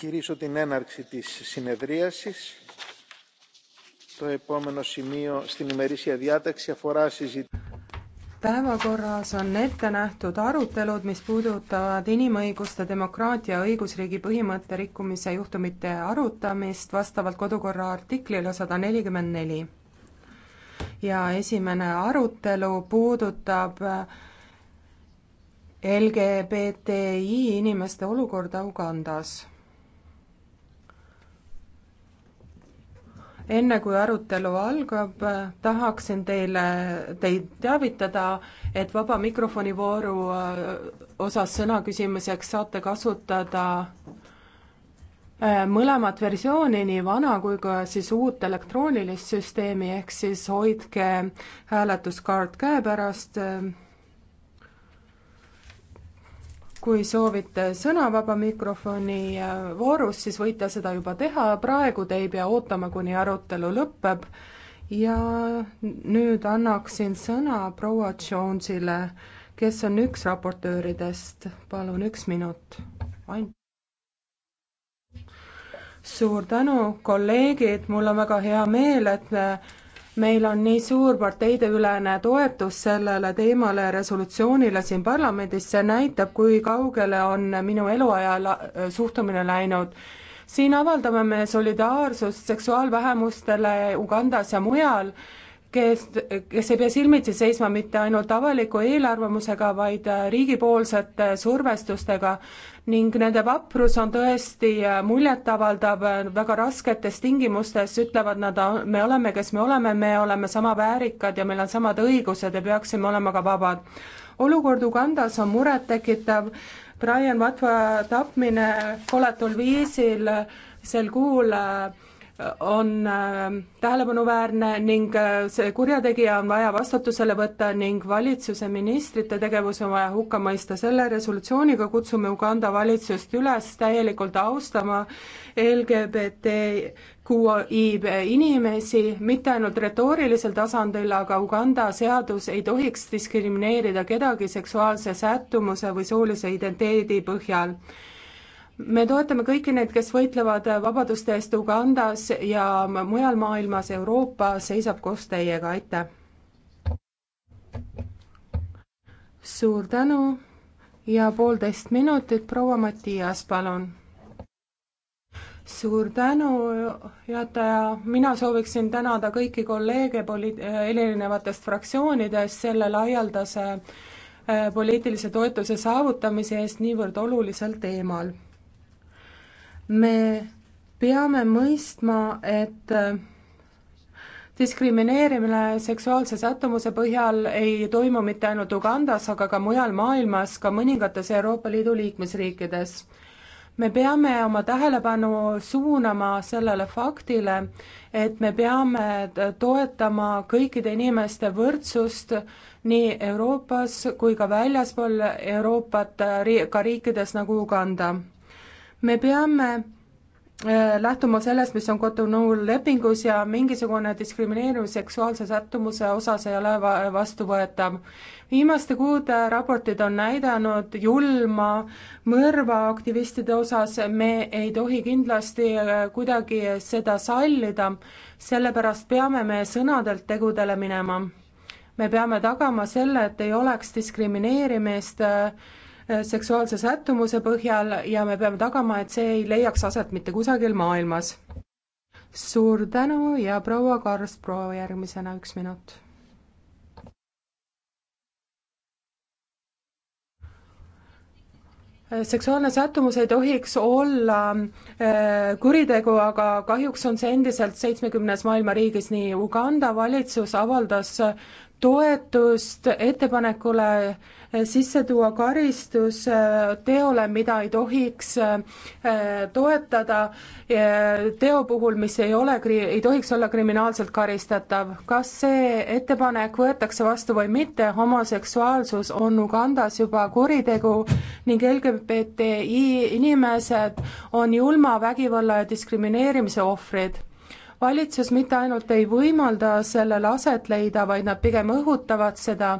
κηρύσω την έναρξη της συνεδρίασης. Το επόμενο σημείο στην ημερήσια διάταξη αφορά συζήτηση. Päevakorras on ette nähtud arutelud, mis puudutavad inimõiguste, demokraatia ja õigusriigi põhimõtte rikkumise juhtumite arutamist vastavalt kodukorra artiklile sada nelikümmend neli. ja esimene arutelu puudutab LGBTI inimeste olukorda Ugandas enne kui arutelu algab, tahaksin teile, teid teavitada, et vaba mikrofoni vooru äh, osas sõna küsimiseks saate kasutada äh, mõlemat versiooni, nii vana kui ka siis uut elektroonilist süsteemi, ehk siis hoidke hääletuskaart käepärast äh, kui soovite sõna vaba mikrofoni äh, voorus, siis võite seda juba teha, praegu te ei pea ootama, kuni arutelu lõpeb. ja nüüd annaksin sõna proua Jonesile, kes on üks raportööridest, palun üks minut. suur tänu, kolleegid, mul on väga hea meel, et meil on nii suur parteideülene toetus sellele teemale ja resolutsioonile siin parlamendis, see näitab, kui kaugele on minu eluaja suhtumine läinud. siin avaldame me solidaarsust seksuaalvähemustele Ugandas ja mujal, kes, kes ei pea silmitsi seisma mitte ainult avaliku eelarvamusega, vaid riigipoolsete survestustega ning nende vaprus on tõesti äh, muljetavaldav, äh, väga rasketes tingimustes ütlevad nad, ah, me oleme, kes me oleme, me oleme sama väärikad ja meil on samad õigused ja peaksime olema ka vabad. olukord Ugandas on murettekitav, Brian Watva tapmine koletul viisil äh, sel kuul äh, on äh, tähelepanuväärne ning äh, see kurjategija on vaja vastutusele võtta ning valitsuse ministrite tegevus on vaja hukka mõista. selle resolutsiooniga kutsume Uganda valitsust üles täielikult austama LGBTQI inimesi, mitte ainult retoorilisel tasandil, aga Uganda seadus ei tohiks diskrimineerida kedagi seksuaalse sättumuse või soolise identiteedi põhjal me toetame kõiki neid, kes võitlevad vabaduste eest Ugandas ja mujal maailmas, Euroopa seisab koos teiega, aitäh! suur tänu ja poolteist minutit, proua Mattias, palun! suur tänu, juhataja, mina sooviksin tänada kõiki kolleege poli-, erinevatest fraktsioonidest selle laialdase äh, poliitilise toetuse saavutamise eest niivõrd olulisel teemal me peame mõistma, et diskrimineerimine seksuaalse sättumuse põhjal ei toimu mitte ainult Ugandas, aga ka mujal maailmas, ka mõningates Euroopa Liidu liikmesriikides. me peame oma tähelepanu suunama sellele faktile, et me peame toetama kõikide inimeste võrdsust nii Euroopas kui ka väljaspool Euroopat, ka riikides nagu Uganda me peame äh, lähtuma sellest, mis on Cotonou lepingus ja mingisugune diskrimineerimine seksuaalse sättumuse osas ei ole va-, vastuvõetav. viimaste kuude raportid on näidanud julma mõrva aktivistide osas, me ei tohi kindlasti äh, kuidagi seda sallida, sellepärast peame me sõnadelt tegudele minema. me peame tagama selle, et ei oleks diskrimineerimist äh, Äh, seksuaalse sättumuse põhjal ja me peame tagama, et see ei leiaks aset mitte kusagil maailmas. suur tänu ja proua Karsproo järgmisena üks minut. Äh, seksuaalne sättumus ei tohiks olla äh, kuritegu, aga kahjuks on see endiselt seitsmekümnes maailma riigis nii. Uganda valitsus avaldas toetust ettepanekule sisse tuua karistus äh, teole, mida ei tohiks äh, toetada, teo puhul, mis ei ole, ei tohiks olla kriminaalselt karistatav. kas see ettepanek võetakse vastu või mitte, homoseksuaalsus on Ugandas juba kuritegu ning LGBTI inimesed on julma vägivalla ja diskrimineerimise ohvrid valitsus mitte ainult ei võimalda sellel aset leida, vaid nad pigem õhutavad seda.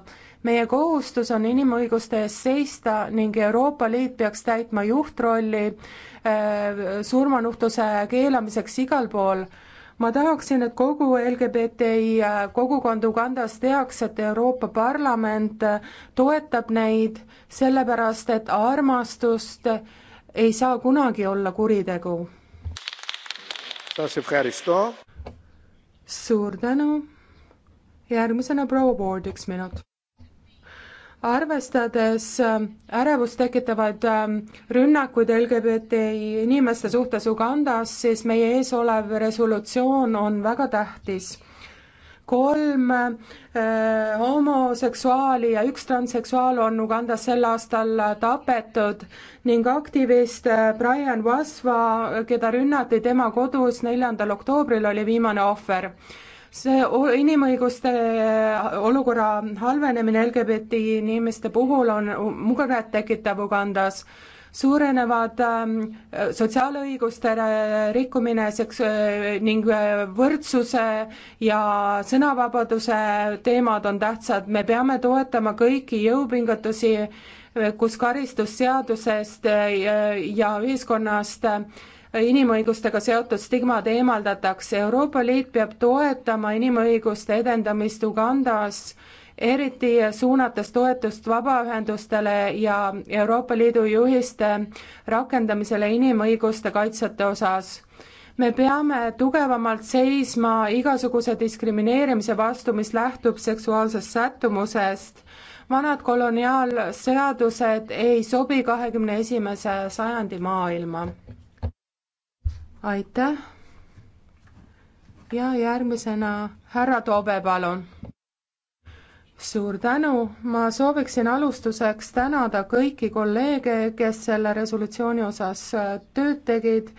meie kohustus on inimõiguste eest seista ning Euroopa Liit peaks täitma juhtrolli eh, surmanuhtluse keelamiseks igal pool. ma tahaksin, et kogu LGBTI eh, kogukond Ugandas teaks, et Euroopa Parlament eh, toetab neid, sellepärast et armastust ei saa kunagi olla kuritegu suur tänu. järgmisena proua Ward, üks minut arvestades ähm, ärevust tekitavaid ähm, rünnakuid LGBTI inimeste suhtes Ugandas, siis meie ees olev resolutsioon on väga tähtis kolm äh, homoseksuaali ja üks transseksuaal on Ugandas sel aastal tapetud ning aktivist äh, Brian Wasva, keda rünnati tema kodus neljandal oktoobril, oli viimane ohver see inimõiguste äh, olukorra halvenemine LGBT inimeste puhul on murettekitav Ugandas suurenevad ähm, sotsiaalõiguste rikkumine seks- äh, ning äh, võrdsuse ja sõnavabaduse teemad on tähtsad, me peame toetama kõiki jõupingutusi, äh, kus karistusseadusest ja ühiskonnast inimõigustega seotud stigmad eemaldatakse. Euroopa Liit peab toetama inimõiguste edendamist Ugandas eriti suunates toetust vabaühendustele ja Euroopa Liidu juhiste rakendamisele inimõiguste kaitsjate osas me peame tugevamalt seisma igasuguse diskrimineerimise vastu, mis lähtub seksuaalsest sättumusest. vanad koloniaalseadused ei sobi kahekümne esimese sajandi maailma. aitäh. ja järgmisena härra Toobe, palun suur tänu, ma sooviksin alustuseks tänada kõiki kolleege, kes selle resolutsiooni osas äh, tööd tegid.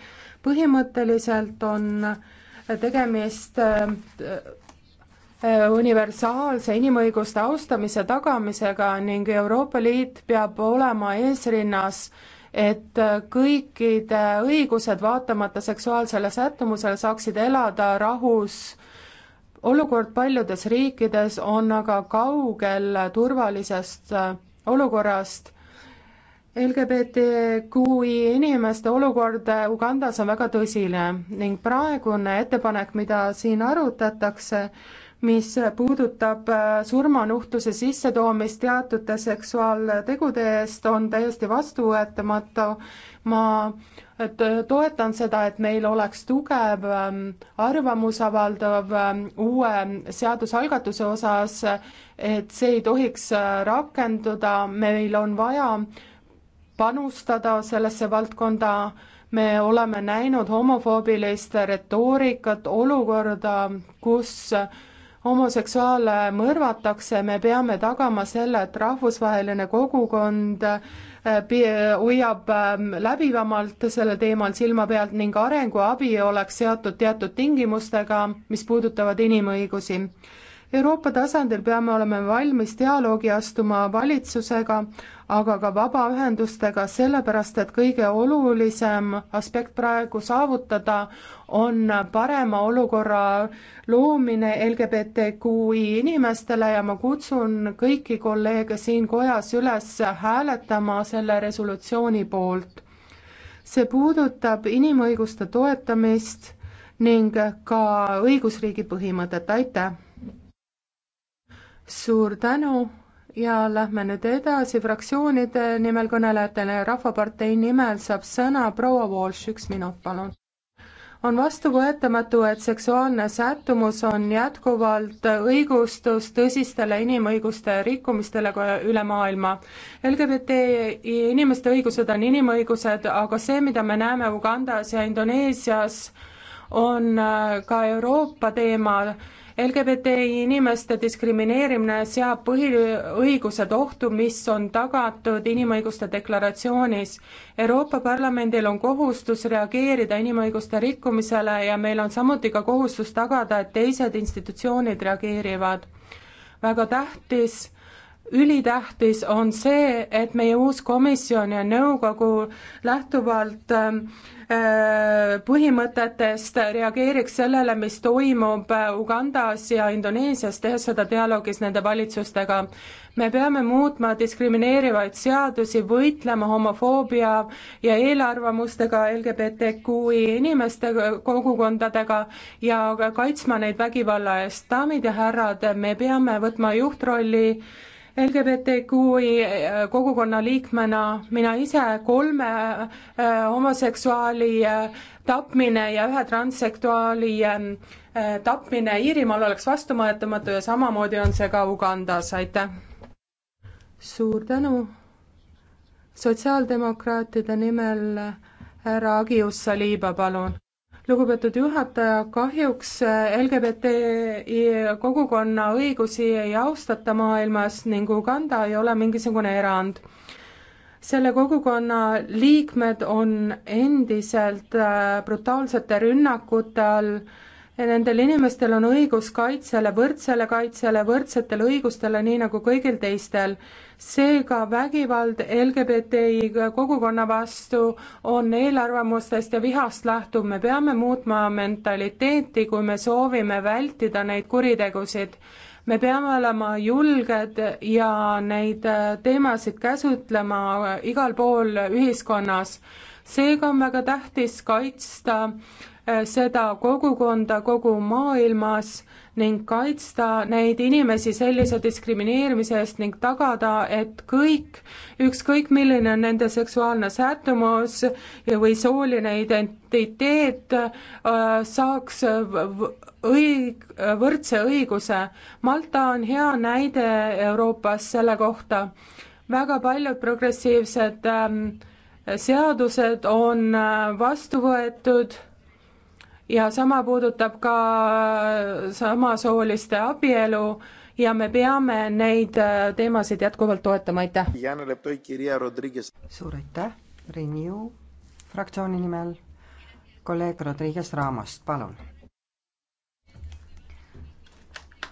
põhimõtteliselt on äh, tegemist äh, universaalse inimõiguste austamise tagamisega ning Euroopa Liit peab olema eesrinnas, et kõikide õigused, vaatamata seksuaalsele sättumusele, saaksid elada rahus olukord paljudes riikides on aga kaugel turvalisest äh, olukorrast. LGBTQI inimeste olukord äh, Ugandas on väga tõsine ning praegune ettepanek, mida siin arutatakse, mis puudutab äh, surmanuhtluse sissetoomist teatud seksuaaltegude eest, on täiesti vastuvõetamatu. ma et äh, toetan seda, et meil oleks tugev ähm, arvamus avaldav ähm, uue seadusalgatuse osas, et see ei tohiks äh, rakenduda, meil on vaja panustada sellesse valdkonda, me oleme näinud homofoobilist retoorikat, olukorda, kus äh, homoseksuaale mõrvatakse, me peame tagama selle, et rahvusvaheline kogukond Äh, hoiab ähm, läbivamalt sellel teemal silma pealt ning arenguabi oleks seotud teatud tingimustega, mis puudutavad inimõigusi. Euroopa tasandil peame olema valmis dialoogi astuma valitsusega, aga ka vabaühendustega, sellepärast et kõige olulisem aspekt praegu saavutada on parema olukorra loomine LGBTQI inimestele ja ma kutsun kõiki kolleege siin kojas üles hääletama selle resolutsiooni poolt. see puudutab inimõiguste toetamist ning ka õigusriigi põhimõtet, aitäh! suur tänu! ja lähme nüüd edasi fraktsioonide nimel kõnelejatele. rahvapartei nimel saab sõna proua Walsh, üks minut, palun. on vastuvõetamatu, et seksuaalne sättumus on jätkuvalt õigustus tõsistele inimõiguste rikkumistele üle maailma. LGBT inimeste õigused on inimõigused, aga see, mida me näeme Ugandas ja Indoneesias, on ka Euroopa teema LGBTI inimeste diskrimineerimine seab põhiõigused ohtu, mis on tagatud inimõiguste deklaratsioonis. Euroopa Parlamendil on kohustus reageerida inimõiguste rikkumisele ja meil on samuti ka kohustus tagada, et teised institutsioonid reageerivad. väga tähtis, ülitähtis on see, et meie uus komisjon ja nõukogu lähtuvalt äh, Äh, põhimõtetest, reageeriks sellele, mis toimub äh, Ugandas ja Indoneesias, tehes seda dialoogis nende valitsustega. me peame muutma diskrimineerivaid seadusi, võitlema homofoobia ja eelarvamustega LGBTQI inimeste kogukondadega ja kaitsma neid vägivalla eest. daamid ja härrad, me peame võtma juhtrolli LGBTQI äh, kogukonna liikmena mina ise kolme äh, homoseksuaali äh, tapmine ja ühe transseksuaali ähm, tapmine Iirimaal oleks vastuvõetamatu ja samamoodi on see ka Ugandas, aitäh! suur tänu! sotsiaaldemokraatide nimel härra Agius Saliba, palun! lugupeetud juhataja, kahjuks LGBTI kogukonna õigusi ei austata maailmas ning Uganda ei ole mingisugune erand. selle kogukonna liikmed on endiselt äh, brutaalsete rünnakute all ja nendel inimestel on õigus kaitsele, võrdsele kaitsele, võrdsetele õigustele, nii nagu kõigil teistel. seega vägivald LGBTI kogukonna vastu on eelarvamustest ja vihast lähtuv, me peame muutma mentaliteeti, kui me soovime vältida neid kuritegusid. me peame olema julged ja neid teemasid käsutlema igal pool ühiskonnas seega on väga tähtis kaitsta Äh, seda kogukonda kogu maailmas ning kaitsta neid inimesi sellise diskrimineerimise eest ning tagada, et kõik, ükskõik milline on nende seksuaalne sättumus või sooline identiteet, äh, saaks õig-, võrdse õiguse. Malta on hea näide Euroopas selle kohta väga paljud progressiivsed ähm, seadused on äh, vastu võetud ja sama puudutab ka äh, samasooliste abielu ja me peame neid äh, teemasid jätkuvalt toetama, aitäh. suur aitäh, Renew fraktsiooni nimel kolleeg Rodriguez Raamost, palun.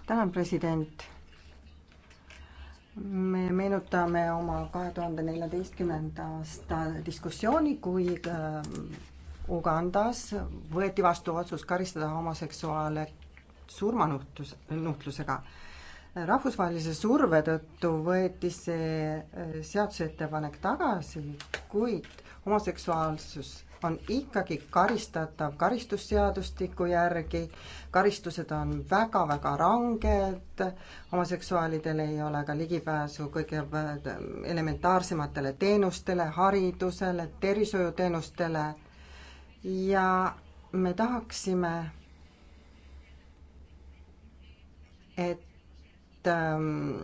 tänan, president. me meenutame oma kahe tuhande neljateistkümnenda aasta diskussiooni, kui äh, Ugandas võeti vastu otsus karistada homoseksuaale surmanuhtlus, nuhtlusega. rahvusvahelise surve tõttu võeti see äh, seaduseettepanek tagasi, kuid homoseksuaalsus on ikkagi karistatav karistusseadustiku järgi, karistused on väga-väga ranged, homoseksuaalidel ei ole ka ligipääsu kõige äh, elementaarsematele teenustele, haridusele, tervishoiuteenustele ja me tahaksime, et ähm,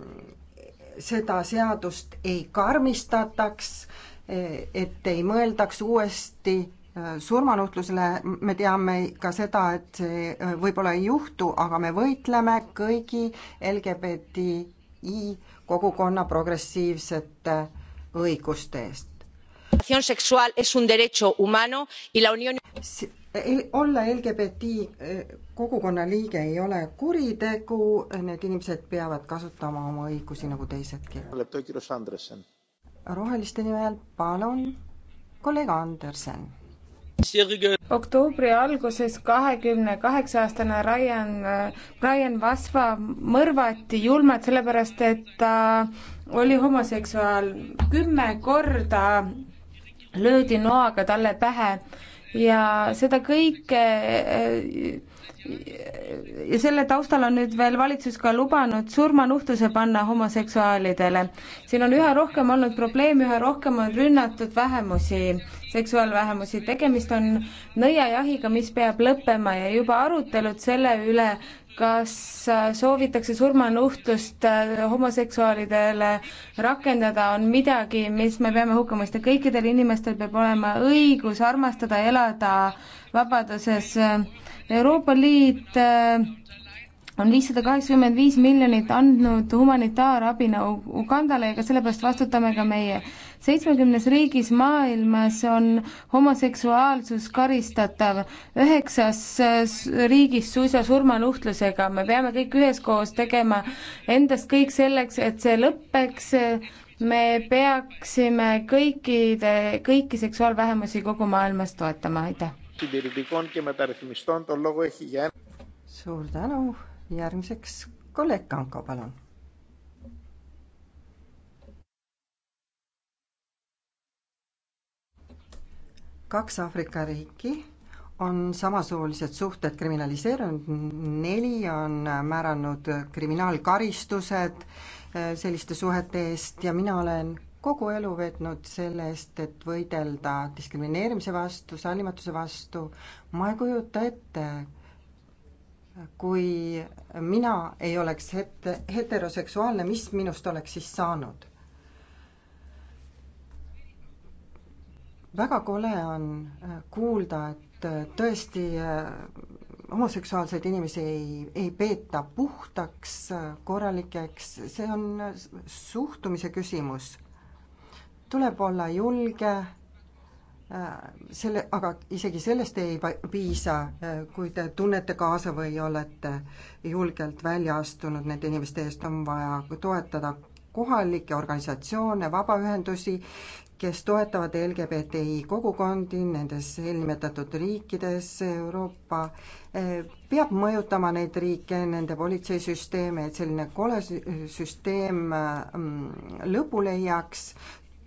seda seadust ei karmistataks, e, et ei mõeldaks uuesti äh, surmanuhtlusele, me teame ka seda, et see äh, võib-olla ei juhtu, aga me võitleme kõigi LGBTI kogukonna progressiivsete õiguste eest. Eh, eh, olla LGBTI eh, kogukonna liige ei ole kuritegu, need inimesed peavad kasutama oma õigusi nagu teisedki. roheliste nimel palun, kolleeg Andersen. oktoobri alguses kahekümne kaheksa aastane Ryan, äh, Ryan Vasva mõrvati julmalt sellepärast, et ta oli homoseksuaal. kümme korda löödi noaga talle pähe ja seda kõike ja selle taustal on nüüd veel valitsus ka lubanud surmanuhtluse panna homoseksuaalidele. siin on üha rohkem olnud probleeme, üha rohkem on rünnatud vähemusi, seksuaalvähemusi, tegemist on nõiajahiga, mis peab lõppema ja juba arutelud selle üle kas äh, soovitakse surmanuhtlust äh, homoseksuaalidele rakendada, on midagi, mis me peame hukka mõista. kõikidel inimestel peab olema õigus armastada, elada vabaduses. Euroopa Liit äh, on viissada kaheksakümmend viis miljonit andnud humanitaarabina Ugandale ja ka sellepärast vastutame ka meie. seitsmekümnes riigis maailmas on homoseksuaalsus karistatav, üheksas riigis suisa surmanuhtlusega, me peame kõik üheskoos tegema endast kõik selleks, et see lõpeks, me peaksime kõikide, kõiki seksuaalvähemusi kogu maailmas toetama, aitäh! suur tänu järgmiseks kolleeg Kanko, palun. kaks Aafrika riiki on samasoolised suhted kriminaliseerunud, neli on määranud kriminaalkaristused eh, selliste suhete eest ja mina olen kogu elu veetnud selle eest, et võidelda diskrimineerimise vastu, sallimatuse vastu. ma ei kujuta ette, kui mina ei oleks het-, heteroseksuaalne, mis minust oleks siis saanud? väga kole on äh, kuulda, et äh, tõesti äh, homoseksuaalseid inimesi ei, ei peeta puhtaks, korralikeks, see on suhtumise küsimus. tuleb olla julge Äh, selle, aga isegi sellest ei piisa, äh, kui te tunnete kaasa või olete julgelt välja astunud nende inimeste eest, on vaja toetada kohalikke organisatsioone, vabaühendusi, kes toetavad LGBTI kogukondi nendes eelnimetatud riikides, Euroopa äh, peab mõjutama neid riike, nende politseisüsteeme, et selline kole süsteem mm, lõpule ei jääks,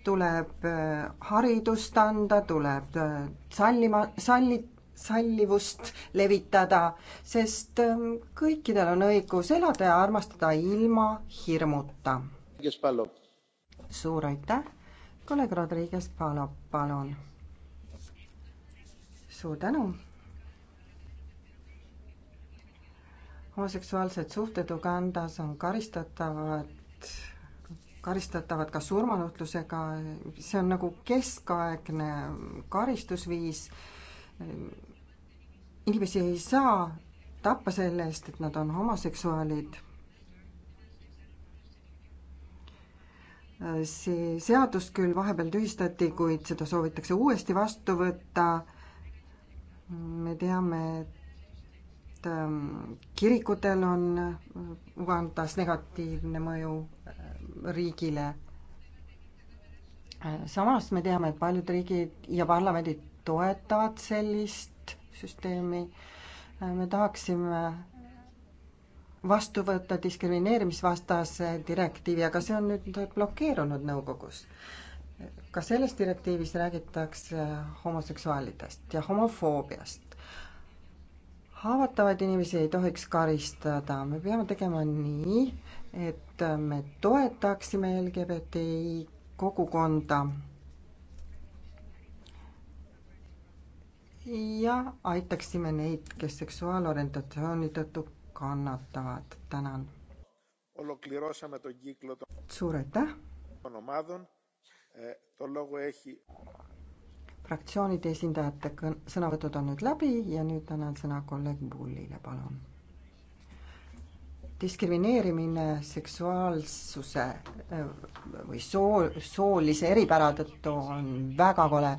tuleb äh, haridust anda, tuleb äh, sallima, salli, sallivust levitada, sest ähm, kõikidel on õigus elada ja armastada ilma hirmuta. suur aitäh, kolleeg Rodriguez Palo, palun. suur tänu homoseksuaalsed suhted Ugandas on karistatavad karistatavad ka surmanuhtlusega, see on nagu keskaegne karistusviis. inimesi ei saa tappa selle eest, et nad on homoseksuaalid. see seadus küll vahepeal tühistati, kuid seda soovitakse uuesti vastu võtta. me teame, et ähm, kirikutel on Ugandas negatiivne mõju riigile. samas me teame, et paljud riigid ja parlamendid toetavad sellist süsteemi. me tahaksime vastu võtta diskrimineerimisvastase direktiivi, aga see on nüüd blokeerunud nõukogus. ka selles direktiivis räägitakse homoseksuaalidest ja homofoobiast. haavatavaid inimesi ei tohiks karistada, me peame tegema nii, et me toetaksime LGBTI kogukonda ja aitaksime neid, kes seksuaalorientatsiooni tõttu kannatavad. tänan. suur aitäh. fraktsioonide esindajate sõnavõtud on nüüd läbi ja nüüd annan sõna kolleeg Bullile, palun diskrimineerimine seksuaalsuse äh, või soo, soolise eripära tõttu on väga kole.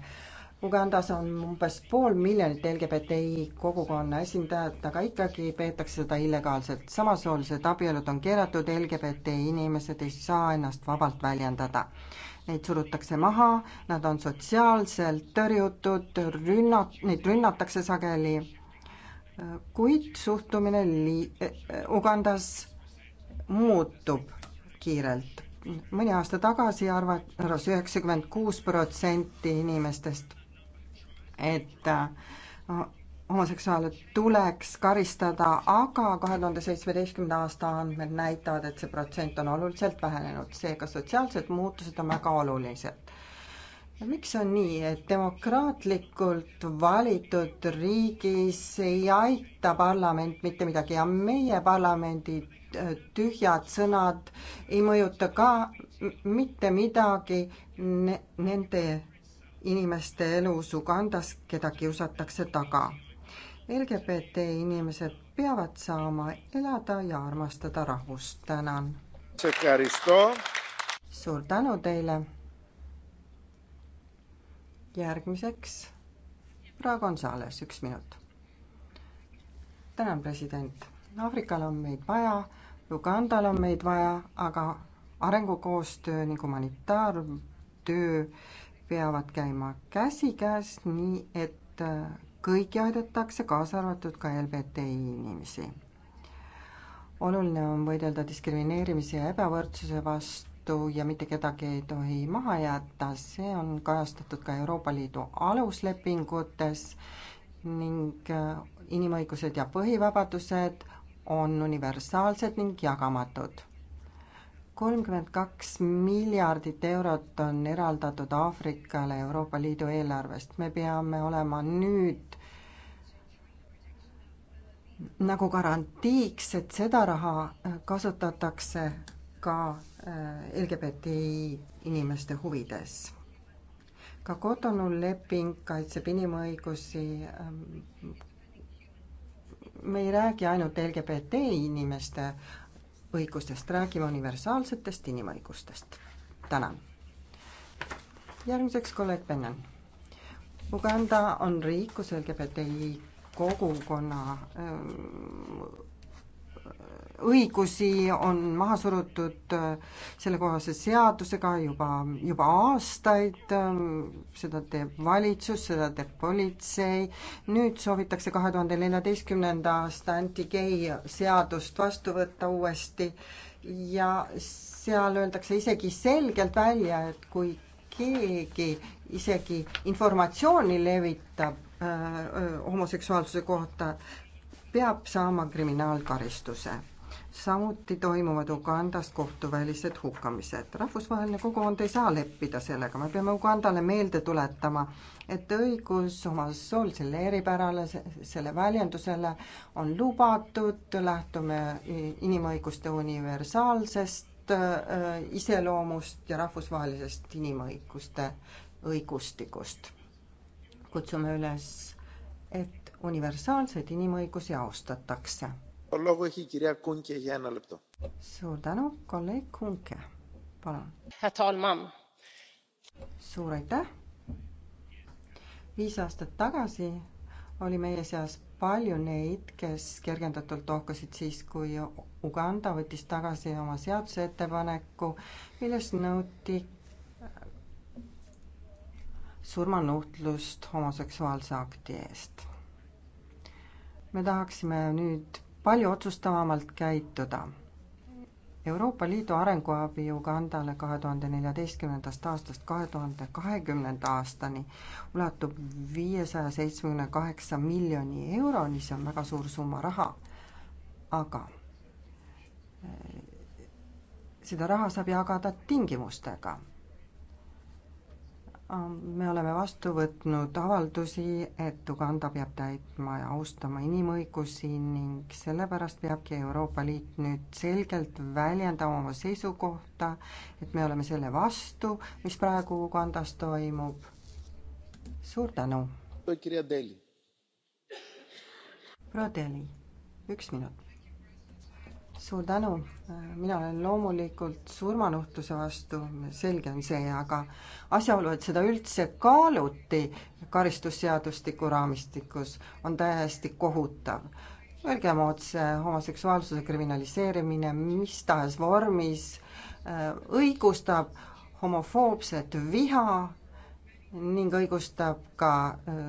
Ugandas on umbes pool miljonit LGBTI kogukonna esindajat, aga ikkagi peetakse seda illegaalselt. samasoolised abielud on keelatud, LGBTI inimesed ei saa ennast vabalt väljendada. Neid surutakse maha, nad on sotsiaalselt tõrjutud, rünnat-, neid rünnatakse sageli kuid suhtumine li-, Ugandas muutub kiirelt. mõni aasta tagasi arvas üheksakümmend kuus protsenti inimestest, et äh, homoseksuaale tuleks karistada, aga kahe tuhande seitsmeteistkümnenda aasta andmed näitavad, et see protsent on oluliselt vähenenud, seega sotsiaalsed muutused on väga olulised miks on nii, et demokraatlikult valitud riigis ei aita parlament mitte midagi ja meie parlamendi äh, tühjad sõnad ei mõjuta ka mitte midagi ne nende inimeste elus Ugandas, keda kiusatakse taga. LGBT inimesed peavad saama elada ja armastada rahvust. tänan. suur tänu teile järgmiseks Praegu on see alles üks minut. tänan, president. Aafrikal on meid vaja, Ugandal on meid vaja, aga arengukoostöö ning humanitaartöö peavad käima käsikäes, nii et äh, kõiki aidatakse, kaasa arvatud ka LGBTI inimesi. oluline on võidelda diskrimineerimise ja ebavõrdsuse vastu, Liitu ja mitte kedagi ei tohi maha jätta, see on kajastatud ka Euroopa Liidu aluslepingutes ning äh, inimõigused ja põhivabadused on universaalsed ning jagamatud. kolmkümmend kaks miljardit eurot on eraldatud Aafrikale Euroopa Liidu eelarvest, me peame olema nüüd nagu garantiiks, et seda raha kasutatakse ka LGBTI inimeste huvides. ka Cotonou leping kaitseb inimõigusi. Ähm, me ei räägi ainult LGBT inimeste õigustest, räägime universaalsetest inimõigustest. tänan. järgmiseks kolleeg Pennan. Uganda on riik, kus LGBTI kogukonna öö, ähm, õigusi on maha surutud äh, sellekohase seadusega juba, juba aastaid, äh, seda teeb valitsus, seda teeb politsei, nüüd soovitakse kahe tuhande neljateistkümnenda aasta anti-gei seadust vastu võtta uuesti ja seal öeldakse isegi selgelt välja, et kui keegi isegi informatsiooni levitab äh, äh homoseksuaalsuse kohta, peab saama kriminaalkaristuse samuti toimuvad Ugandas kohtuvälised hukkamised. rahvusvaheline kogukond ei saa leppida sellega, me peame Ugandale meelde tuletama, et õigus oma soolisele eripärale, selle väljendusele on lubatud, lähtume inimõiguste universaalsest äh, iseloomust ja rahvusvahelisest inimõiguste õigustikust. kutsume üles, et universaalseid inimõigusi austatakse suur tänu, kolleeg Kunke, palun. suur aitäh. viis aastat tagasi oli meie seas palju neid, kes kergendatult ohkasid siis, kui Uganda võttis tagasi oma seaduseettepaneku, milles nõuti surmanuhtlust homoseksuaalse akti eest. me tahaksime nüüd palju otsustavamalt käituda. Euroopa Liidu arenguabi Ugandale kahe tuhande neljateistkümnendast aastast kahe tuhande kahekümnenda aastani ulatub viiesaja seitsmekümne kaheksa miljoni euroni, see on väga suur summa raha. aga eh, seda raha saab jagada tingimustega me oleme vastu võtnud avaldusi, et Uganda peab täitma ja austama inimõigusi ning sellepärast peabki Euroopa Liit nüüd selgelt väljendama oma seisukohta, et me oleme selle vastu, mis praegu Ugandas toimub. suur tänu. proua Deli, üks minut suur tänu, mina olen loomulikult surmanuhtluse vastu, selge on see, aga asjaolu, et seda üldse kaaluti karistusseadustiku raamistikus, on täiesti kohutav. Öelgem otse, homoseksuaalsuse kriminaliseerimine mis tahes vormis äh, õigustab homofoobset viha ning õigustab ka äh,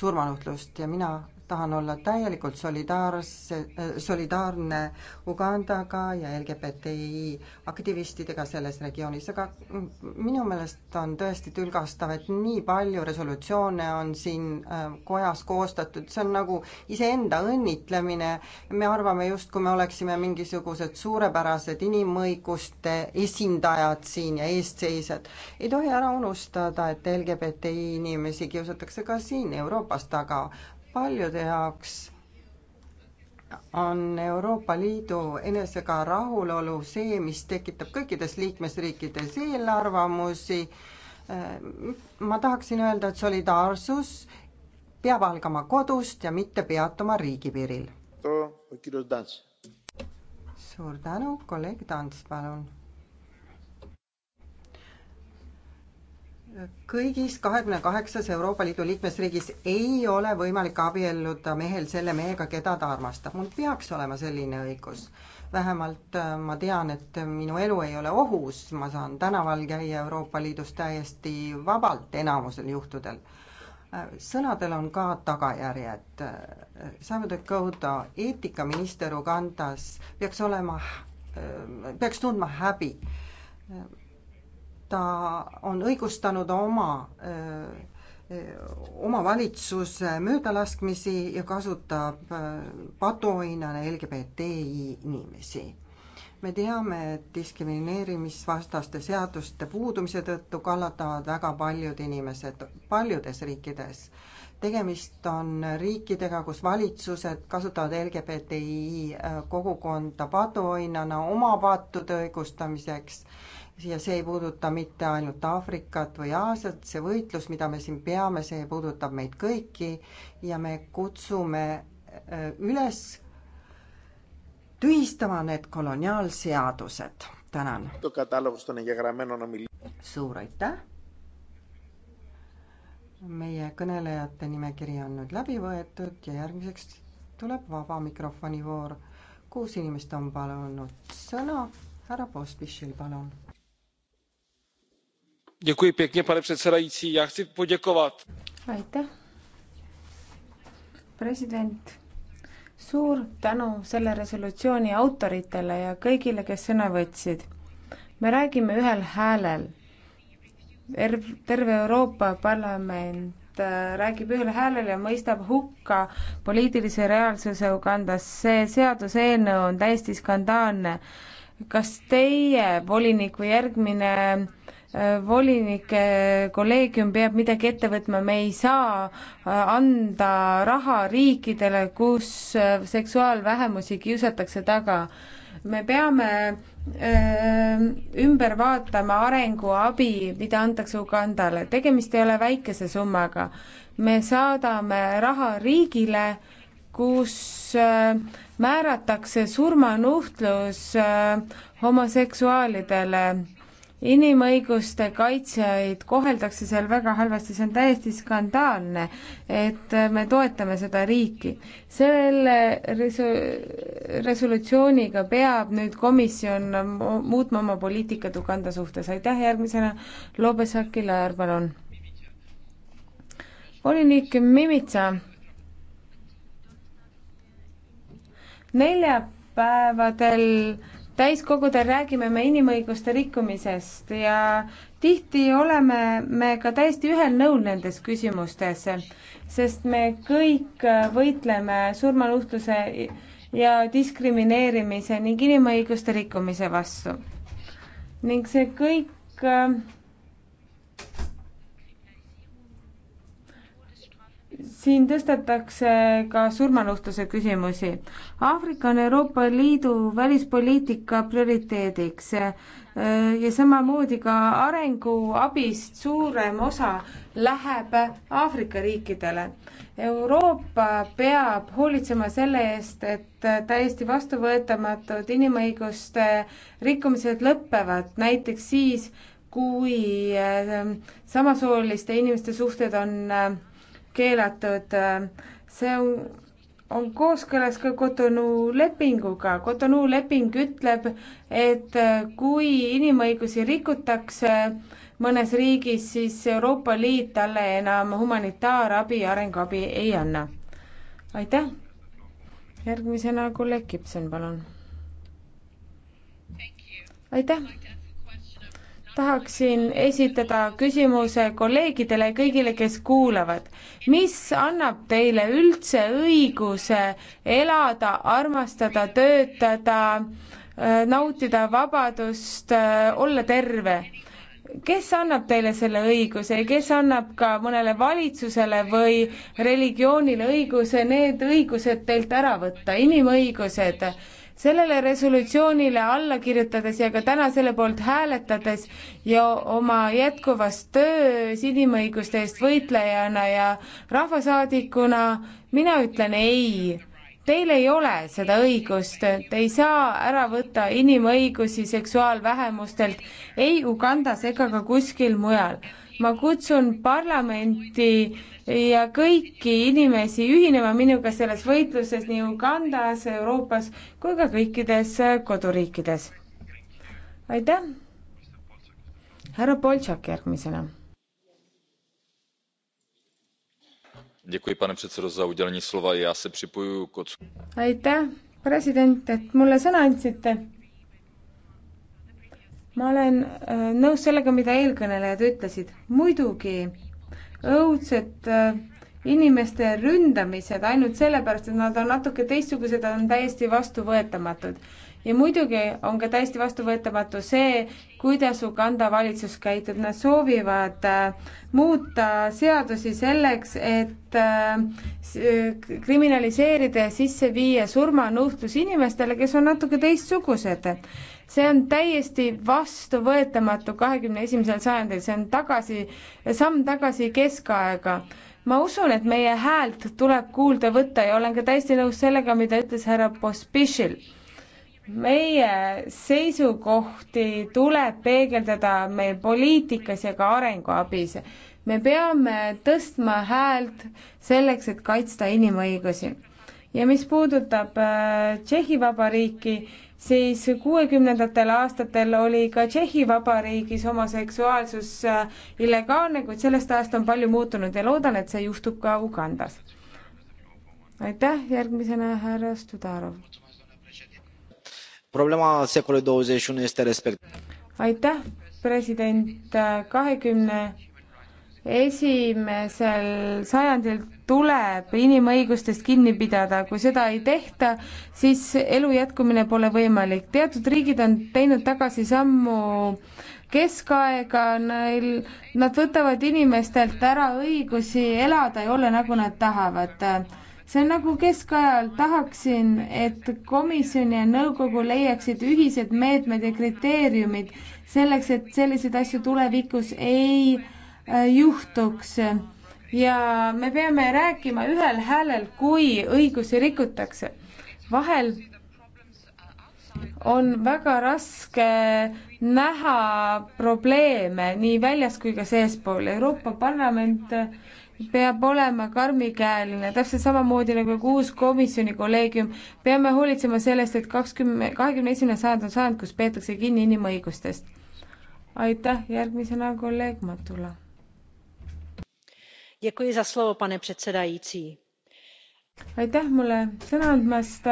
surmanuhtlust ja mina tahan olla täielikult solidaarse, solidaarne Ugandaga ja LGBTI aktivistidega selles regioonis, aga minu meelest on tõesti tülgastav, et nii palju resolutsioone on siin äh, kojas koostatud, see on nagu iseenda õnnitlemine, me arvame justkui me oleksime mingisugused suurepärased inimõiguste esindajad siin ja eestseisjad. ei tohi ära unustada, et LGBTI inimesi kiusatakse ka siin Euroopas taga, palju tehakse, on Euroopa Liidu enesega rahulolu see, mis tekitab kõikides liikmesriikides eelarvamusi. ma tahaksin öelda, et solidaarsus peab algama kodust ja mitte peatuma riigipiiril. suur tänu, kolleeg Tants, palun kõigis kahekümne kaheksas Euroopa Liidu liikmesriigis ei ole võimalik abielluda mehel selle mehega, keda ta armastab. mul peaks olema selline õigus. vähemalt äh, ma tean, et minu elu ei ole ohus, ma saan tänaval käia Euroopa Liidus täiesti vabalt enamusel juhtudel. Äh, sõnadel on ka tagajärjed. Äh, Simon de Couda, eetikaminister Ugandas peaks olema, peaks tundma häbi ta on õigustanud oma omavalitsuse möödalaskmisi ja kasutab patuoinana LGBTI inimesi. me teame, et diskrimineerimisvastaste seaduste puudumise tõttu kannatavad väga paljud inimesed paljudes riikides. tegemist on riikidega, kus valitsused kasutavad LGBTI kogukonda patuoinana oma pattude õigustamiseks ja see ei puuduta mitte ainult Aafrikat või Aasiat, see võitlus, mida me siin peame, see puudutab meid kõiki ja me kutsume äh, üles tühistama need koloniaalseadused. tänan. suur aitäh. meie kõnelejate nimekiri on nüüd läbi võetud ja järgmiseks tuleb vaba mikrofoni voor. kuus inimest on palunud sõna. härra Pospišil, palun pane předsedající já chci poděkovat. suur tänu selle resolutsiooni autoritele ja kõigile kes sõna võtsid. me räägime ühel häälel. Er-, terve euroopa parlament äh, räägib ühel häälel ja mõistab hukka poliitilise reaalsuse Ugandas. see seaduseelnõu on täiesti skandaalne. kas teie voliniku järgmine volinike kolleegium peab midagi ette võtma, me ei saa äh, anda raha riikidele, kus äh, seksuaalvähemusi kiusatakse taga. me peame öö, äh, ümber vaatama arenguabi, mida antakse Ugandale, tegemist ei ole väikese summaga. me saadame raha riigile, kus öö, määratakse surmanuhtlus öö, homoseksuaalidele inimõiguste kaitsjaid koheldakse seal väga halvasti, see on täiesti skandaalne, et me toetame seda riiki. selle resu-, resolutsiooniga peab nüüd komisjon muutma oma poliitikat Uganda suhtes, aitäh, järgmisena Lobes Akilaar, palun. volinik Mimitsa. neljapäevadel täiskogudel räägime me inimõiguste rikkumisest ja tihti oleme me ka täiesti ühel nõul nendes küsimustes, sest me kõik võitleme surmanuhtluse ja diskrimineerimise ning inimõiguste rikkumise vastu. ning see kõik siin tõstetakse ka surmanuhtluse küsimusi. Aafrika on Euroopa Liidu välispoliitika prioriteediks eh, ja samamoodi ka arenguabist suurem osa läheb Aafrika riikidele. Euroopa peab hoolitsema selle eest, et täiesti vastuvõetamatud inimõiguste rikkumised lõpevad, näiteks siis, kui eh, samasooliste inimeste suhted on eh, keelatud. see on, on kooskõlas ka Cotonou lepinguga. Cotonou leping ütleb, et kui inimõigusi rikutakse mõnes riigis, siis Euroopa Liit talle enam humanitaarabi ja arenguabi ei anna. aitäh. järgmisena kolleeg Gibson, palun. aitäh tahaksin esitada küsimuse kolleegidele ja kõigile, kes kuulavad. mis annab teile üldse õiguse elada, armastada, töötada, äh, nautida vabadust, äh, olla terve? kes annab teile selle õiguse ja kes annab ka mõnele valitsusele või religioonile õiguse need õigused teilt ära võtta, inimõigused sellele resolutsioonile alla kirjutades ja ka täna selle poolt hääletades ja oma jätkuvas töös inimõiguste eest võitlejana ja rahvasaadikuna mina ütlen ei. Teil ei ole seda õigust, te ei saa ära võtta inimõigusi seksuaalvähemustelt ei Ugandas ega ka kuskil mujal ma kutsun parlamenti ja kõiki inimesi ühinema minuga selles võitluses nii Ugandas, Euroopas kui ka kõikides koduriikides. aitäh! härra Boltšak järgmisena. aitäh, president, et mulle sõna andsite ma olen äh, nõus sellega, mida eelkõnelejad ütlesid. muidugi õudsed äh, inimeste ründamised ainult sellepärast, et nad on natuke teistsugused, on täiesti vastuvõetamatud. ja muidugi on ka täiesti vastuvõetamatu see, kuidas Uganda valitsus käitub, nad soovivad äh, muuta seadusi selleks, et äh, kriminaliseerida ja sisse viia surmanuhtlus inimestele, kes on natuke teistsugused see on täiesti vastuvõetamatu kahekümne esimesel sajandil, see on tagasi, samm tagasi keskaega ma usun, et meie häält tuleb kuulda võtta ja olen ka täiesti nõus sellega, mida ütles härra Pospišil. meie seisukohti tuleb peegeldada meie poliitikas ja ka arenguabis. me peame tõstma häält selleks, et kaitsta inimõigusi. ja mis puudutab äh, Tšehhi Vabariiki, siis kuuekümnendatel aastatel oli ka Tšehhi Vabariigis homoseksuaalsus äh, illegaalne, kuid sellest ajast on palju muutunud ja loodan, et see juhtub ka Ugandas. aitäh, järgmisena härra Studarov. problema secolului 21 este respect. aitäh, president, kahekümne 20 esimesel sajandil tuleb inimõigustest kinni pidada, kui seda ei tehta, siis elu jätkumine pole võimalik. teatud riigid on teinud tagasisammu keskaega, neil, nad võtavad inimestelt ära õigusi elada ja olla, nagu nad tahavad. see on nagu keskajal, tahaksin, et komisjon ja nõukogu leiaksid ühised meetmed ja kriteeriumid selleks, et selliseid asju tulevikus ei äh, Äh, juhtuks ja me peame rääkima ühel häälel, kui õigusi rikutakse. vahel on väga raske näha probleeme nii väljas kui ka seespool. Euroopa Parlament peab olema karmikäeline, täpselt samamoodi nagu ka uus komisjoni kolleegium. peame hoolitsema sellest, et kakskümmend, kahekümne esimene sajand on sajand, kus peetakse kinni inimõigustest. aitäh, järgmisena kolleeg Matula pane aitäh mulle sõna andmast!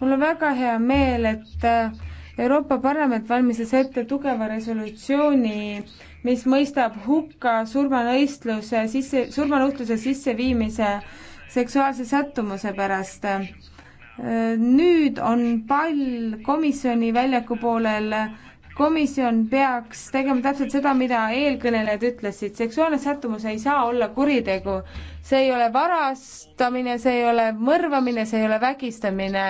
mul on väga hea meel et euroopa parlament valmistas ette tugeva resolutsiooni mis mõistab hukka surmanõistluse sisse surmanuhtluse sisseviimise seksuaalse sättumuse pärast nüüd on pall komisjoni väljaku poolel komisjon peaks tegema täpselt seda, mida eelkõnelejad ütlesid, seksuaalne sättumus ei saa olla kuritegu. see ei ole varastamine, see ei ole mõrvamine, see ei ole vägistamine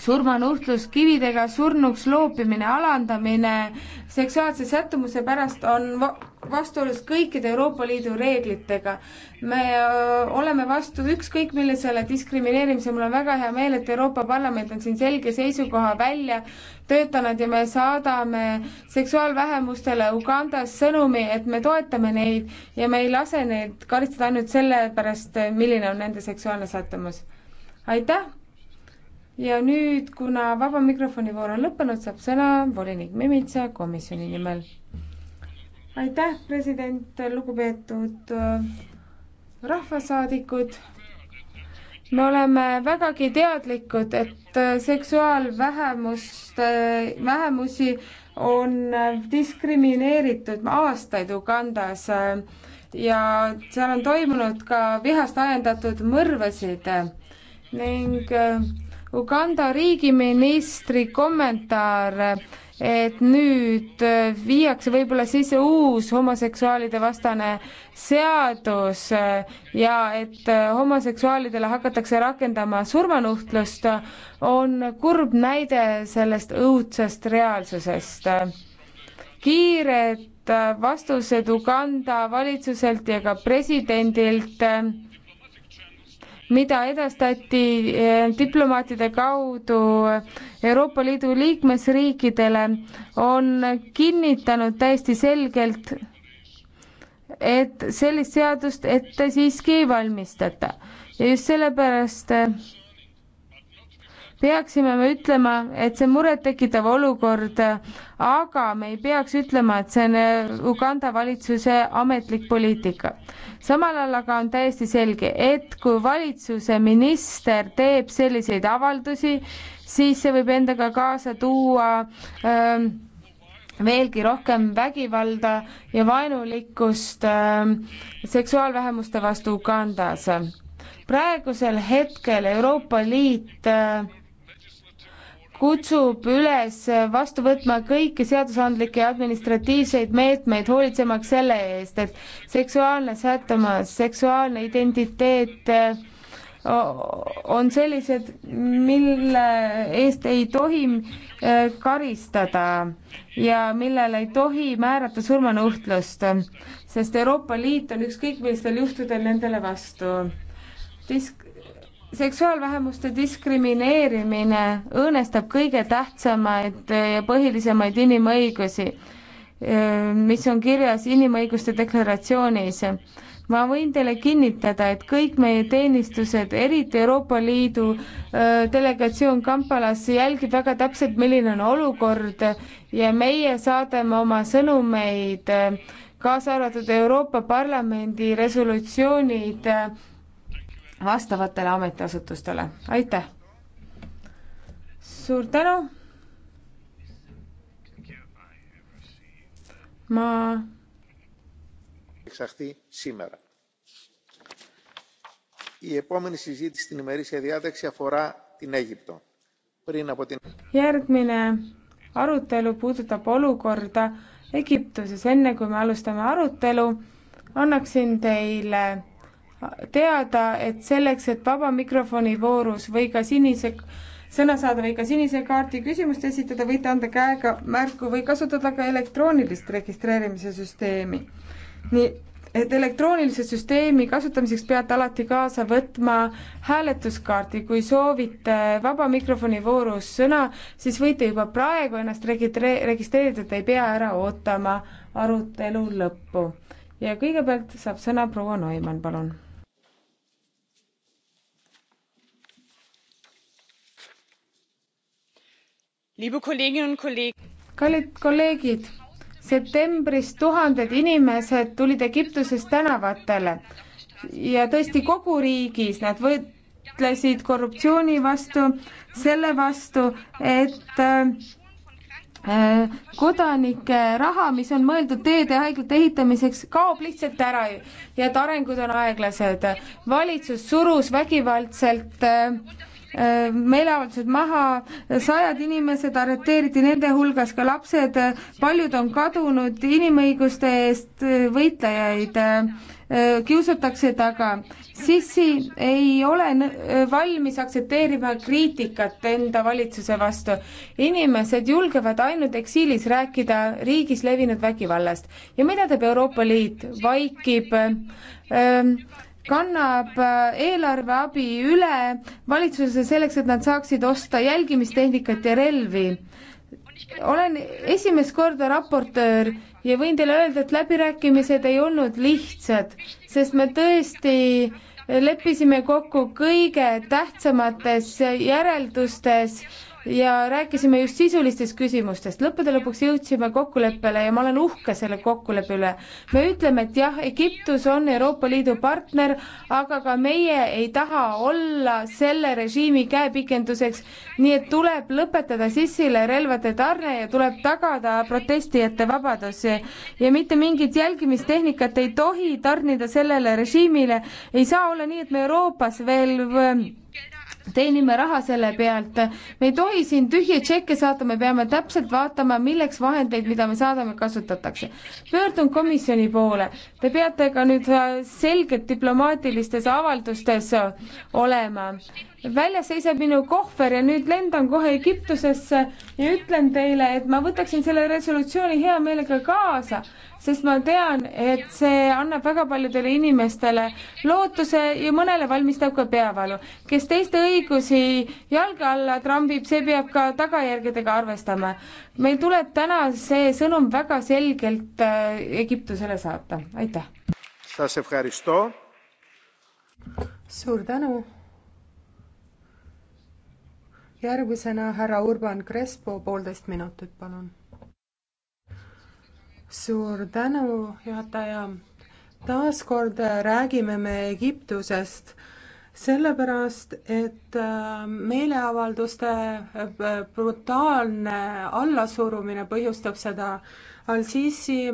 surmanuhtlus kividega, surnuks loopimine, alandamine seksuaalse sättumuse pärast on va vastuolus kõikide Euroopa Liidu reeglitega. me äh, oleme vastu ükskõik millisele diskrimineerimisele, mul on väga hea meel, et Euroopa Parlament on siin selge seisukoha välja töötanud ja me saadame seksuaalvähemustele Ugandas sõnumi, et me toetame neid ja me ei lase neid karistada ainult selle pärast, milline on nende seksuaalne sättumus. aitäh! ja nüüd, kuna vaba mikrofoni voor on lõppenud, saab sõna volinik Mimitsa komisjoni nimel. aitäh, president, lugupeetud äh, rahvasaadikud. me oleme vägagi teadlikud, et äh, seksuaalvähemust, äh, vähemusi on diskrimineeritud aastaid Ugandas ja seal on toimunud ka vihast ajendatud mõrvasid ning Uganda riigiministri kommentaar, et nüüd viiakse võib-olla sisse uus homoseksuaalide vastane seadus ja et homoseksuaalidele hakatakse rakendama surmanuhtlust, on kurb näide sellest õudsest reaalsusest. kiired vastused Uganda valitsuselt ja ka presidendilt mida edastati eh, diplomaatide kaudu Euroopa Liidu liikmesriikidele, on kinnitanud täiesti selgelt, et sellist seadust ette siiski ei valmistata ja just sellepärast eh, peaksime me ütlema, et see murettekitav olukord, aga me ei peaks ütlema, et see on äh, Uganda valitsuse ametlik poliitika. samal ajal aga on täiesti selge, et kui valitsuse minister teeb selliseid avaldusi, siis see võib endaga kaasa tuua öö, ähm, veelgi rohkem vägivalda ja vaenulikkust öö, ähm, seksuaalvähemuste vastu Ugandas praegusel hetkel Euroopa Liit äh, kutsub üles vastu võtma kõiki seadusandlikke ja administratiivseid meetmeid, hoolitsemaks selle eest, et seksuaalne sättumus, seksuaalne identiteet on sellised, mille eest ei tohi e, karistada ja millele ei tohi määrata surmanuhtlust, sest Euroopa Liit on ükskõik millistel juhtudel nendele vastu. Disk-, seksuaalvähemuste diskrimineerimine õõnestab kõige tähtsamaid ja põhilisemaid inimõigusi, mis on kirjas inimõiguste deklaratsioonis. ma võin teile kinnitada, et kõik meie teenistused, eriti Euroopa Liidu delegatsioon Kampalas jälgib väga täpselt, milline on olukord ja meie saadame oma sõnumeid kaasa arvatud Euroopa Parlamendi resolutsioonid vastavatele ametiasutustele, aitäh! suur tänu! ma εξαχθεί σήμερα. Η επόμενη συζήτηση στην ημερήσια διάταξη αφορά την Αίγυπτο. Πριν από την... Järgmine arutelu puudutab olukorda Egiptuses. Enne kui me alustame arutelu, annaksin teile teada, et selleks, et vaba mikrofoni voorus või ka sinise sõna saada või ka sinise kaardi küsimust esitada, võite anda käega märku või kasutada ka elektroonilist registreerimise süsteemi. nii et elektroonilise süsteemi kasutamiseks peate alati kaasa võtma hääletuskaardi. kui soovite vaba mikrofoni voorus sõna, siis võite juba praegu ennast registre-, registreerida, te ei pea ära ootama arutelu lõppu. ja kõigepealt saab sõna proua Neumann, palun kallid kolleegid, septembris tuhanded inimesed tulid Egiptuses tänavatele ja tõesti kogu riigis nad võitlesid korruptsiooni vastu, selle vastu, et äh, kodanike raha, mis on mõeldud teede ja haiglate ehitamiseks, kaob lihtsalt ära ja et arengud on aeglased. valitsus surus vägivaldselt äh, Äh, meeleavaldused maha, sajad inimesed arreteeriti, nende hulgas ka lapsed, paljud on kadunud, inimõiguste eest äh, võitlejaid äh, kiusatakse taga. Sissi ei ole valmis aktsepteerima kriitikat enda valitsuse vastu. inimesed julgevad ainult eksiilis rääkida riigis levinud vägivallast ja mida teeb Euroopa Liit, vaikib ähm, kannab äh, eelarveabi üle valitsusele selleks, et nad saaksid osta jälgimistehnikat ja relvi. olen esimest korda raportöör ja võin teile öelda, et läbirääkimised ei olnud lihtsad, sest me tõesti leppisime kokku kõige tähtsamates järeldustes ja rääkisime just sisulistest küsimustest. lõppude lõpuks jõudsime kokkuleppele ja ma olen uhke selle kokkuleppe üle. me ütleme, et jah, Egiptus on Euroopa Liidu partner, aga ka meie ei taha olla selle režiimi käepikenduseks, nii et tuleb lõpetada sissile relvade tarne ja tuleb tagada protestijate vabadus ja mitte mingit jälgimistehnikat ei tohi tarnida sellele režiimile. ei saa olla nii, et me Euroopas veel teenime raha selle pealt. me ei tohi siin tühje tšekke saata, me peame täpselt vaatama, milleks vahendeid, mida me saadame, kasutatakse. pöördun komisjoni poole. Te peate ka nüüd äh, selgelt diplomaatilistes avaldustes äh, olema. väljas seisab minu kohver ja nüüd lendan kohe Egiptusesse ja ütlen teile, et ma võtaksin selle resolutsiooni hea meelega kaasa sest ma tean, et see annab väga paljudele inimestele lootuse ja mõnele valmistab ka peavalu. kes teiste õigusi jalge alla trambib, see peab ka tagajärgedega arvestama. meil tuleb täna see sõnum väga selgelt äh, Egiptusele saata, aitäh. suur tänu. järgmisena härra Urban Crespo, poolteist minutit, palun suur tänu, juhataja. taas kord räägime me Egiptusest, sellepärast et äh, meeleavalduste äh, brutaalne allasurumine põhjustab seda. Al-Sisi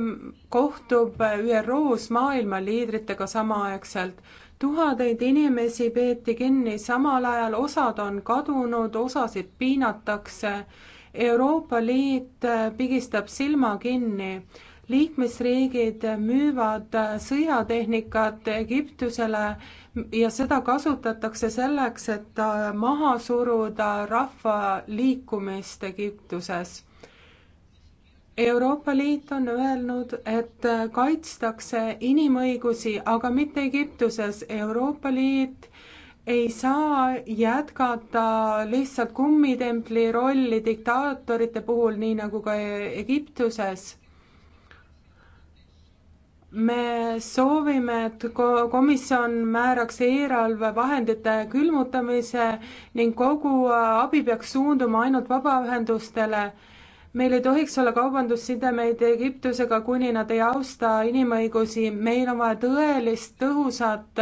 kohtub ÜRO-s maailma liidritega samaaegselt tuhandeid inimesi peeti kinni, samal ajal osad on kadunud, osasid piinatakse Euroopa Liit pigistab silma kinni. liikmesriigid müüvad sõjatehnikat Egiptusele ja seda kasutatakse selleks, et maha suruda rahva liikumist Egiptuses. Euroopa Liit on öelnud, et kaitstakse inimõigusi, aga mitte Egiptuses. Euroopa Liit ei saa jätkata lihtsalt kummitempli rolli diktaatorite puhul, nii nagu ka Egiptuses. me soovime, et komisjon määraks eelarvevahendite külmutamise ning kogu abi peaks suunduma ainult vabaühendustele meil ei tohiks olla kaubandussidemeid Egiptusega, kuni nad ei austa inimõigusi, meil on vaja tõelist tõhusat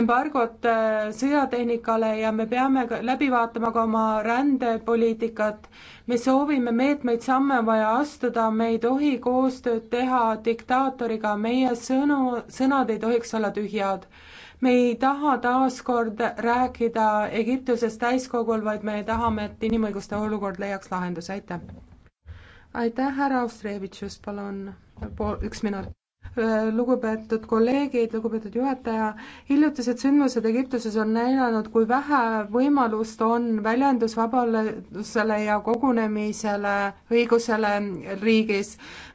embargot äh, sõjatehnikale ja me peame läbi vaatama ka oma rändepoliitikat. me soovime meetmeid, samme on vaja astuda, me ei tohi koostööd teha diktaatoriga, meie sõnu, sõnad ei tohiks olla tühjad me ei taha taaskord rääkida Egiptusest täiskogul, vaid me tahame, et inimõiguste olukord leiaks lahenduse, aitäh! aitäh, härra Austrevitšus, palun pool, üks minut lugupeetud kolleegid, lugupeetud juhataja, hiljutised sündmused Egiptuses on näidanud, kui vähe võimalust on väljendusvabadusele ja kogunemisele, õigusele riigis.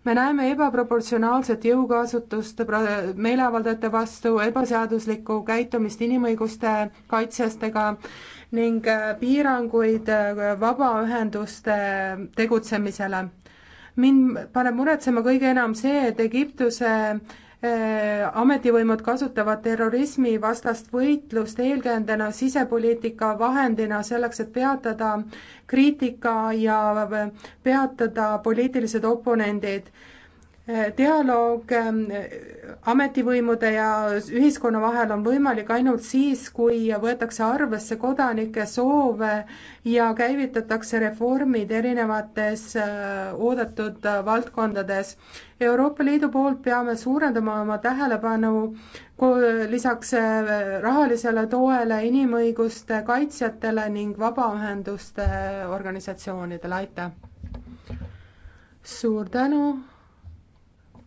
me näeme ebaproportsionaalset jõukasutust meeleavaldajate vastu, ebaseaduslikku käitumist inimõiguste kaitsjastega ning äh, piiranguid äh, vabaühenduste tegutsemisele mind paneb muretsema kõige enam see, et Egiptuse äh, ametivõimud kasutavad terrorismivastast võitlust eelkäändena sisepoliitika vahendina selleks, et peatada kriitika ja äh, peatada poliitilised oponendid dialoog ähm, ametivõimude ja ühiskonna vahel on võimalik ainult siis, kui võetakse arvesse kodanike soove ja käivitatakse reformid erinevates äh, oodatud äh, valdkondades. Euroopa Liidu poolt peame suurendama oma tähelepanu lisaks äh, rahalisele toele inimõiguste kaitsjatele ning vabaühenduste organisatsioonidele, aitäh! suur tänu!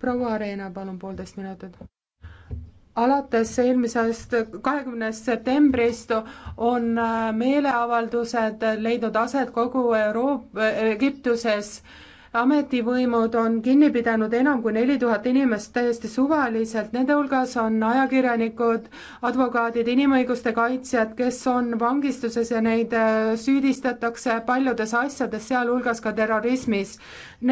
proua Areena, palun poolteist minutit alates eelmisest kahekümnest septembrist on äh, meeleavaldused leidnud aset kogu Euroop-, Egiptuses ametivõimud on kinni pidanud enam kui neli tuhat inimest täiesti suvaliselt, nende hulgas on ajakirjanikud, advokaadid, inimõiguste kaitsjad, kes on vangistuses ja neid äh, süüdistatakse paljudes asjades, sealhulgas ka terrorismis.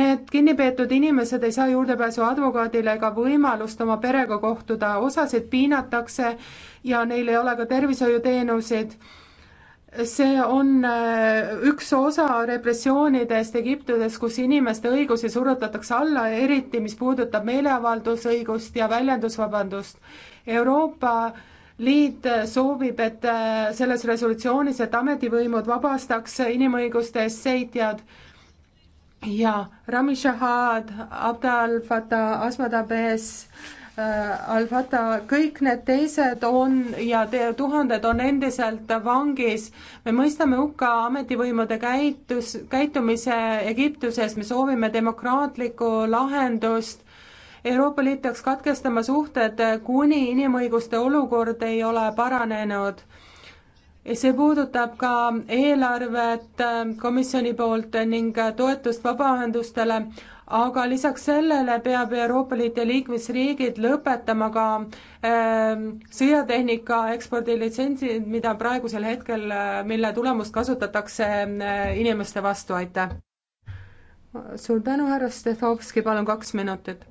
Need kinnipeetud inimesed ei saa juurdepääsu advokaadile ega võimalust oma perega kohtuda, osasid piinatakse ja neil ei ole ka tervishoiuteenuseid see on äh, üks osa repressioonidest Egiptuses, kus inimeste õigusi surutatakse alla, eriti mis puudutab meeleavaldusõigust ja väljendusvabandust. Euroopa Liit soovib, et äh, selles resolutsioonis, et ametivõimud vabastaks inimõiguste eest seitjad ja Rami Shahad, Abdel Fattah, Asmad Abes, Äh, Al-Fata, kõik need teised on ja te, tuhanded on endiselt vangis. me mõistame hukka ametivõimude käitus, käitumise Egiptuses, me soovime demokraatlikku lahendust. Euroopa Liit peaks katkestama suhted, kuni inimõiguste olukord ei ole paranenud. see puudutab ka eelarvet äh, komisjoni poolt ning toetust vabaühendustele, aga lisaks sellele peab Euroopa Liidu liikmesriigid lõpetama ka äh, sõjatehnika ekspordilitsentsid, mida praegusel hetkel, äh, mille tulemust kasutatakse äh, inimeste vastu, aitäh. suur tänu, härra Stefovski, palun kaks minutit.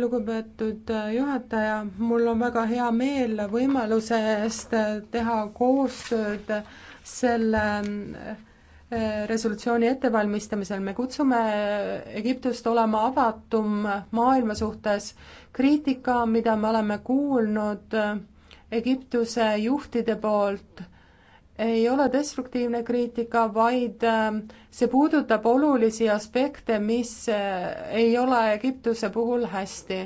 lugupeetud äh, juhataja, mul on väga hea meel võimaluse eest äh, teha koostööd selle resolutsiooni ettevalmistamisel me kutsume Egiptust olema avatum maailma suhtes. kriitika, mida me oleme kuulnud Egiptuse juhtide poolt, ei ole destruktiivne kriitika, vaid äh, see puudutab olulisi aspekte, mis äh, ei ole Egiptuse puhul hästi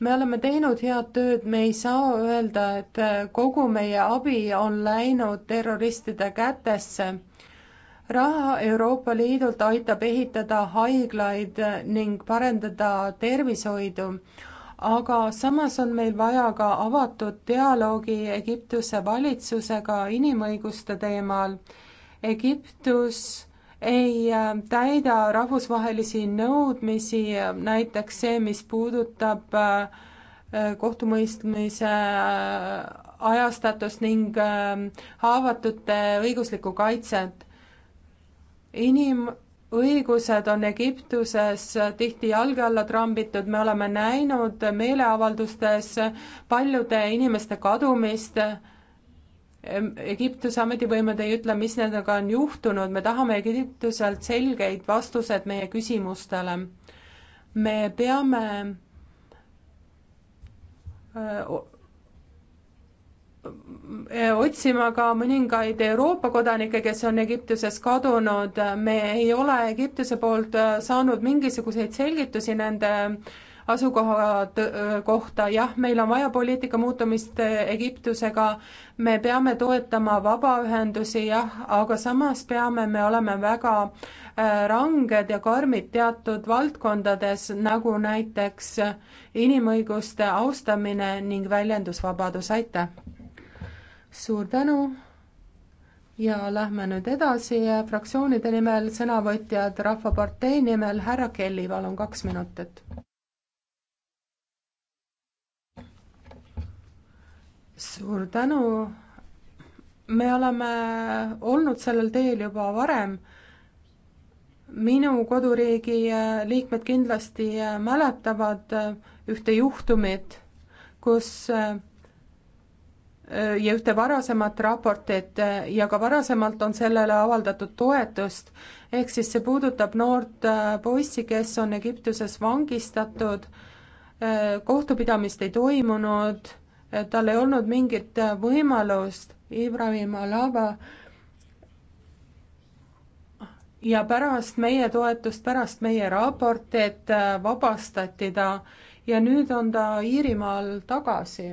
me oleme teinud head tööd, me ei saa öelda, et äh, kogu meie abi on läinud terroristide kätesse raha Euroopa Liidult aitab ehitada haiglaid ning parendada tervishoidu, aga samas on meil vaja ka avatud dialoogi Egiptuse valitsusega inimõiguste teemal. Egiptus ei äh, täida rahvusvahelisi nõudmisi, näiteks see, mis puudutab äh, äh, kohtumõistmise ajastatust ning haavatute õiguslikku kaitset inimõigused on Egiptuses tihti jalge alla trambitud, me oleme näinud meeleavaldustes paljude inimeste kadumist. Egiptuse ametivõimed ei ütle, mis nendega on juhtunud, me tahame Egiptuselt selgeid vastuseid meie küsimustele. me peame otsima ka mõningaid Euroopa kodanikke, kes on Egiptuses kadunud, me ei ole Egiptuse poolt äh, saanud mingisuguseid selgitusi nende äh, asukoha äh, kohta, jah, meil on vaja poliitika muutumist Egiptusega, me peame toetama vabaühendusi, jah, aga samas peame me olema väga ranged ja karmid teatud valdkondades, nagu näiteks inimõiguste austamine ning väljendusvabadus, aitäh! suur tänu ja lähme nüüd edasi fraktsioonide nimel sõnavõtjad, Rahvapartei nimel härra Kelly, palun kaks minutit. suur tänu. me oleme olnud sellel teel juba varem. minu koduriigi liikmed kindlasti mäletavad ühte juhtumit, kus ja ühte varasemat raportit ja ka varasemalt on sellele avaldatud toetust, ehk siis see puudutab noort äh, poissi, kes on Egiptuses vangistatud, äh, kohtupidamist ei toimunud, äh, tal ei olnud mingit võimalust, Ibrahim Alaba, ja pärast meie toetust, pärast meie raportit vabastati ta ja nüüd on ta Iirimaal tagasi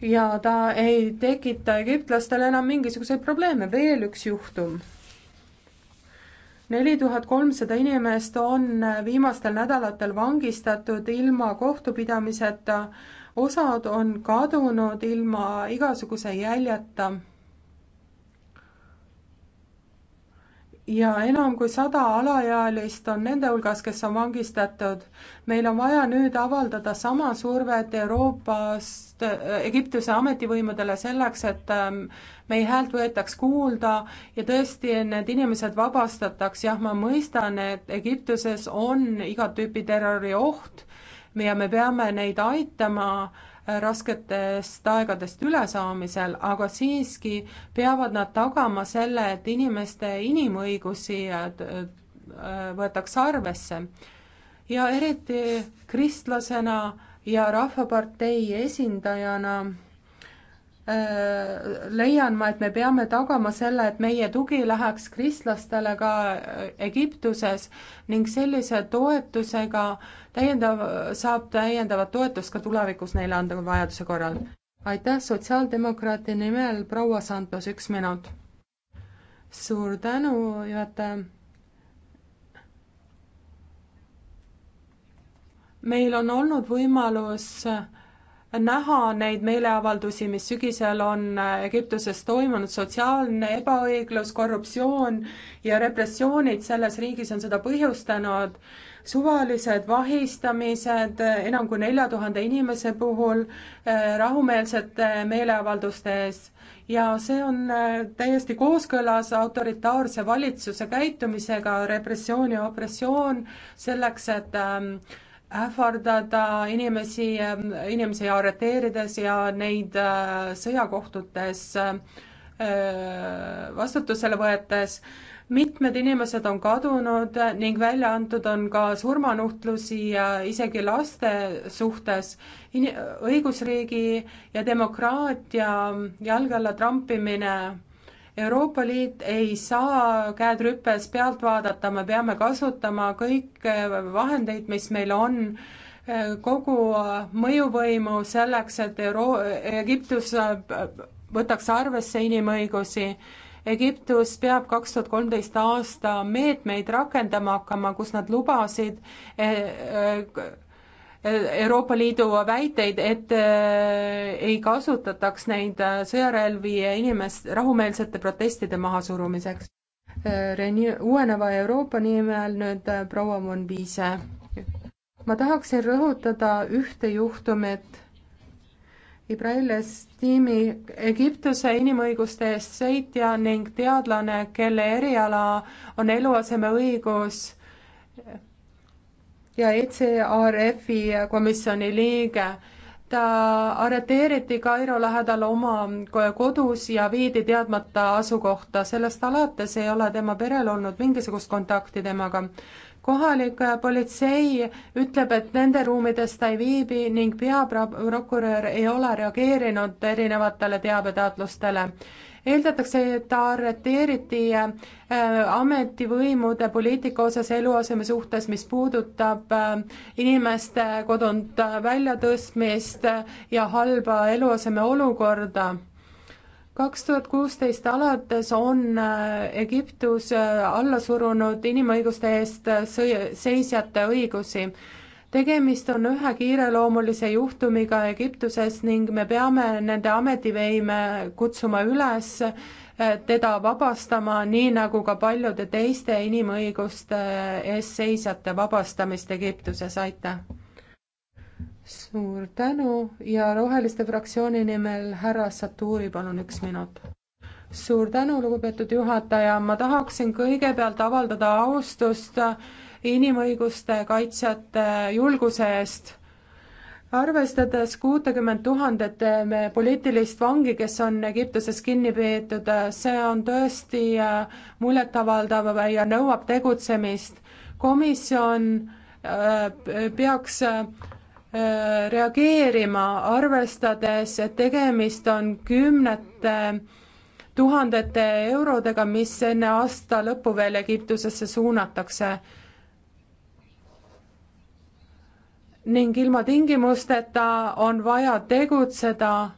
ja ta ei tekita egiptlastele enam mingisuguseid probleeme, veel üks juhtum. neli tuhat kolmsada inimest on viimastel nädalatel vangistatud ilma kohtupidamiseta, osad on kadunud ilma igasuguse jäljeta ja enam kui sada alaealist on nende hulgas, kes on vangistatud. meil on vaja nüüd avaldada sama survet Euroopas Egiptust, äh, Egiptuse ametivõimudele selleks, et ähm, meie häält võetaks kuulda ja tõesti need inimesed vabastataks, jah, ma mõistan, et Egiptuses on igat tüüpi terrorioht ja me peame neid aitama äh, rasketest aegadest ülesaamisel, aga siiski peavad nad tagama selle, et inimeste inimõigusi äh, võetakse arvesse. ja eriti kristlasena ja Rahvapartei esindajana äh, leian ma, et me peame tagama selle, et meie tugi läheks kristlastele ka äh, Egiptuses ning sellise toetusega täiendav, saab täiendavat toetust ka tulevikus neile anda vajaduse korral. aitäh, sotsiaaldemokraati nimel proua Santos, üks minut. suur tänu, juhataja meil on olnud võimalus näha neid meeleavaldusi, mis sügisel on Egiptuses toimunud, sotsiaalne ebaõiglus, korruptsioon ja repressioonid selles riigis on seda põhjustanud, suvalised vahistamised enam kui nelja tuhande inimese puhul eh, rahumeelsete meeleavalduste ees ja see on eh, täiesti kooskõlas autoritaarse valitsuse käitumisega, repressioon ja opressioon, selleks et ehm, ähvardada inimesi, ähm, inimesi arreteerides ja neid äh, sõjakohtutes äh, vastutusele võetes. mitmed inimesed on kadunud ning välja antud on ka surmanuhtlusi äh, isegi laste suhtes. õigusriigi ja demokraatia jalge alla trampimine Euroopa Liit ei saa käed rüpes pealt vaadata, me peame kasutama kõiki vahendeid, mis meil on, kogu mõjuvõimu selleks, et Euro-, Egiptus võtaks arvesse inimõigusi. Egiptus peab kaks tuhat kolmteist aasta meetmeid rakendama hakkama, kus nad lubasid eh, eh, Euroopa Liidu väiteid, et äh, ei kasutataks neid äh, sõjarelvi inimest, rahumeelsete protestide mahasurumiseks. Äh, Reni-, uueneva Euroopa nimel nüüd proua Monbise. ma tahaksin rõhutada ühte juhtumit. Ibrail Estimi, Egiptuse inimõiguste eest sõitja ning teadlane, kelle eriala on eluasemeõigus ja ECRF-i komisjoni liige. ta arreteeriti Kairo lähedal oma kodus ja viidi teadmata asukohta, sellest alates ei ole tema perel olnud mingisugust kontakti temaga kohalik politsei ütleb, et nende ruumides ta ei viibi ning peaprokurör ei ole reageerinud erinevatele teabetaotlustele eeldatakse, et ta arreteeriti äh, ametivõimude poliitika osas eluaseme suhtes, mis puudutab äh, inimeste kodunt äh, väljatõstmist ja halba eluaseme olukorda kaks tuhat kuusteist alates on Egiptus alla surunud inimõiguste eest seisjate õigusi tegemist on ühe kiireloomulise juhtumiga Egiptuses ning me peame nende ametiveime kutsuma üles eh, teda vabastama, nii nagu ka paljude teiste inimõiguste eh, eest seisjate vabastamist Egiptuses, aitäh! suur tänu ja Roheliste fraktsiooni nimel härra Saturi, palun üks minut. suur tänu, lugupeetud juhataja, ma tahaksin kõigepealt avaldada austust äh, inimõiguste kaitsjate julguse eest. arvestades kuutekümmet tuhandet eh, poliitilist vangi, kes on Egiptuses kinni peetud, eh, see on tõesti eh, muljetavaldav ja nõuab tegutsemist. komisjon peaks reageerima, arvestades, et tegemist on kümnete tuhandete eurodega, mis enne aasta lõppu veel Egiptusesse suunatakse. ning ilma tingimusteta on vaja tegutseda.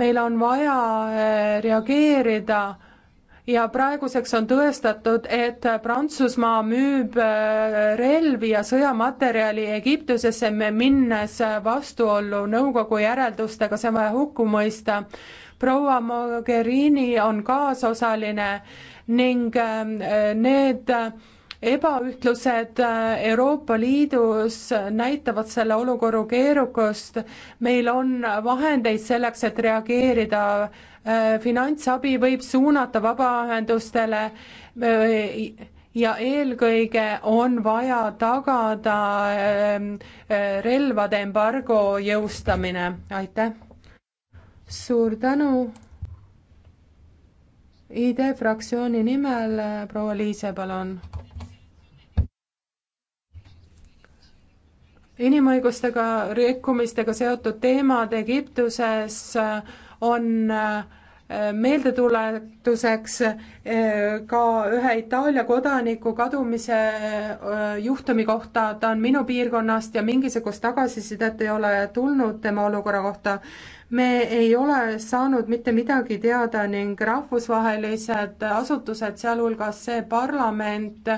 meil on vaja eh, reageerida ja praeguseks on tõestatud, et Prantsusmaa müüb eh, relvi ja sõjamaterjali Egiptusesse, minnes vastuollu nõukogu järeldustega, see on vaja hukku mõista. proua Mogherini on kaasosaline ning eh, need ebaühtlused äh, Euroopa Liidus näitavad selle olukorra keerukust, meil on vahendeid selleks, et reageerida äh, finantsabi võib suunata vabaühendustele äh, ja eelkõige on vaja tagada ähm, relvade embargo jõustamine, aitäh. suur tänu. ID fraktsiooni nimel proua Liise, palun inimõigustega, rikkumistega seotud teemad Egiptuses äh, on äh, meeldetuletuseks äh, ka ühe Itaalia kodaniku kadumise juhtumi kohta, ta on minu piirkonnast ja mingisugust tagasisidet ei ole tulnud tema olukorra kohta. me ei ole saanud mitte midagi teada ning rahvusvahelised asutused, sealhulgas see parlament,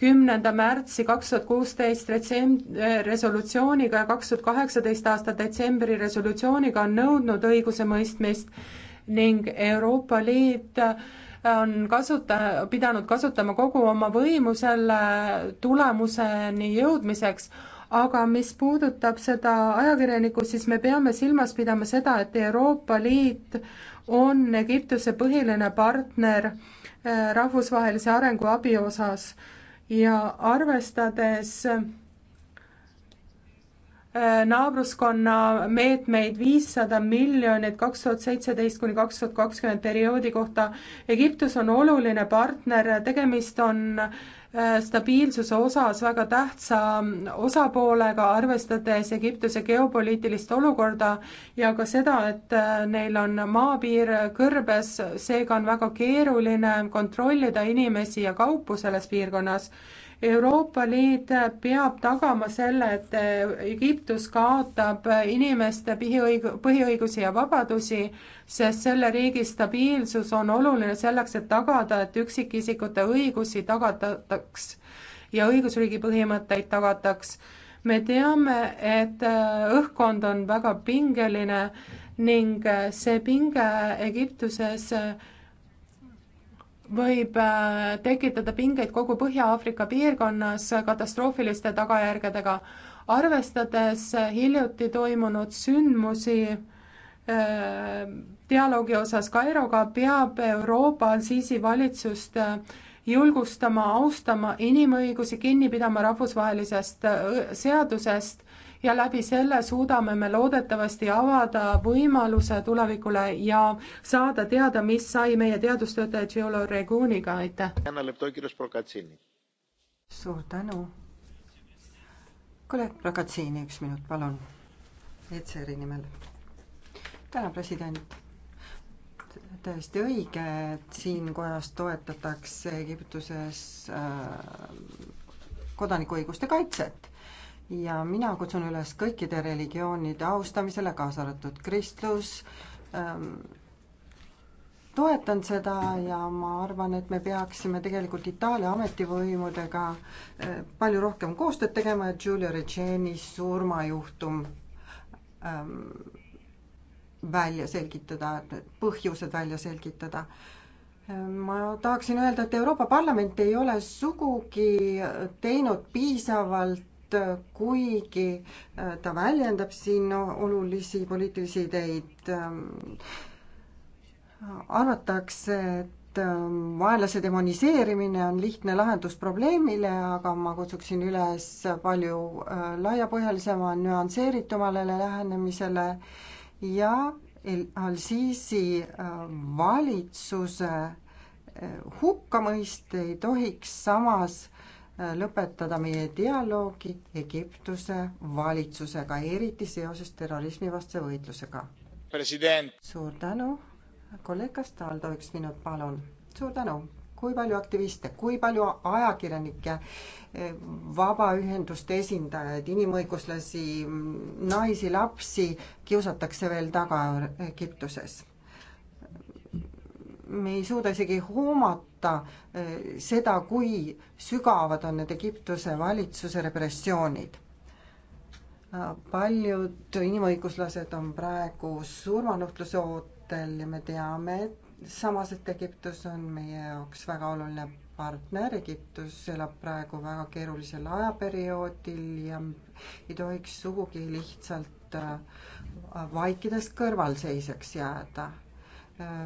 kümnenda märtsi kaks tuhat kuusteist retsemt-, eh, resolutsiooniga ja kaks tuhat kaheksateist aasta detsembri resolutsiooniga on nõudnud õigusemõistmist ning Euroopa Liit eh, on kasuta-, pidanud kasutama kogu oma võimu selle tulemuseni jõudmiseks, aga mis puudutab seda ajakirjanikku, siis me peame silmas pidama seda, et Euroopa Liit on Egiptuse põhiline partner eh, rahvusvahelise arenguabi osas ja arvestades äh, naabruskonna meetmeid viissada miljonit kaks tuhat seitseteist kuni kaks tuhat kakskümmend perioodi kohta. Egiptus on oluline partner, tegemist on Äh, stabiilsuse osas väga tähtsa osapoolega, arvestades Egiptuse geopoliitilist olukorda ja ka seda, et äh, neil on maapiir kõrbes, seega on väga keeruline kontrollida inimesi ja kaupu selles piirkonnas Euroopa Liit peab tagama selle, et Egiptus kaotab inimeste põhiõig-, põhiõigusi ja vabadusi, sest selle riigi stabiilsus on oluline selleks, et tagada, et üksikisikute õigusi tagataks ja õigusriigi põhimõtteid tagataks me teame, et äh, õhkkond on väga pingeline ning äh, see pinge Egiptuses äh, võib äh, tekitada pingeid kogu Põhja-Aafrika piirkonnas katastroofiliste tagajärgedega. arvestades hiljuti toimunud sündmusi äh, dialoogi osas Kairoga, peab Euroopa Al-Sisi valitsust äh, julgustama, austama inimõigusi, kinni pidama rahvusvahelisest seadusest ja läbi selle suudame me loodetavasti avada võimaluse tulevikule ja saada teada, mis sai meie teadustöötaja Giulio Reguniga, aitäh. suur tänu. kolleeg Prokatsini, üks minut, palun. ECR-i nimel. tänan, president täiesti õige, et siin kojas toetatakse Egiptuses äh, kodanikuõiguste kaitset ja mina kutsun üles kõikide religioonide austamisele, kaasa arvatud kristlus ähm,. toetan seda ja ma arvan, et me peaksime tegelikult Itaalia ametivõimudega äh, palju rohkem koostööd tegema, et Giulio Regeni surmajuhtum ähm, välja selgitada, põhjused välja selgitada ähm, ma tahaksin öelda, et Euroopa Parlament ei ole sugugi teinud piisavalt Äh, kuigi äh, ta väljendab siin olulisi poliitilisi ideid, ähm, arvatakse, et ähm, vaenlase demoniseerimine on lihtne lahendus probleemile, aga ma kutsuksin üles palju äh, laiapõhjalisema, nüansseeritumale lähenemisele ja Al-Sisi valitsuse hukkamõist ei tohiks samas lõpetada meie dialoogi Egiptuse valitsusega, eriti seoses terrorismivastase võitlusega. suur tänu, kolleeg Castaldo, üks minut, palun. suur tänu kui palju aktiviste, kui palju ajakirjanikke, eh, vabaühenduste esindajaid, inimõiguslasi, naisi, lapsi kiusatakse veel taga Egiptuses. me ei suuda isegi hoomata, mõõta eh, seda, kui sügavad on need Egiptuse valitsuse repressioonid. Äh, paljud inimõiguslased on praegu surmanuhtluse ootel ja me teame, et samas, et Egiptus on meie jaoks väga oluline partner, Egiptus elab praegu väga keerulisel ajaperioodil ja ei tohiks sugugi lihtsalt äh, vaikides kõrvalseisjaks jääda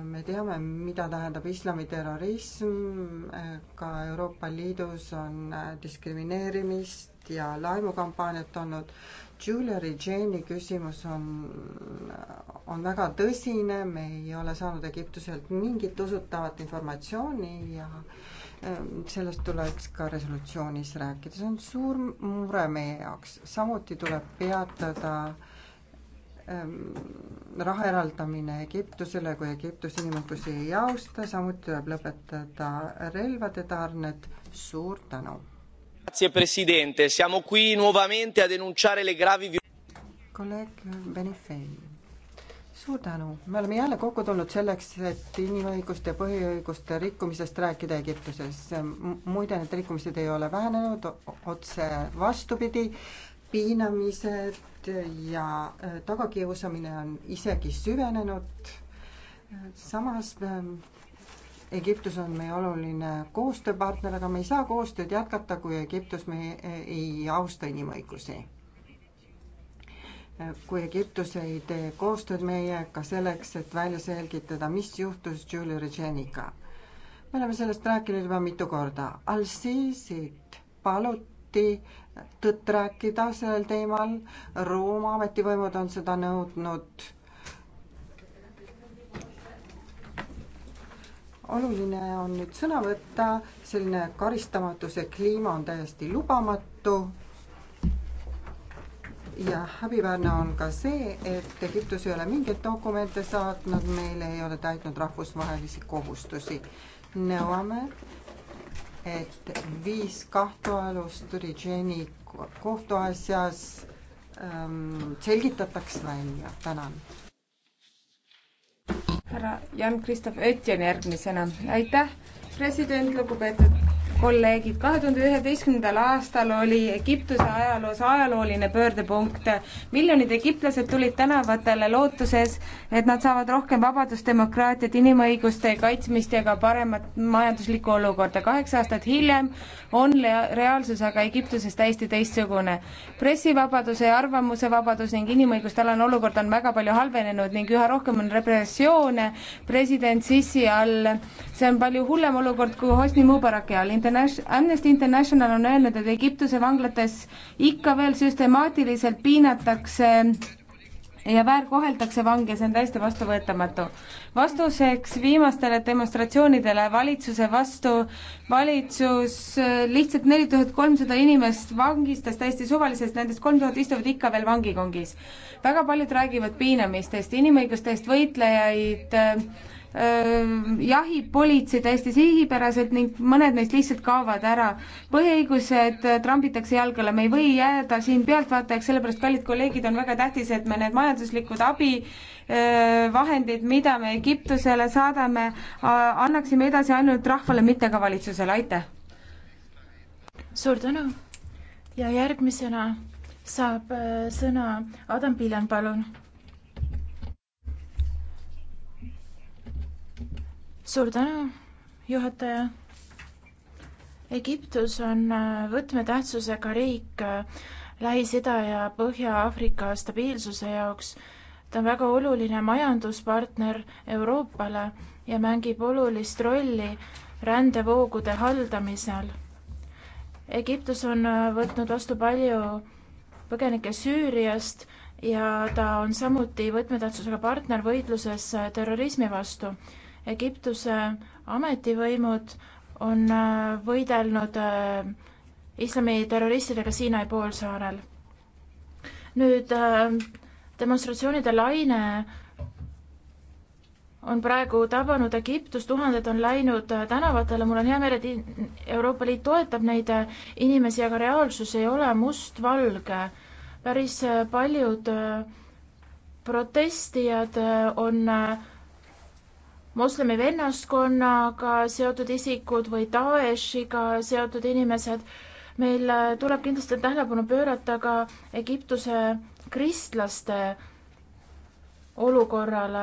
me teame, mida tähendab islamiterrorism, ka Euroopa Liidus on diskrimineerimist ja laimukampaaniat olnud. Julia Regeni küsimus on, on väga tõsine, me ei ole saanud Egiptuselt mingit usutavat informatsiooni ja ehm, sellest tuleks ka resolutsioonis rääkida, see on suur mure meie jaoks, samuti tuleb peatada äh, Ähm, raha eraldamine Egiptusele, kui Egiptus inimõigusi ei austa, samuti tuleb lõpetada relvade tarned. suur tänu. kolleeg Benifei, suur tänu, me oleme jälle kokku tulnud selleks, et inimõiguste ja põhiõiguste rikkumisest rääkida Egiptuses. muide, need rikkumised ei ole vähenenud, otse vastupidi piinamised ja äh, tagakiusamine on isegi süvenenud. samas ähm, Egiptus on meie oluline koostööpartner, aga me ei saa koostööd jätkata, kui Egiptus me äh, ei austa inimõigusi. Äh, kui Egiptus ei tee koostööd meiega selleks, et välja selgitada, mis juhtus Julia Regeniga. me oleme sellest rääkinud juba mitu korda. Al-Sisid paluti samuti tõtt rääkida sellel teemal. Rooma ametivõimud on seda nõudnud. oluline on nüüd sõna võtta, selline karistamatuse kliima on täiesti lubamatu ja häbiväärne on ka see, et Egiptus ei ole mingeid dokumente saatnud, meile ei ole täitnud rahvusvahelisi kohustusi. nõuame, et viis kahtlust tuli Jenny kohtuasjas ähm, selgitataks välja. tänan. härra Jan-Kristof Ötjen järgmisena, aitäh, president, lugupeetud kolleegid, kahe tuhande üheteistkümnendal aastal oli Egiptuse ajaloos ajalooline pöördepunkt. miljonid egiptlased tulid tänavatele lootuses, et nad saavad rohkem vabadust, demokraatiat, inimõiguste kaitsmist ja ka paremat majanduslikku olukorda. kaheksa aastat hiljem on reaalsus aga Egiptuses täiesti teistsugune. pressivabaduse ja arvamusevabadus ning inimõiguste alane olukord on väga palju halvenenud ning üha rohkem on repressioone president Sisi all. see on palju hullem olukord kui Hosni Mubaraki all International, Amnesty International on öelnud, et Egiptuse vanglates ikka veel süstemaatiliselt piinatakse ja väärkoheldakse vange, see on täiesti vastuvõetamatu. vastuseks viimastele demonstratsioonidele valitsuse vastu, valitsus äh, lihtsalt neli tuhat kolmsada inimest vangistas täiesti suvaliselt, nendest kolm tuhat istuvad ikka veel vangikongis. väga paljud räägivad piinamistest, inimõiguste eest võitlejaid äh, jahib politsei täiesti sihipäraselt ning mõned neist lihtsalt kaovad ära. põhiõigused äh, trambitakse jalgale, me ei või jääda siin pealtvaatajaks, sellepärast kallid kolleegid, on väga tähtis, et me need majanduslikud abivahendid, mida me Egiptusele saadame, annaksime edasi ainult rahvale, mitte ka valitsusele, aitäh! suur tänu ja järgmisena saab äh, sõna Adam Pilen, palun suur tänu, juhataja. Egiptus on äh, võtmetähtsusega riik äh, Lähis-Ida ja Põhja-Aafrika stabiilsuse jaoks. ta on väga oluline majanduspartner Euroopale ja mängib olulist rolli rändevoogude haldamisel. Egiptus on äh, võtnud vastu palju põgenikke Süüriast ja ta on samuti võtmetähtsusega partner võitluses terrorismi vastu Egiptuse ametivõimud on äh, võidelnud äh, islamiterroristidega Siinai poolsaarel. nüüd äh, demonstratsioonide laine on praegu tabanud Egiptus, tuhanded on läinud tänavatele, mul on hea meel, et Euroopa Liit toetab neid inimesi, aga reaalsus ei ole mustvalge. päris paljud protestijad on äh, moslemi vennaskonnaga seotud isikud või Daeshiga seotud inimesed. meil tuleb kindlasti tähelepanu pöörata ka Egiptuse kristlaste olukorrale.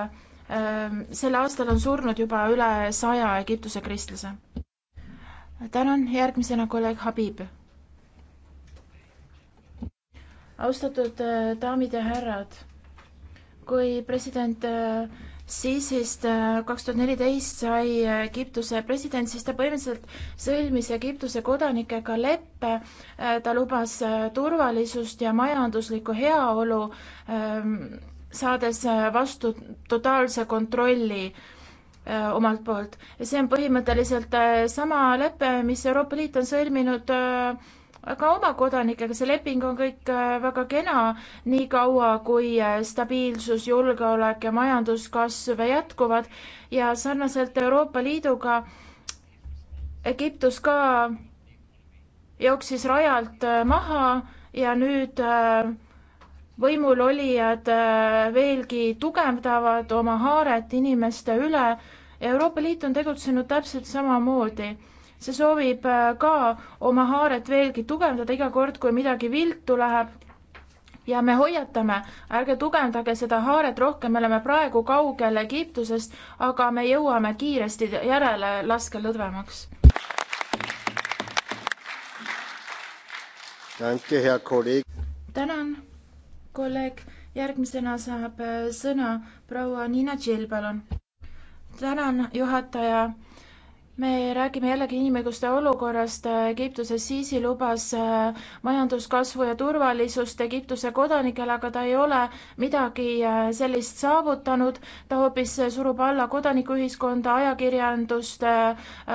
Ähm, sel aastal on surnud juba üle saja Egiptuse kristlase. tänan, järgmisena kolleeg Habib. austatud äh, daamid ja härrad, kui president äh, siis, siis ta äh, kaks tuhat neliteist sai Egiptuse president, siis ta põhimõtteliselt sõlmis Egiptuse kodanikega leppe, äh, ta lubas äh, turvalisust ja majanduslikku heaolu, ähm, saades vastu totaalse kontrolli omalt poolt ja see on põhimõtteliselt sama lepe, mis Euroopa Liit on sõlminud äh, ka oma kodanikega, see leping on kõik äh, väga kena, niikaua kui äh, stabiilsus, julgeolek ja majanduskasv jätkuvad ja sarnaselt Euroopa Liiduga Egiptus ka jooksis rajalt äh, maha ja nüüd võimulolijad veelgi tugevdavad oma haaret inimeste üle. Euroopa Liit on tegutsenud täpselt samamoodi see soovib äh, ka oma haaret veelgi tugevdada iga kord, kui midagi viltu läheb. ja me hoiatame, ärge tugevdage seda haaret rohkem, me oleme praegu kaugel Egiptusest, aga me jõuame kiiresti järele, laske lõdvemaks. tänan, kolleeg. järgmisena saab äh, sõna proua Niina Tšill, palun. tänan, juhataja me räägime jällegi inimõiguste olukorrast. Egiptuses Sisi lubas äh, majanduskasvu ja turvalisust Egiptuse kodanikele, aga ta ei ole midagi äh, sellist saavutanud. ta hoopis äh, surub alla kodanikuühiskonda, ajakirjandust,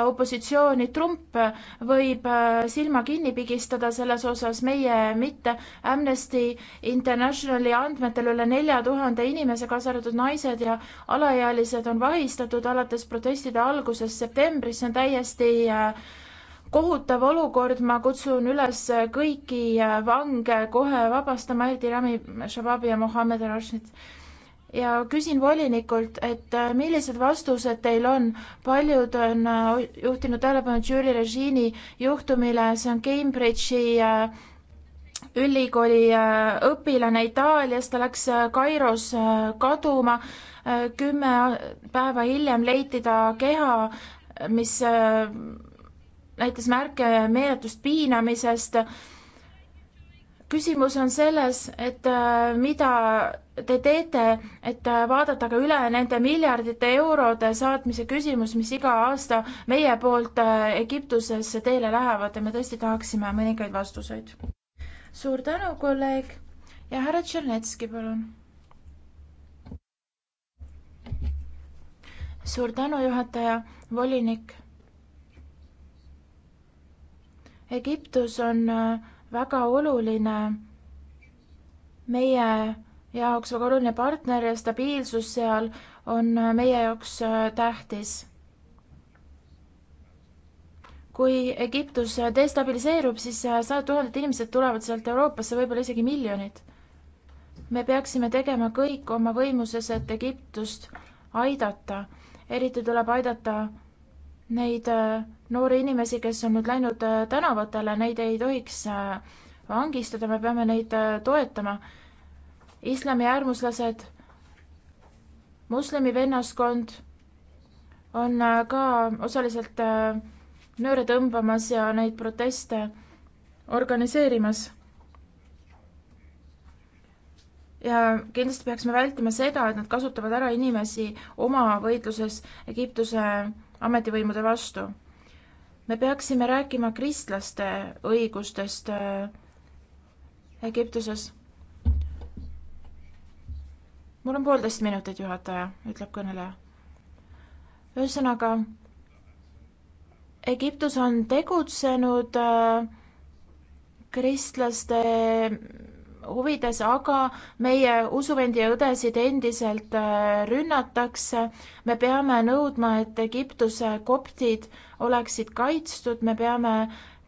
opositsiooni. Trump võib silma kinni pigistada selles osas, meie mitte. Amnesty Internationali andmetel üle nelja tuhande inimese, kaasa arvatud naised ja alaealised, on vahistatud alates protestide algusest septembris novembris, see on täiesti äh, kohutav olukord, ma kutsun üles kõiki äh, vange kohe vabastama, eriti Rami Shababi ja Mohammed Rashid. ja küsin volinikult, et äh, millised vastused teil on, paljud on juhtinud tähelepanu Jüri režiimi juhtumile, see on Cambridge'i ülikooli õpilane Itaalias, ta läks Kairos kaduma, kümme päeva hiljem leiti ta keha mis äh, näitas märke meeletust piinamisest. küsimus on selles, et äh, mida te teete, et äh, vaadata ka üle nende miljardite eurode saatmise küsimus, mis iga aasta meie poolt Egiptusesse teele lähevad ja me tõesti tahaksime mõningaid vastuseid. suur tänu, kolleeg ja härra Tšernetski, palun suur tänu, juhataja, volinik. Egiptus on äh, väga oluline meie jaoks väga oluline partner ja stabiilsus seal on äh, meie jaoks äh, tähtis. kui Egiptus destabiliseerub, siis sajad tuhanded inimesed tulevad sealt Euroopasse, võib-olla isegi miljonid. me peaksime tegema kõik oma võimuses, et Egiptust aidata eriti tuleb aidata neid äh, noori inimesi, kes on nüüd läinud äh, tänavatele, neid ei tohiks äh, vangistada, me peame neid toetama. islami äärmuslased, moslemi vennaskond on ka osaliselt nööre tõmbamas ja neid proteste organiseerimas ja kindlasti peaksime vältima seda, et nad kasutavad ära inimesi oma võitluses Egiptuse ametivõimude vastu. me peaksime rääkima kristlaste õigustest äh, Egiptuses. mul on poolteist minutit, juhataja, ütleb kõneleja. ühesõnaga, Egiptus on tegutsenud äh, kristlaste huvides, aga meie usuvendi ja õdesid endiselt äh, rünnatakse. me peame nõudma, et Egiptuse koptid oleksid kaitstud, me peame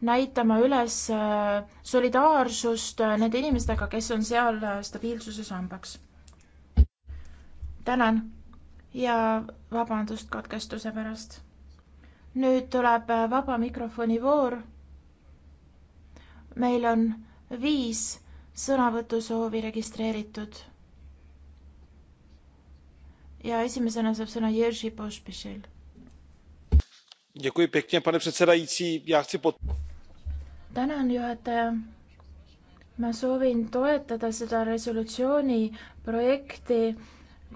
näitama üles äh, solidaarsust äh, nende inimestega, kes on seal stabiilsuse sambaks. tänan ja vabandust katkestuse pärast. nüüd tuleb vaba mikrofoni voor. meil on viis sõnavõtusoovi registreeritud. ja esimesena saab sõna Jerzy Pospišil. tänan, juhataja. ma soovin toetada seda resolutsiooni projekti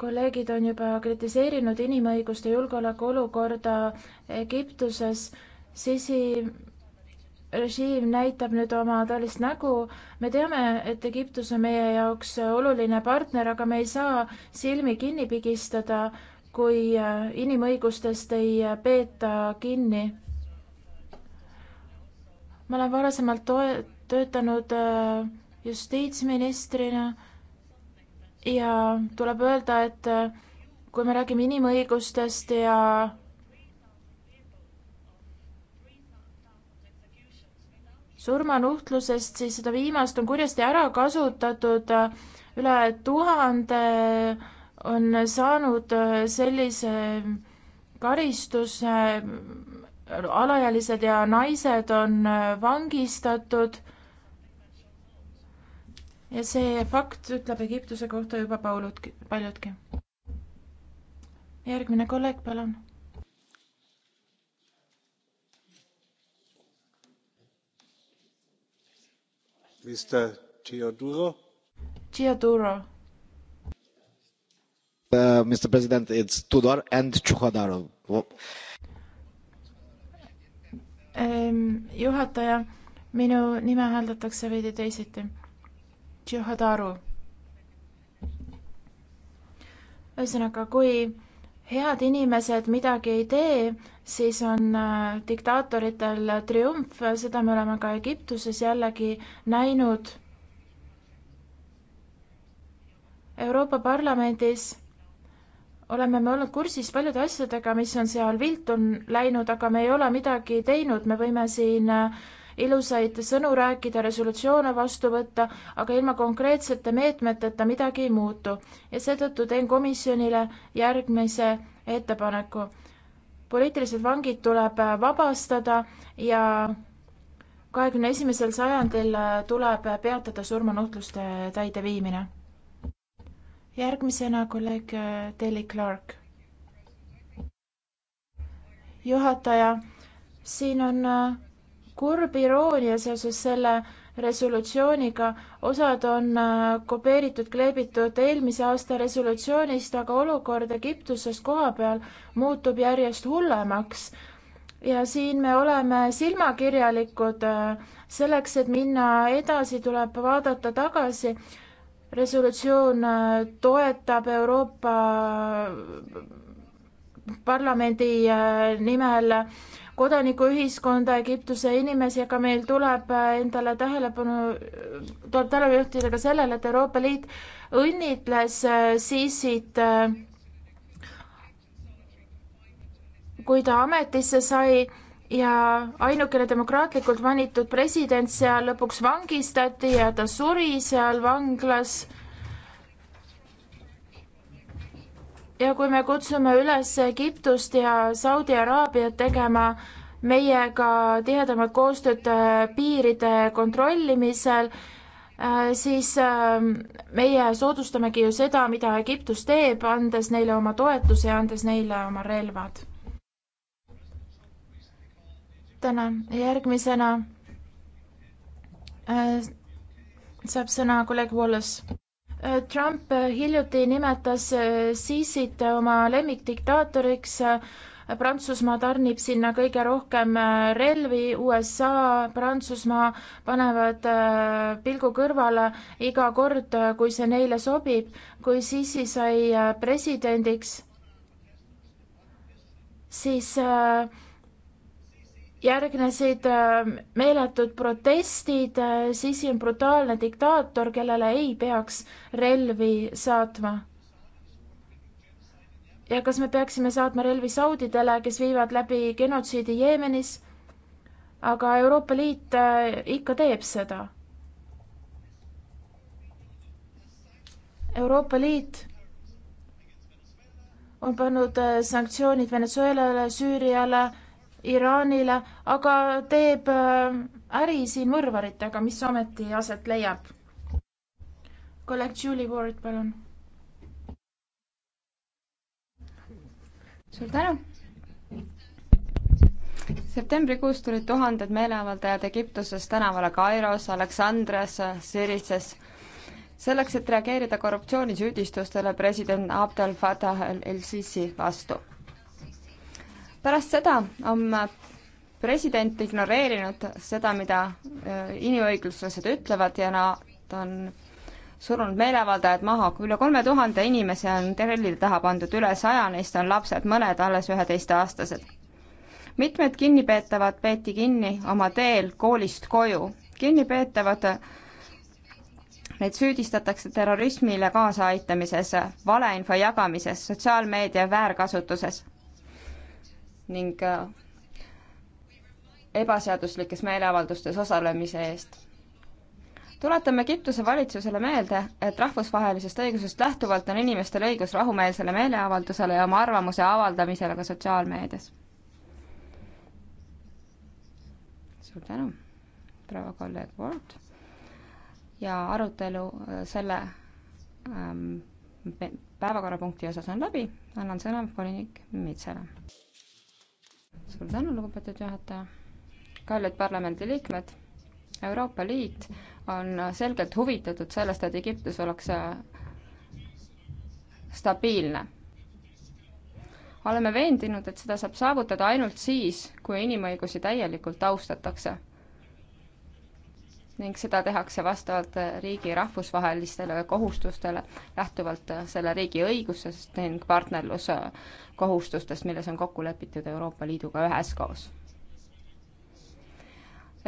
kolleegid on juba kritiseerinud inimõiguste julgeolekuolukorda Egiptuses, Sisi režiim näitab nüüd oma talist nägu. me teame, et Egiptus on meie jaoks oluline partner, aga me ei saa silmi kinni pigistada, kui äh, inimõigustest ei äh, peeta kinni. ma olen varasemalt toe-, töötanud äh, justiitsministrina ja tuleb öelda, et kui me räägime inimõigustest ja surmanuhtlusest, siis seda viimast on kurjasti ära kasutatud, üle tuhande on saanud äh, sellise äh, karistuse, alaealised ja naised on äh, vangistatud ja see fakt ütleb Egiptuse kohta juba paulud, paljudki. järgmine kolleeg, palun Mr Teodoro. Teodoro. Uh, Mr President, it's Tudor and Tšuhhadarov oh.. Um, juhataja, minu nime hääldatakse veidi teisiti. Tšuhhadaru. ühesõnaga, kui head inimesed midagi ei tee, siis on äh, diktaatoritel triumf, seda me oleme ka Egiptuses jällegi näinud. Euroopa Parlamendis oleme me olnud kursis paljude asjadega, mis on seal viltu läinud, aga me ei ole midagi teinud, me võime siin äh, ilusaid sõnu rääkida, resolutsioone vastu võtta, aga ilma konkreetsete meetmeteta midagi ei muutu. ja seetõttu teen komisjonile järgmise ettepaneku. poliitilised vangid tuleb vabastada ja kahekümne esimesel sajandil tuleb peatada surmanuhtluste täideviimine. järgmisena kolleeg Deli Clark. juhataja, siin on äh, kurb iroonia seoses selle resolutsiooniga, osad on äh, kopeeritud, kleebitud eelmise aasta resolutsioonist, aga olukord Egiptuses kohapeal muutub järjest hullemaks. ja siin me oleme silmakirjalikud, äh, selleks, et minna edasi, tuleb vaadata tagasi. resolutsioon äh, toetab Euroopa Parlamendi nimel äh, kodanikuühiskonda, Egiptuse inimesi, aga meil tuleb endale tähelepanu, tuleb tähelepanu juhtida ka sellele, et Euroopa Liit õnnitles äh, Sisit äh, kui ta ametisse sai ja ainukene demokraatlikult valitud president seal lõpuks vangistati ja ta suri seal vanglas ja kui me kutsume üles Egiptust ja Saudi Araabiat tegema meiega tihedamat koostööd äh, piiride kontrollimisel, äh, siis äh, meie soodustamegi ju seda, mida Egiptus teeb, andes neile oma toetuse ja andes neile oma relvad. tänan, järgmisena saab sõna kolleeg Wallace. Äh, Trump äh, hiljuti nimetas äh, Sisit oma lemmikdiktaatoriks. Prantsusmaa tarnib sinna kõige rohkem relvi, USA, Prantsusmaa panevad pilgu kõrvale iga kord, kui see neile sobib. kui Sisi sai presidendiks, siis äh, järgnesid äh, meeletud protestid, äh, Sisi on brutaalne diktaator, kellele ei peaks relvi saatma. ja kas me peaksime saatma relvi Saudidele, kes viivad läbi genotsiidi Jeemenis? aga Euroopa Liit äh, ikka teeb seda. Euroopa Liit on pannud sanktsioonid Venezuelale, Süüriale Iraanile, aga teeb äh, äri siin mõrvaritega, mis ometi aset leiab. kolleeg Julie Ward, palun. suur tänu septembrikuus tulid tuhanded meeleavaldajad Egiptuses tänavale Kairos, Aleksandrias, Sirises, selleks, et reageerida korruptsioonisüüdistustele president Abdel Fattah el-Sisi vastu pärast seda on president ignoreerinud seda, mida äh, inimõiguslased ütlevad ja nad on surunud meeleavaldajad maha, üle kolme tuhande inimese on trellide taha pandud, üle saja neist on lapsed, mõned alles üheteistaastased. mitmed kinnipeetavad peeti kinni oma teel koolist koju. kinnipeetavad, neid süüdistatakse terrorismile kaasaaitamises, valeinfo jagamises, sotsiaalmeedia väärkasutuses ning äh, ebaseaduslikes meeleavaldustes osalemise eest. tuletame Egiptuse valitsusele meelde, et rahvusvahelisest õigusest lähtuvalt on inimestel õigus rahumeelsele meeleavaldusele ja oma arvamuse avaldamisele ka sotsiaalmeedias. suur tänu, proua kolleeg Ward ja arutelu äh, selle ähm, päevakorrapunkti osas on läbi, annan sõna volinik Mitsele suur tänu, lugupeetud juhataja. kallid parlamendiliikmed, Euroopa Liit on selgelt huvitatud sellest, et Egiptus oleks äh, stabiilne. oleme veendunud, et seda saab saavutada ainult siis, kui inimõigusi täielikult austatakse ning seda tehakse vastavalt riigi rahvusvahelistele kohustustele, lähtuvalt selle riigi õigusest ning partnerluskohustustest, milles on kokku lepitud Euroopa Liiduga üheskoos.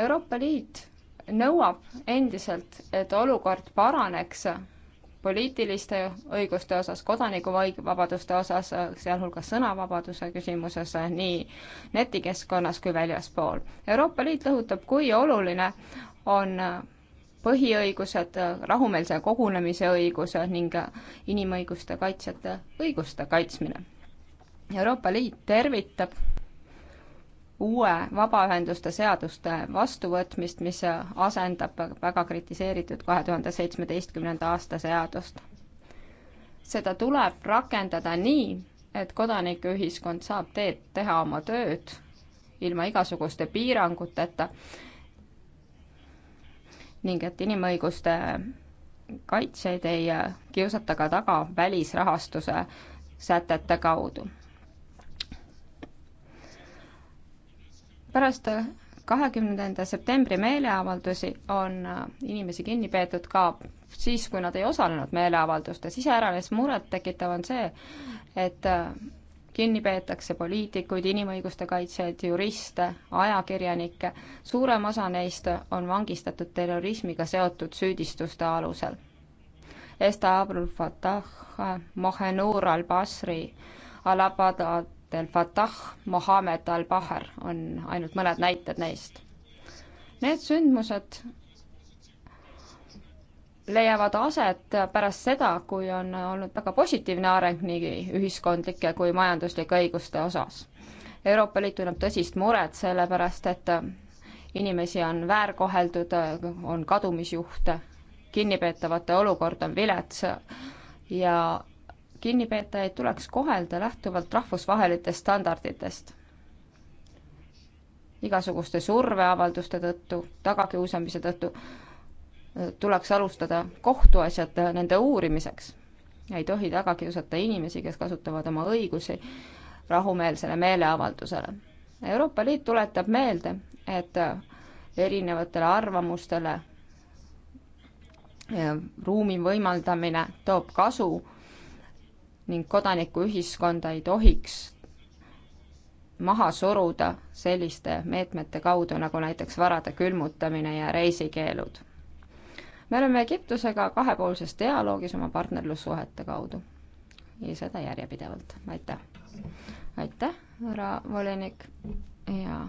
Euroopa Liit nõuab endiselt, et olukord paraneks poliitiliste õiguste osas, kodanikuvabaduste osas, sealhulgas sõnavabaduse küsimuses nii netikeskkonnas kui väljaspool. Euroopa Liit lõhutab, kui oluline on põhiõigused, rahumeelse kogunemise õiguse ning inimõiguste kaitsjate õiguste kaitsmine. Euroopa Liit tervitab uue vabaühenduste seaduste vastuvõtmist, mis asendab väga kritiseeritud kahe tuhande seitsmeteistkümnenda aasta seadust. seda tuleb rakendada nii, et kodanikuühiskond saab teed, teha oma tööd ilma igasuguste piiranguteta ning et inimõiguste kaitsjaid ei kiusata ka taga välisrahastuse sätete kaudu. pärast kahekümnenda septembri meeleavaldusi on inimesi kinni peetud ka siis, kui nad ei osalenud meeleavaldustes, iseäranis murettekitav on see, et kinni peetakse poliitikuid, inimõiguste kaitsjaid, juriste, ajakirjanikke, suurem osa neist on vangistatud terrorismiga seotud süüdistuste alusel. Esta Abrul Fatah, Mohenur al-Basri, Al-Abad al-Fatah, Mohammed al-Bahar on ainult mõned näited neist. Need sündmused leiavad aset pärast seda, kui on olnud väga positiivne areng nii ühiskondlike kui majanduslike õiguste osas. Euroopa Liit tunneb tõsist muret selle pärast, et inimesi on väärkoheldud, on kadumisjuhte, kinnipeetavate olukord on vilets ja kinnipeetajaid tuleks kohelda lähtuvalt rahvusvahelistest standarditest igasuguste surveavalduste tõttu, tagakiusamise tõttu tuleks alustada kohtuasjad nende uurimiseks. ei tohi taga kiusata inimesi, kes kasutavad oma õigusi rahumeelsele meeleavaldusele. Euroopa Liit tuletab meelde, et erinevatele arvamustele ruumi võimaldamine toob kasu ning kodanikuühiskonda ei tohiks maha suruda selliste meetmete kaudu, nagu näiteks varade külmutamine ja reisikeelud me oleme Egiptusega kahepoolses dialoogis oma partnerlussuhete kaudu ja seda järjepidevalt, aitäh. aitäh, härra volinik ja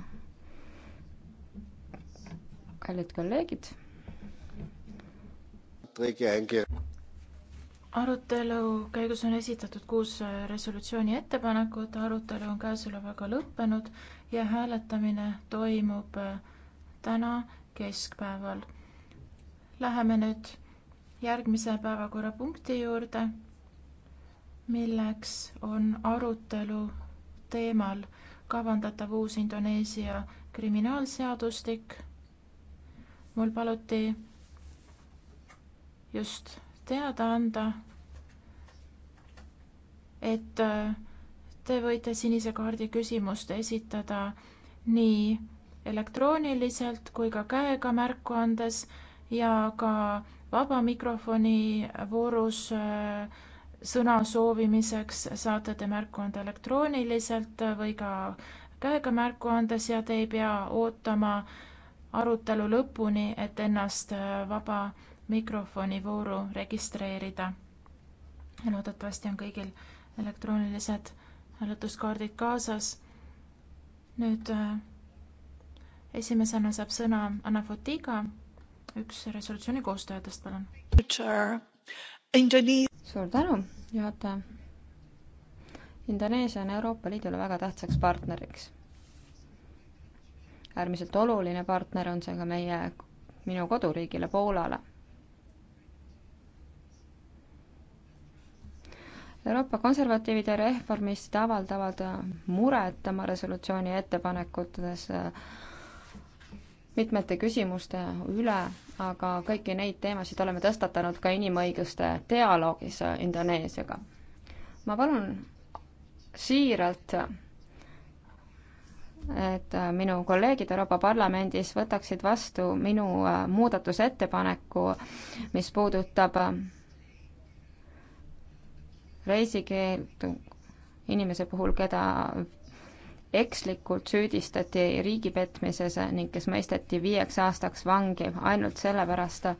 kallid kolleegid. arutelu käigus on esitatud kuus resolutsiooni ettepanekut, arutelu on käesolevaga lõppenud ja hääletamine toimub täna keskpäeval Läheme nüüd järgmise päevakorrapunkti juurde, milleks on arutelu teemal kavandatav uus Indoneesia kriminaalseadustik. mul paluti just teada anda, et äh, te võite sinise kaardi küsimust esitada nii elektrooniliselt kui ka käega märku andes ja ka vaba mikrofoni voorus äh, sõna soovimiseks saate te märku anda elektrooniliselt või ka käega märku andes ja te ei pea ootama arutelu lõpuni, et ennast äh, vaba mikrofoni vooru registreerida. loodetavasti on kõigil elektroonilised hääletuskaardid kaasas. nüüd äh, esimesena saab sõna Anna Fotiga üks resolutsiooni koostajatest, palun. suur tänu, juhataja. Indoneesia on Euroopa Liidule väga tähtsaks partneriks. äärmiselt oluline partner on see ka meie, minu koduriigile Poolale Euroopa konservatiivid ja reformistid avaldavad muret oma resolutsiooni ettepanekutes mitmete küsimuste üle, aga kõiki neid teemasid oleme tõstatanud ka inimõiguste dialoogis Indoneesiaga. ma palun siiralt, et minu kolleegid Euroopa Parlamendis võtaksid vastu minu muudatusettepaneku, mis puudutab reisikeeldu inimese puhul, keda ekslikult süüdistati riigi petmises ning kes mõisteti viieks aastaks vangi ainult sellepärast,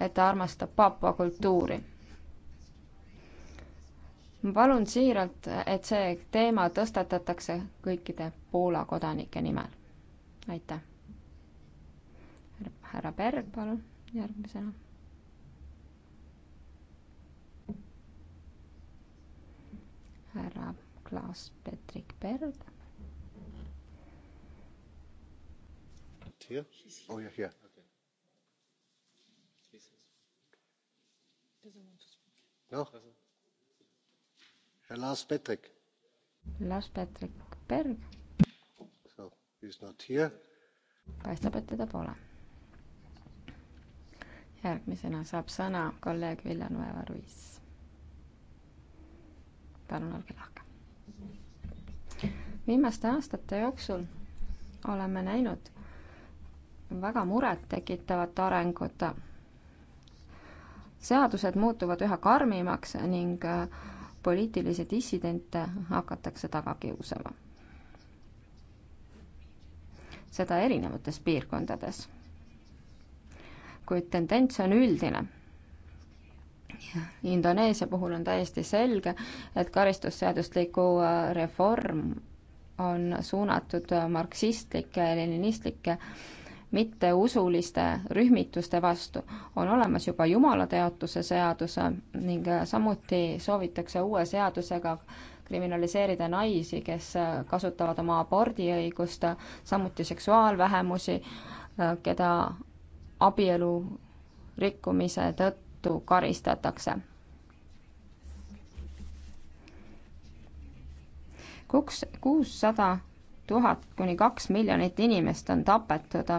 et ta armastab Paapua kultuuri ma palun siiralt, et see teema tõstatatakse kõikide Poola kodanike nimel. aitäh. härra Berg, palun järgmisena. härra Klaas-Petrik Berg. Here? Oh, yeah, here. Okay. No. Herr Lars Patrick. Lars Patrick Berg. So, he's not here. paistab, et teda pole. järgmisena saab sõna kolleeg Villanueva Ruiz. palun olge lahke viimaste aastate jooksul oleme näinud väga murettekitavat arengut. seadused muutuvad üha karmimaks ning äh, poliitilisi dissidente hakatakse taga kiusama. seda erinevates piirkondades. kuid tendents on üldine Indoneesia puhul on täiesti selge, et karistusseadusliku äh, reform on suunatud äh, marksistlike, leninistlike, mitteusuliste rühmituste vastu. on olemas juba jumalateotuse seadus äh, ning samuti soovitakse uue seadusega kriminaliseerida naisi, kes kasutavad oma abordiõigust, samuti seksuaalvähemusi, keda abielu rikkumise tõttu tõttu karistatakse. kuks, kuussada tuhat kuni kaks miljonit inimest on tapetud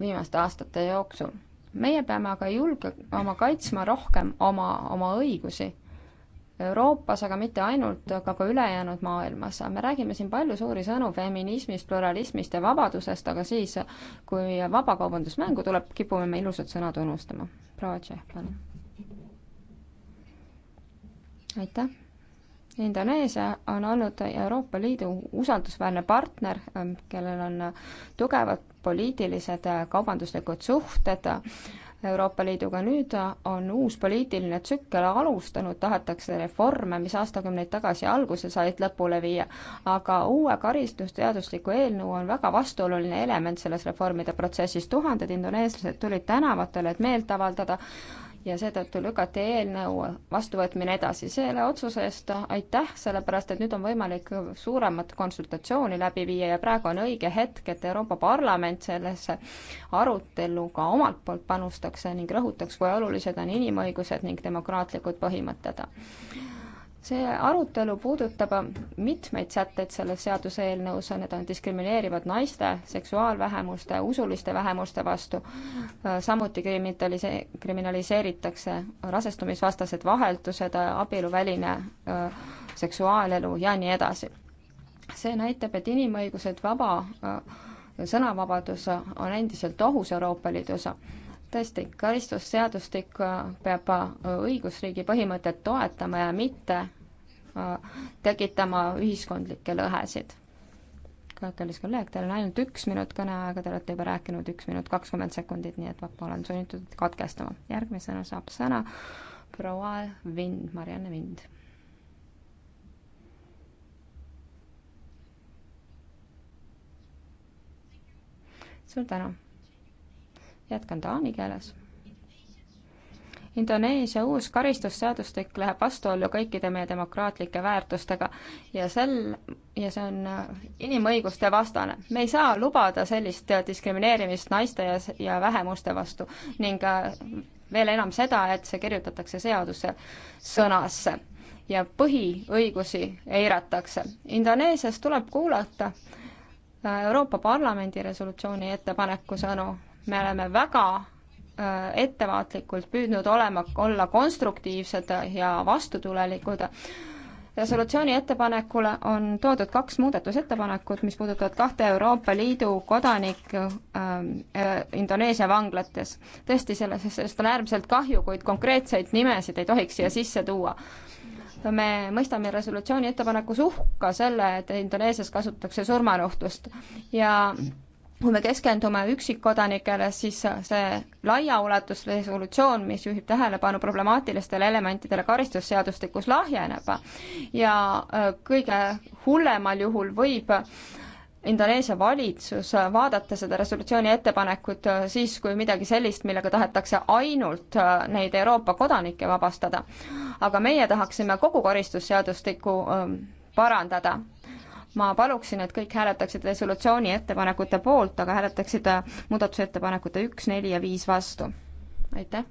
viimaste aastate jooksul. meie peame aga julge-, oma kaitsma rohkem oma, oma õigusi Euroopas, aga mitte ainult, aga ka ülejäänud maailmas. me räägime siin palju suuri sõnu feminismist, pluralismist ja vabadusest, aga siis, kui vabakaubandus mängu tuleb, kipume me ilusad sõnad unustama proua Tšehh, palun. aitäh. Indoneesia on olnud Euroopa Liidu usaldusväärne partner, kellel on tugevad poliitilised kaubanduslikud suhted Euroopa Liiduga. nüüd on uus poliitiline tsükkel alustanud, tahetakse reforme, mis aastakümneid tagasi alguse said, lõpule viia, aga uue karistusteadusliku eelnõu on väga vastuoluline element selles reformide protsessis. tuhanded indoneeslased tulid tänavatele, et meelt avaldada ja seetõttu lükati eelnõu vastuvõtmine edasi. selle otsuse eest aitäh, sellepärast et nüüd on võimalik suuremat konsultatsiooni läbi viia ja praegu on õige hetk, et Euroopa Parlament sellesse arutellu ka omalt poolt panustaks ning rõhutaks, kui olulised on inimõigused ning demokraatlikud põhimõtted see arutelu puudutab mitmeid sätteid selles seaduseelnõus, need on diskrimineerivad naiste, seksuaalvähemuste, usuliste vähemuste vastu, samuti kriminalise-, kriminaliseeritakse rasestumisvastased vaheldused, abieluväline seksuaalelu ja nii edasi. see näitab, et inimõigused, vaba sõnavabadus on endiselt ohus Euroopa Liidus tõesti, karistusseadustik äh, peab äh, õigusriigi põhimõtet toetama ja mitte äh, tekitama ühiskondlikke lõhesid. kallis kolleeg, teil on ainult üks minut kõneaega, te olete juba rääkinud üks minut kakskümmend sekundit, nii et ma olen sunnitud katkestama. järgmisena saab sõna proua Vind, Marianne Vind. suur tänu jätkan taani keeles. Indoneesia uus karistusseadustik läheb vastuollu kõikide meie demokraatlike väärtustega ja sel, ja see on äh, inimõiguste vastane. me ei saa lubada sellist äh, diskrimineerimist naiste ja, ja vähemuste vastu ning äh, veel enam seda, et see kirjutatakse seaduse sõnasse ja põhiõigusi eiratakse. Indoneesias tuleb kuulata Euroopa Parlamendi resolutsiooni ettepaneku sõnu me oleme väga äh, ettevaatlikult püüdnud olema, olla konstruktiivsed ja vastutulelikud. resolutsiooni ettepanekule on toodud kaks muudatusettepanekut, mis puudutavad kahte Euroopa Liidu kodanikku ähm, äh, Indoneesia vanglates. tõesti, selles, sellest on äärmiselt kahju, kuid konkreetseid nimesid ei tohiks siia sisse tuua me mõistame resolutsiooni ettepanekus uhka selle, et Indoneesias kasutatakse surmanuhtlust ja kui me keskendume üksikkodanikele, siis see laiaulatuslik resolutsioon, mis juhib tähelepanu problemaatilistele elementidele karistusseadustikus, lahjeneb. ja äh, kõige hullemal juhul võib Indoneesia valitsus vaadata seda resolutsiooni ettepanekut äh, siis, kui midagi sellist, millega tahetakse ainult äh, neid Euroopa kodanikke vabastada. aga meie tahaksime kogu karistusseadustikku parandada ma paluksin, et kõik hääletaksid resolutsiooni ettepanekute poolt, aga hääletaksid muudatusettepanekute üks, neli ja viis vastu. aitäh.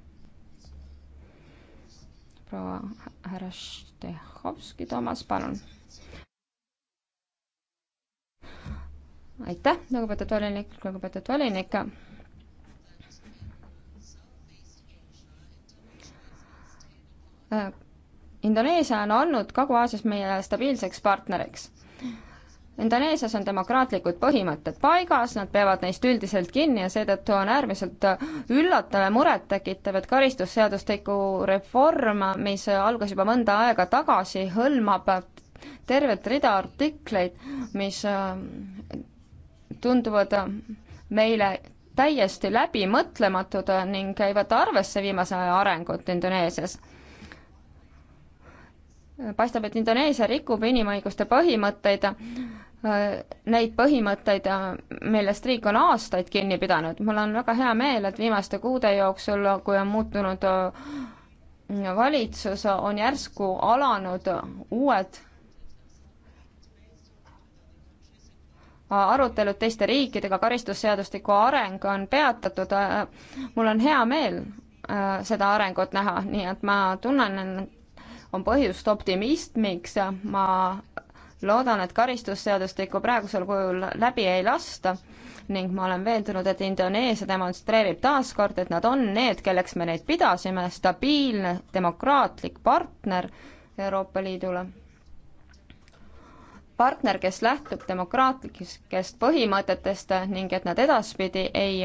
proua härra Štehovski, Toomas, palun. aitäh, lugupeetud volinik, lugupeetud volinik. Äh, Indoneesia on olnud Kagu-Aasias meie stabiilseks partneriks Indoneesias on demokraatlikud põhimõtted paigas, nad peavad neist üldiselt kinni ja seetõttu on äärmiselt üllatav ja murettekitav, et karistusseadustiku reform, mis algas juba mõnda aega tagasi, hõlmab tervet rida artikleid, mis äh, tunduvad meile täiesti läbimõtlematud ning käivad arvesse viimase aja arengut Indoneesias paistab, et Indoneesia rikub inimõiguste põhimõtteid, neid põhimõtteid, millest riik on aastaid kinni pidanud. mul on väga hea meel, et viimaste kuude jooksul, kui on muutunud valitsus, on järsku alanud uued arutelud teiste riikidega, karistusseadustiku areng on peatatud. mul on hea meel seda arengut näha, nii et ma tunnen on põhjust optimismiks, ma loodan, et karistusseadustikku praegusel kujul läbi ei lasta ning ma olen veendunud, et Indoneesia demonstreerib taas kord, et nad on need, kelleks me neid pidasime, stabiilne demokraatlik partner Euroopa Liidule. partner, kes lähtub demokraatlikest põhimõtetest ning et nad edaspidi ei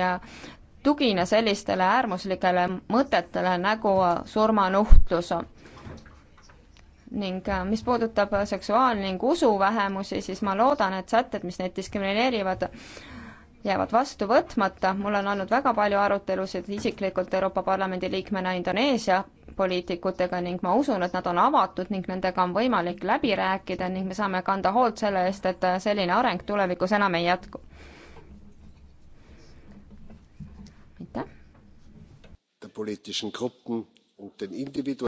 tugine sellistele äärmuslikele mõtetele nagu surmanuhtlus on ning äh, mis puudutab seksuaal- ning usuvähemusi, siis ma loodan, et sätted, mis neid diskrimineerivad, jäävad vastu võtmata, mul on olnud väga palju arutelusid isiklikult Euroopa Parlamendi liikmena Indoneesia poliitikutega ning ma usun, et nad on avatud ning nendega on võimalik läbi rääkida ning me saame kanda hoolt selle eest, et äh, selline areng tulevikus enam ei jätku. aitäh.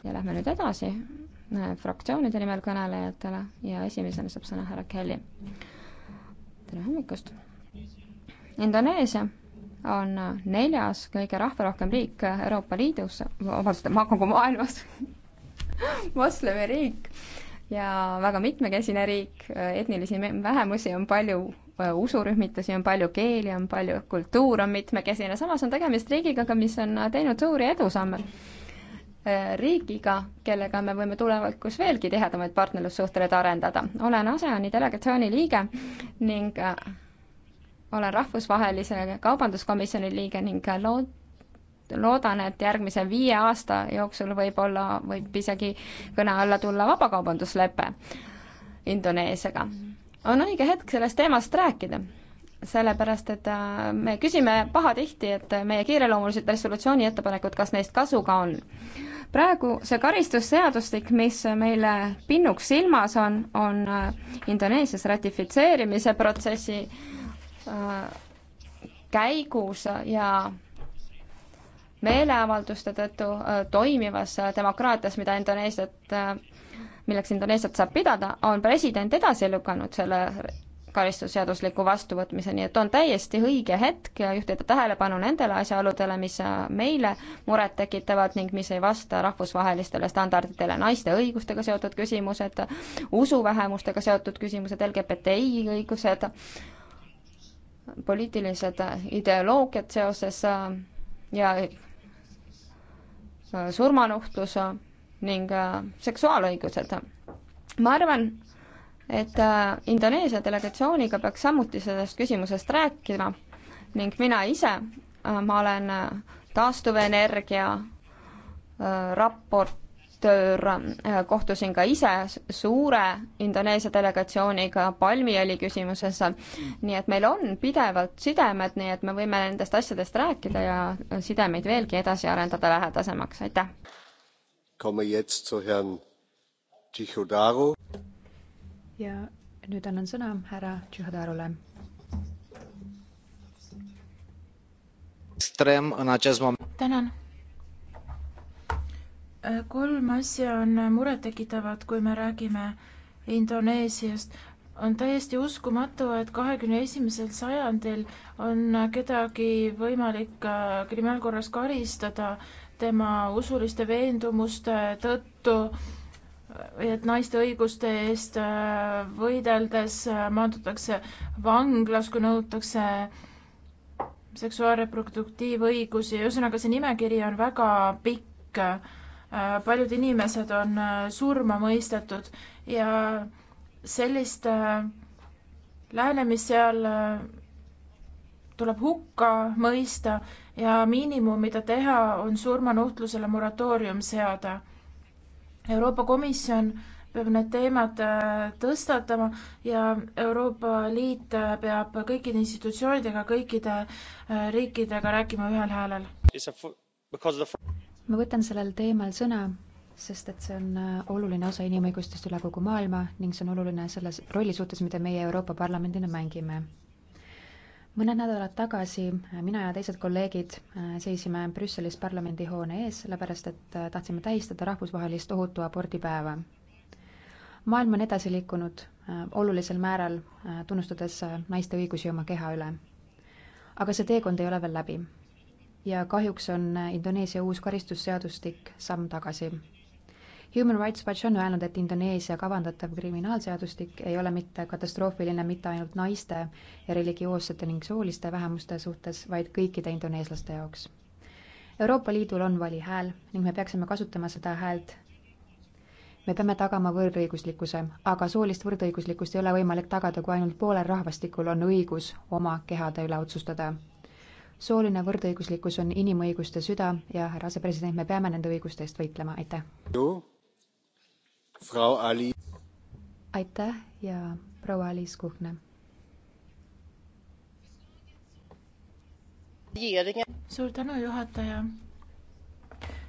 ja lähme nüüd edasi fraktsioonide nimel kõnelejatele ja esimesena saab sõna härra Kelly. tere hommikust! Indoneesia on neljas kõige rahvarohkem riik Euroopa Liidus, vabandust, ma kogu maailmas moslemi riik ja väga mitmekesine riik, etnilisi vähemusi on palju, usurühmitusi on palju, keeli on palju, kultuur on mitmekesine, samas on tegemist riigiga, mis on teinud suuri edusamme Äh, riigiga, kellega me võime tulevikus veelgi tihedamaid partnerlussuhteid arendada. olen ASEAN-i delegatsiooni liige ning äh, olen rahvusvahelise kaubanduskomisjoni liige ning äh, lood-, loodan, et järgmise viie aasta jooksul võib-olla võib isegi kõne alla tulla vabakaubanduslepe Indoneesiaga. on õige hetk sellest teemast rääkida, sellepärast et me küsime pahatihti, et meie kiireloomulised resolutsiooni ettepanekud, kas neist kasu ka on praegu see karistusseadustik, mis meile pinnuks silmas on, on äh, Indoneesias ratifitseerimise protsessi äh, käigus ja meeleavalduste tõttu äh, toimivas demokraatias, mida Indoneesiat, milleks Indoneesiat saab pidada, on president edasi lükanud selle karistusseadusliku vastuvõtmise, nii et on täiesti õige hetk juhtida tähelepanu nendele asjaoludele, mis meile muret tekitavad ning mis ei vasta rahvusvahelistele standarditele, naiste õigustega seotud küsimused, usuvähemustega seotud küsimused, LGBTI õigused, poliitilised ideoloogiad seoses ja surmanuhtlus ning seksuaalõigused. ma arvan, et äh, Indoneesia delegatsiooniga peaks samuti sellest küsimusest rääkima ning mina ise, äh, ma olen äh, taastuvenergia raportöör, kohtusin ka ise suure Indoneesia delegatsiooniga palmiõli küsimuses, nii et meil on pidevalt sidemed, nii et me võime nendest asjadest rääkida ja sidemeid veelgi edasi arendada lähedasemaks, aitäh! ja nüüd annan sõna härra Tšihhadarule. tänan. kolm asja on murettekitavad, kui me räägime Indoneesiast on täiesti uskumatu, et kahekümne esimesel sajandil on kedagi võimalik äh, kriminaalkorras karistada tema usuliste veendumuste tõttu et naiste õiguste eest äh, võideldes äh, maandutakse vanglas, kui nõutakse seksuaalreproduktiivõigusi, ühesõnaga see nimekiri on väga pikk. Äh, paljud inimesed on surma mõistetud ja sellist lähenemist seal tuleb hukka mõista ja miinimum, mida teha, on surmanuhtlusele moratoorium seada Euroopa Komisjon peab need teemad äh, tõstatama ja Euroopa Liit äh, peab kõikide institutsioonidega, kõikide äh, riikidega rääkima ühel häälel. ma võtan sellel teemal sõna, sest et see on oluline osa inimõigustest üle kogu maailma ning see on oluline selles rolli suhtes, mida meie Euroopa Parlamendina mängime mõned nädalad tagasi mina ja teised kolleegid äh, seisime Brüsselis parlamendihoone ees, sellepärast et äh, tahtsime tähistada rahvusvahelist ohutu abordi päeva. maailm on edasi liikunud äh, olulisel määral, tunnustades naiste õigusi oma keha üle. aga see teekond ei ole veel läbi. ja kahjuks on Indoneesia uus karistusseadustik samm tagasi Human Rights Watch on öelnud, et Indoneesia kavandatav kriminaalseadustik ei ole mitte katastroofiline mitte ainult naiste ja religioossete ning sooliste vähemuste suhtes, vaid kõikide indoneeslaste jaoks. Euroopa Liidul on vali hääl ning me peaksime kasutama seda häält me peame tagama võrdõiguslikkuse, aga soolist võrdõiguslikkust ei ole võimalik tagada, kui ainult poolel rahvastikul on õigus oma kehade üle otsustada. sooline võrdõiguslikkus on inimõiguste süda ja härra asepresident, me peame nende õiguste eest võitlema, aitäh! aitäh ja proua Aliis Kuhne. suur tänu, juhataja.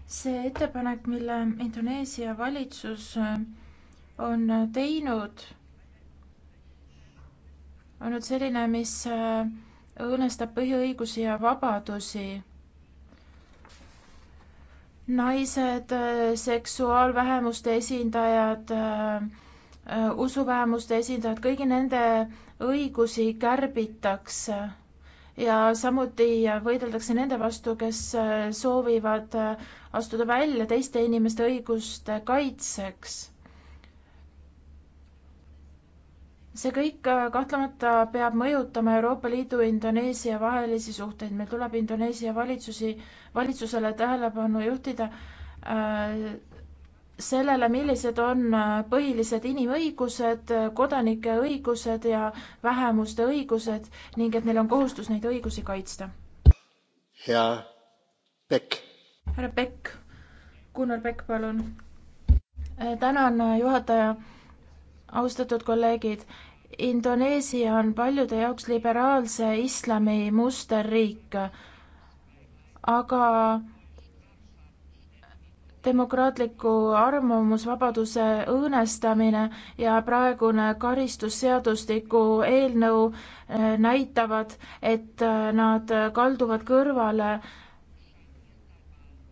see ettepanek, mille Indoneesia valitsus äh, on äh, teinud, on nüüd selline, mis äh, õõnestab põhiõigusi ja vabadusi naised, seksuaalvähemuste esindajad, usuvähemuste esindajad, kõigi nende õigusi kärbitakse ja samuti võideldakse nende vastu, kes soovivad astuda välja teiste inimeste õiguste kaitseks see kõik äh, kahtlemata peab mõjutama Euroopa Liidu ja Indoneesia vahelisi suhteid, meil tuleb Indoneesia valitsusi, valitsusele tähelepanu juhtida äh, sellele, millised on äh, põhilised inimõigused, kodanike õigused ja vähemuste õigused ning et neil on kohustus neid õigusi kaitsta. hea Beck. härra Beck, Gunnar Beck, palun. tänan, äh, juhataja austatud kolleegid, Indoneesia on paljude jaoks liberaalse islami musterriik, aga demokraatliku arvamusvabaduse õõnestamine ja praegune karistusseadustiku eelnõu eh, näitavad, et eh, nad kalduvad kõrvale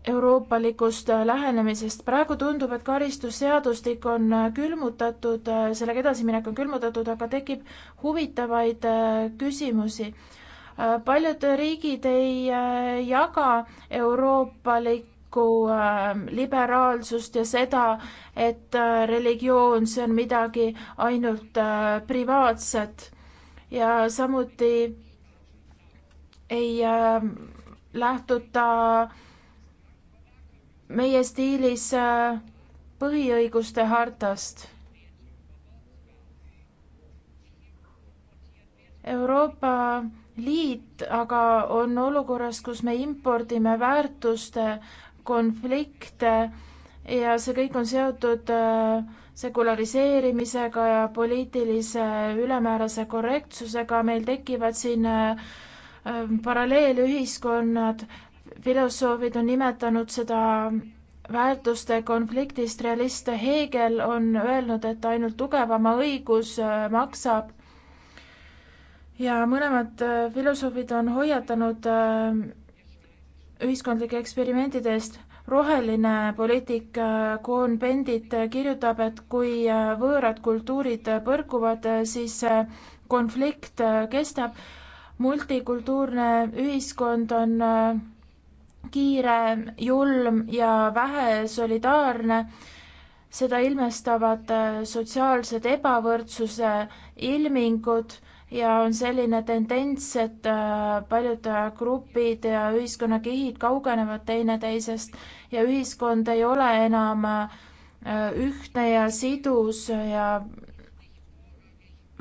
euroopalikust lähenemisest. praegu tundub, et karistusseadustik on külmutatud, sellega edasiminek on külmutatud, aga tekib huvitavaid äh, küsimusi. Äh, paljud riigid ei äh, jaga euroopalikku liberaalsust ja seda, et religioon, see on midagi ainult privaatset ja samuti ei lähtuta äh, meie stiilis äh, põhiõiguste hartast. Euroopa Liit aga on olukorras, kus me impordime väärtuste konflikte ja see kõik on seotud äh, sekulariseerimisega ja poliitilise ülemäärase korrektsusega, meil tekivad siin äh, paralleelühiskonnad, filosoofid on nimetanud seda väärtuste konfliktist, realist Hegel on öelnud, et ainult tugevama õigus äh, maksab. ja mõlemad äh, filosoofid on hoiatanud äh, ühiskondlike eksperimentide eest. roheline poliitik Cohn Bendit kirjutab, et kui võõrad kultuurid põrkuvad, siis konflikt kestab. multikultuurne ühiskond on kiire, julm ja vähe solidaarne. seda ilmestavad äh, sotsiaalsed ebavõrdsuse ilmingud ja on selline tendents, et äh, paljud äh, grupid ja ühiskonnakihid kaugenevad teineteisest ja ühiskond ei ole enam ühtne ja sidus ja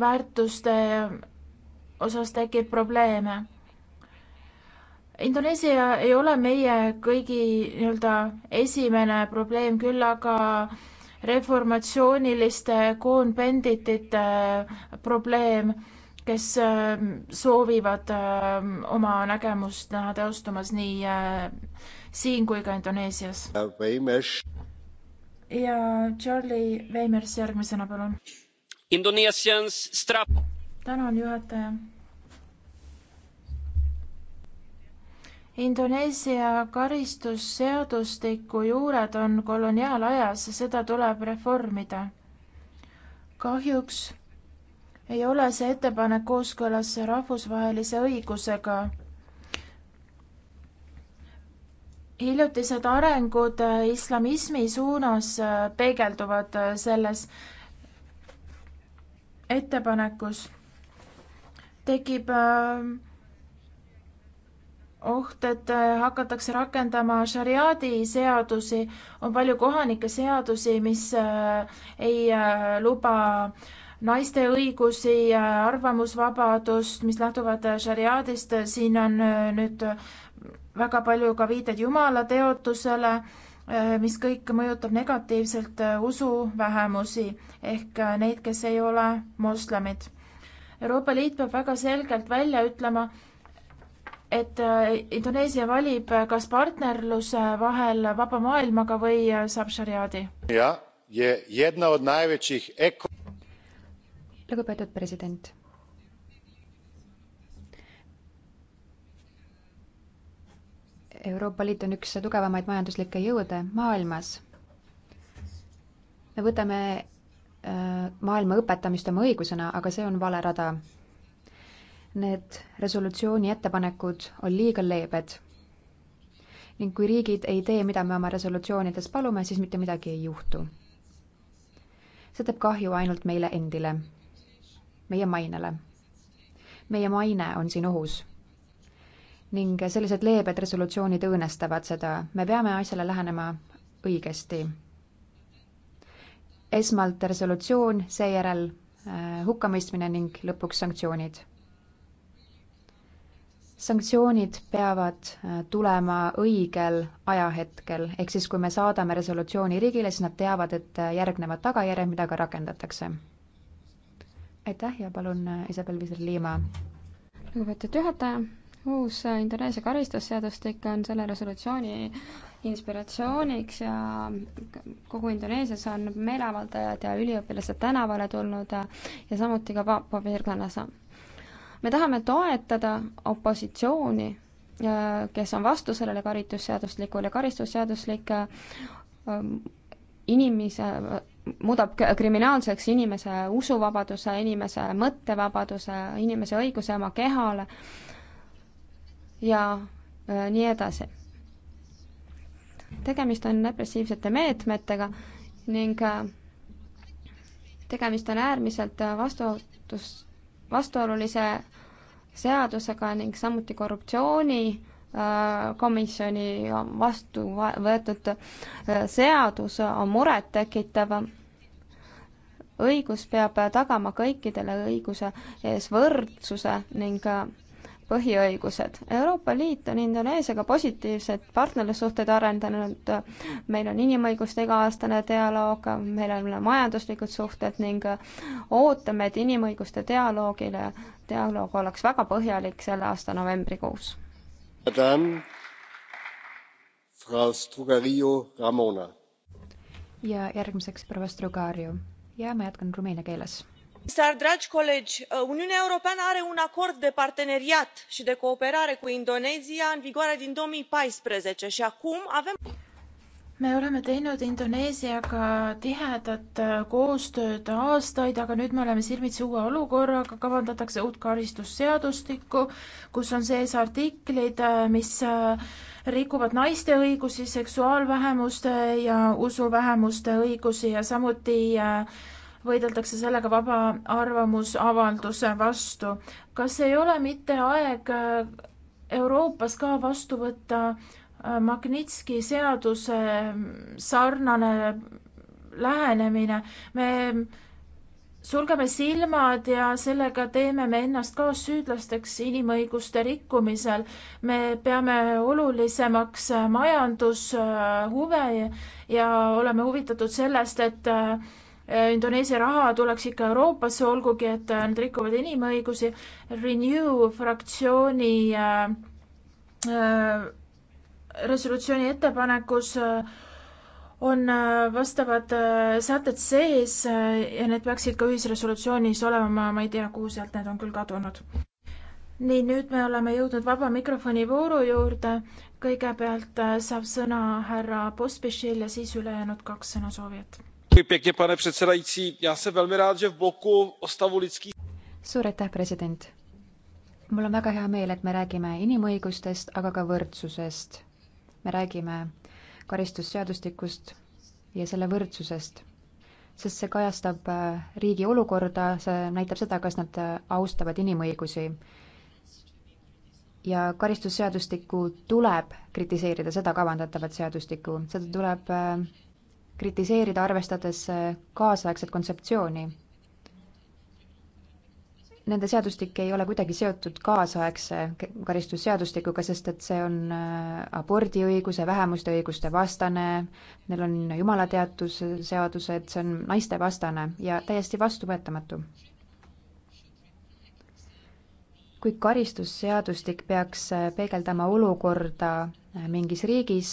väärtuste osas tekib probleeme Indoneesia ei ole meie kõigi nii-öelda esimene probleem, küll aga reformatsiooniliste koonpenditite äh, probleem, kes äh, soovivad äh, oma nägemust näha teostumas nii siin kui ka Indoneesias. ja Charlie Weimers järgmisena, palun. tänan, juhataja Indoneesia karistusseadustiku juured on koloniaalajas ja seda tuleb reformida. kahjuks ei ole see ettepanek kooskõlas rahvusvahelise õigusega. hiljutised arengud islamismi suunas peegelduvad selles ettepanekus. tekib äh, oht, et äh, hakatakse rakendama šariaadi seadusi, on palju kohanikke seadusi, mis äh, ei äh, luba naiste õigusi, arvamusvabadust, mis lähtuvad šariaadist, siin on nüüd väga palju ka viited Jumala teotusele, mis kõik mõjutab negatiivselt usuvähemusi ehk neid, kes ei ole moslemid. Euroopa Liit peab väga selgelt välja ütlema, et äh, Indoneesia valib äh, kas partnerluse vahel vaba maailmaga või äh, saab šariaadi. lugupeetud president. Euroopa Liit on üks tugevamaid majanduslikke jõude maailmas. me võtame maailma õpetamist oma õigusena, aga see on vale rada Need resolutsiooni ettepanekud on liiga leebed. ning kui riigid ei tee, mida me oma resolutsioonides palume, siis mitte midagi ei juhtu. see teeb kahju ainult meile endile, meie mainele. meie maine on siin ohus ning sellised leebed resolutsioonid õõnestavad seda, me peame asjale lähenema õigesti. esmalt resolutsioon, seejärel äh, hukkamõistmine ning lõpuks sanktsioonid sanktsioonid peavad äh, tulema õigel ajahetkel, ehk siis kui me saadame resolutsiooni riigile, siis nad teavad, et äh, järgnevad tagajärjed, mida ka rakendatakse. aitäh ja palun äh, Isabel Viser-Liima. lugupeetud juhataja, uus Indoneesia karistusseadustik on selle resolutsiooni inspiratsiooniks ja kogu Indoneesias on meeleavaldajad ja üliõpilased tänavale tulnud ja samuti ka Papua piirkonnas me tahame toetada opositsiooni, äh, kes on vastu sellele karistusseaduslikule, karistusseaduslik äh, ähm, inimese, muudab kriminaalseks inimese usuvabaduse, inimese mõttevabaduse, inimese õiguse oma kehale ja äh, nii edasi. tegemist on repressiivsete meetmetega ning tegemist on äärmiselt vastutus, vastuolulise seadusega ning samuti korruptsiooni äh, komisjoni vastu võetud äh, seadus on murettekitav. õigus peab tagama kõikidele õiguse ees võrdsuse ning äh, põhiõigused. Euroopa Liit on Indoneesiaga positiivsed partnerlussuhteid arendanud, meil on inimõiguste iga-aastane dialoog, meil on majanduslikud suhted ning ootame, et inimõiguste dialoogile, dialoog oleks väga põhjalik selle aasta novembrikuus. ja järgmiseks proua Strugariu ja ma jätkan rumeenia keeles dragi colegi uh, uniunea europeană are un acord de parteneriat și de cooperare cu indonezia în vigoare din două mii paisprezece și acum avem. me oleme teinud Indoneesiaga tihedat uh, koostööd aastaid, aga nüüd me oleme silmitsi uue olukorraga, kavandatakse uut karistusseadustikku, kus on sees artiklid, uh, mis rikuvad naiste õigusi, seksuaalvähemuste ja usuvähemuste õigusi ja samuti äh, võideldakse sellega vaba arvamusavalduse vastu. kas ei ole mitte aeg äh, Euroopas ka vastu võtta äh, Magnitski seaduse äh, sarnane lähenemine? me sulgeme silmad ja sellega teeme me ennast kaassüüdlasteks inimõiguste rikkumisel. me peame olulisemaks majandushuve ja oleme huvitatud sellest, et Eh, Indoneesia raha tuleks ikka Euroopasse, olgugi et eh, nad rikuvad inimõigusi. Renew fraktsiooni eh, resolutsiooni ettepanekus on vastavad sätted sees ja need peaksid ka ühisresolutsioonis olema, ma ei tea, kuhu sealt need on küll kadunud. nii, nüüd me oleme jõudnud vaba mikrofoni vooru juurde. kõigepealt saab sõna härra Pospišil ja siis ülejäänud kaks sõnasoovijat pane předsedající já jsem velmi rád že v bloku o stavu lidských. suur aitäh president mul on väga hea meel et me räägime inimõigustest aga ka võrdsusest me räägime karistusseadustikust ja selle võrdsusest sest see kajastab äh, riigi olukorda see näitab seda kas nad äh, austavad inimõigusi ja karistusseadustikku tuleb kritiseerida seda kavandatavat seadustikku seda tuleb äh, kritiseerida, arvestades äh, kaasaegset kontseptsiooni. Nende seadustik ei ole kuidagi seotud kaasaegse karistusseadustikuga, sest et see on äh, abordiõiguse, vähemuste õiguste vastane, neil on jumalateaduse seadused, see on naistevastane ja täiesti vastuvõetamatu. kui karistusseadustik peaks äh, peegeldama olukorda mingis riigis,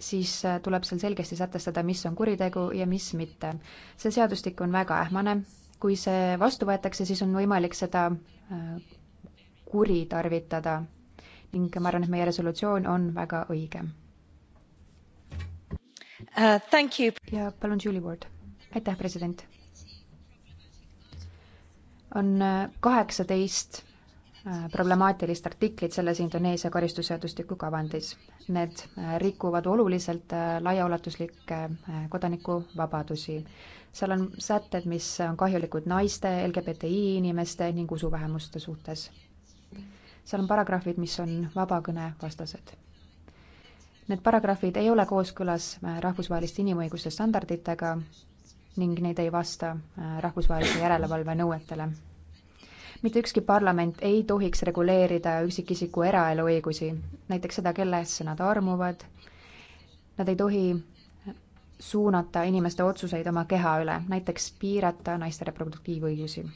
siis äh, tuleb seal selgesti sätestada, mis on kuritegu ja mis mitte. see seadustik on väga ähmane, kui see vastu võetakse, siis on võimalik seda äh, kuritarvitada ning ma arvan, et meie resolutsioon on väga õige uh,. ja palun, Julie Ward. aitäh, president. on äh, kaheksateist Äh, problemaatilist artiklit selles Indoneesia karistusseadustiku kavandis. Need äh, rikuvad oluliselt äh, laiaulatuslikke kodanikuvabadusi. seal on sätted, mis on kahjulikud naiste, LGBTI inimeste ning usuvähemuste suhtes. seal on paragrahvid, mis on vabakõne vastased. Need paragrahvid ei ole kooskõlas rahvusvaheliste inimõiguste standarditega ning need ei vasta rahvusvahelise järelevalve nõuetele mitte ükski parlament ei tohiks reguleerida üksikisiku eraelu õigusi, näiteks seda, kellesse nad armuvad, nad ei tohi suunata inimeste otsuseid oma keha üle, näiteks piirata naiste reproduktiivõigusi.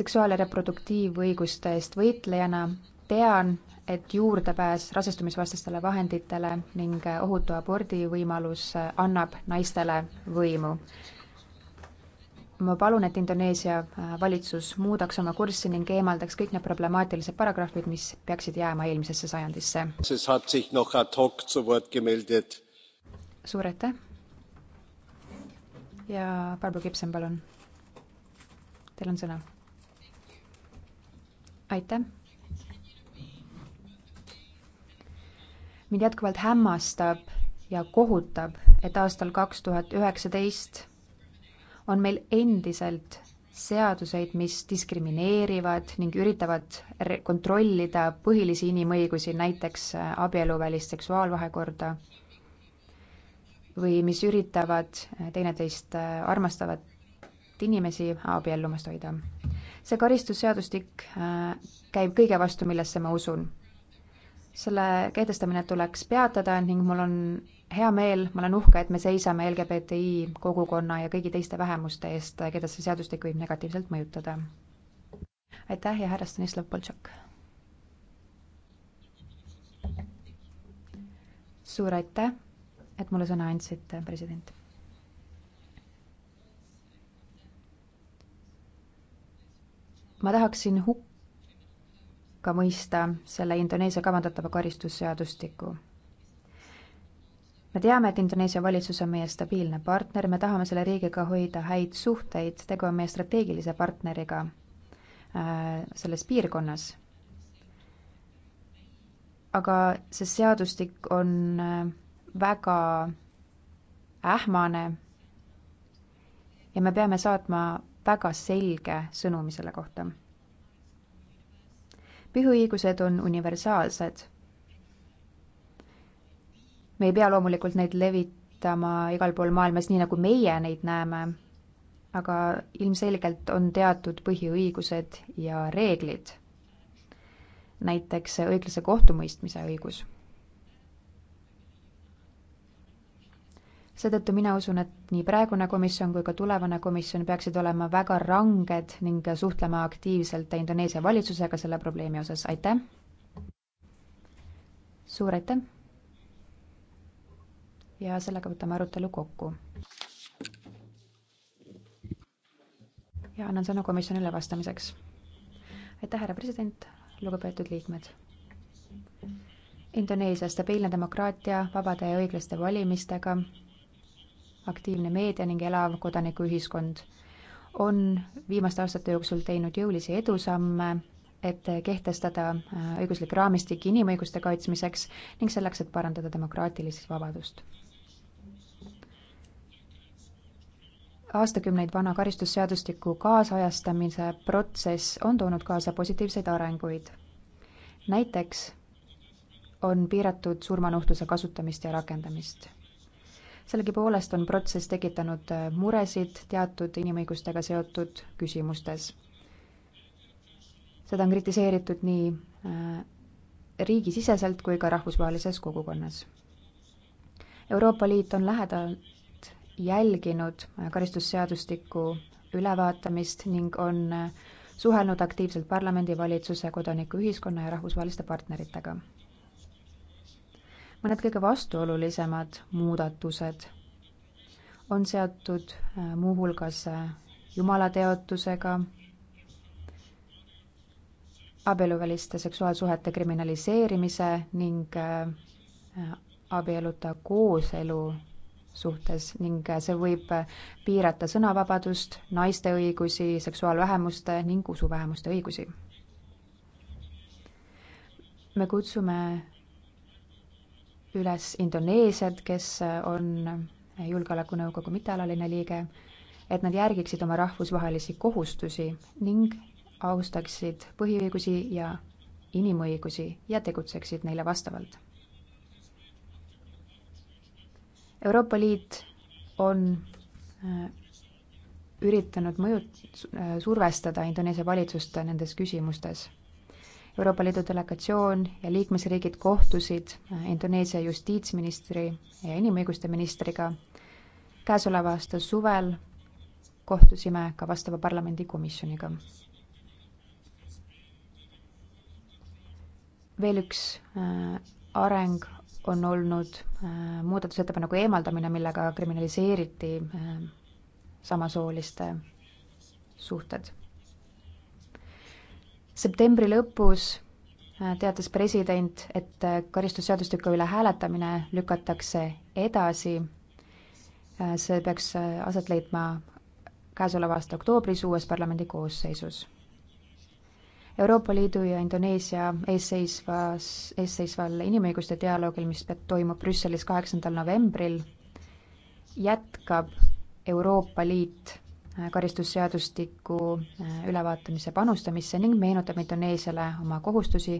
seksuaal- ja reproduktiivõiguste eest võitlejana tean, et juurdepääs rasestumisvastastele vahenditele ning ohutu abordi võimalus annab naistele võimu ma palun, et Indoneesia äh, valitsus muudaks oma kurssi ning eemaldaks kõik need problemaatilised paragrahvid, mis peaksid jääma eelmisesse sajandisse. suur aitäh. ja Barbro Gibson, palun. Teil on sõna. aitäh. mind jätkuvalt hämmastab ja kohutab, et aastal kaks tuhat üheksateist on meil endiselt seaduseid, mis diskrimineerivad ning üritavad kontrollida põhilisi inimõigusi, näiteks äh, abieluvälist seksuaalvahekorda või mis üritavad äh, teineteist äh, armastavat inimesi abiellumast hoida. see karistusseadustik käib kõige vastu, millesse ma usun selle kehtestamine tuleks peatada ning mul on hea meel, ma olen uhke, et me seisame LGBTI kogukonna ja kõigi teiste vähemuste eest, keda see seadustik võib negatiivselt mõjutada. aitäh ja härra Stanislav Boltšak. suur aitäh, et mulle sõna andsite, president. ma tahaksin hukka hukka mõista selle Indoneesia kavandatava karistusseadustiku. me teame, et Indoneesia valitsus on meie stabiilne partner, me tahame selle riigiga hoida häid suhteid, tegu on meie strateegilise partneriga äh, selles piirkonnas. aga see seadustik on äh, väga ähmane ja me peame saatma väga selge sõnumi selle kohta põhiõigused on universaalsed. me ei pea loomulikult neid levitama igal pool maailmas, nii nagu meie neid näeme, aga ilmselgelt on teatud põhiõigused ja reeglid, näiteks õiglase kohtumõistmise õigus seetõttu mina usun, et nii praegune komisjon kui ka tulevane komisjon peaksid olema väga ranged ning suhtlema aktiivselt Indoneesia valitsusega selle probleemi osas, aitäh! suur aitäh! ja sellega võtame arutelu kokku. ja annan sõna komisjonile vastamiseks. aitäh, härra president, lugupeetud liikmed! Indoneesia stabiilne demokraatia vabade ja õiglaste valimistega aktiivne meedia ning elav kodanikuühiskond on viimaste aastate jooksul teinud jõulisi edusamme, et kehtestada äh, õiguslik raamistik inimõiguste kaitsmiseks ning selleks, et parandada demokraatilist vabadust. aastakümneid vana karistusseadustiku kaasajastamise protsess on toonud kaasa positiivseid arenguid. näiteks on piiratud surmanuhtluse kasutamist ja rakendamist sellegipoolest on protsess tekitanud äh, muresid teatud inimõigustega seotud küsimustes. seda on kritiseeritud nii äh, riigisiseselt kui ka rahvusvahelises kogukonnas. Euroopa Liit on lähedalt jälginud äh, karistusseadustiku ülevaatamist ning on suhelnud aktiivselt parlamendi, valitsuse, kodanikuühiskonna ja rahvusvaheliste partneritega mõned kõige vastuolulisemad muudatused on seotud äh, muuhulgas äh, jumalateotusega, abieluväliste seksuaalsuhete kriminaliseerimise ning äh, abieluta kooselu suhtes ning see võib piirata sõnavabadust, naiste õigusi, seksuaalvähemuste ning usuvähemuste õigusi. me kutsume üles Indoneesiat, kes on Julgeolekunõukogu mittealaline liige, et nad järgiksid oma rahvusvahelisi kohustusi ning austaksid põhiõigusi ja inimõigusi ja tegutseksid neile vastavalt. Euroopa Liit on äh, üritanud mõju-, äh, survestada Indoneesia valitsust nendes küsimustes Euroopa Liidu delegatsioon ja liikmesriigid kohtusid Indoneesia justiitsministri ja inimõiguste ministriga. käesoleva aasta suvel kohtusime ka vastava parlamendikomisjoniga. veel üks äh, areng on olnud äh, muudatusettepaneku eemaldamine, millega kriminaliseeriti äh, samasooliste suhted septembri lõpus äh, teatas president, et äh, karistusseadustiku üle hääletamine lükatakse edasi. Äh, see peaks aset leidma käesoleva aasta oktoobris uues parlamendi koosseisus. Euroopa Liidu ja Indoneesia eesseisvas, eesseisval inimõiguste dialoogil, mis toimub Brüsselis kaheksandal novembril, jätkab Euroopa Liit Äh, karistusseadustiku äh, ülevaatamisse panustamisse ning meenutab Indoneesiale oma kohustusi,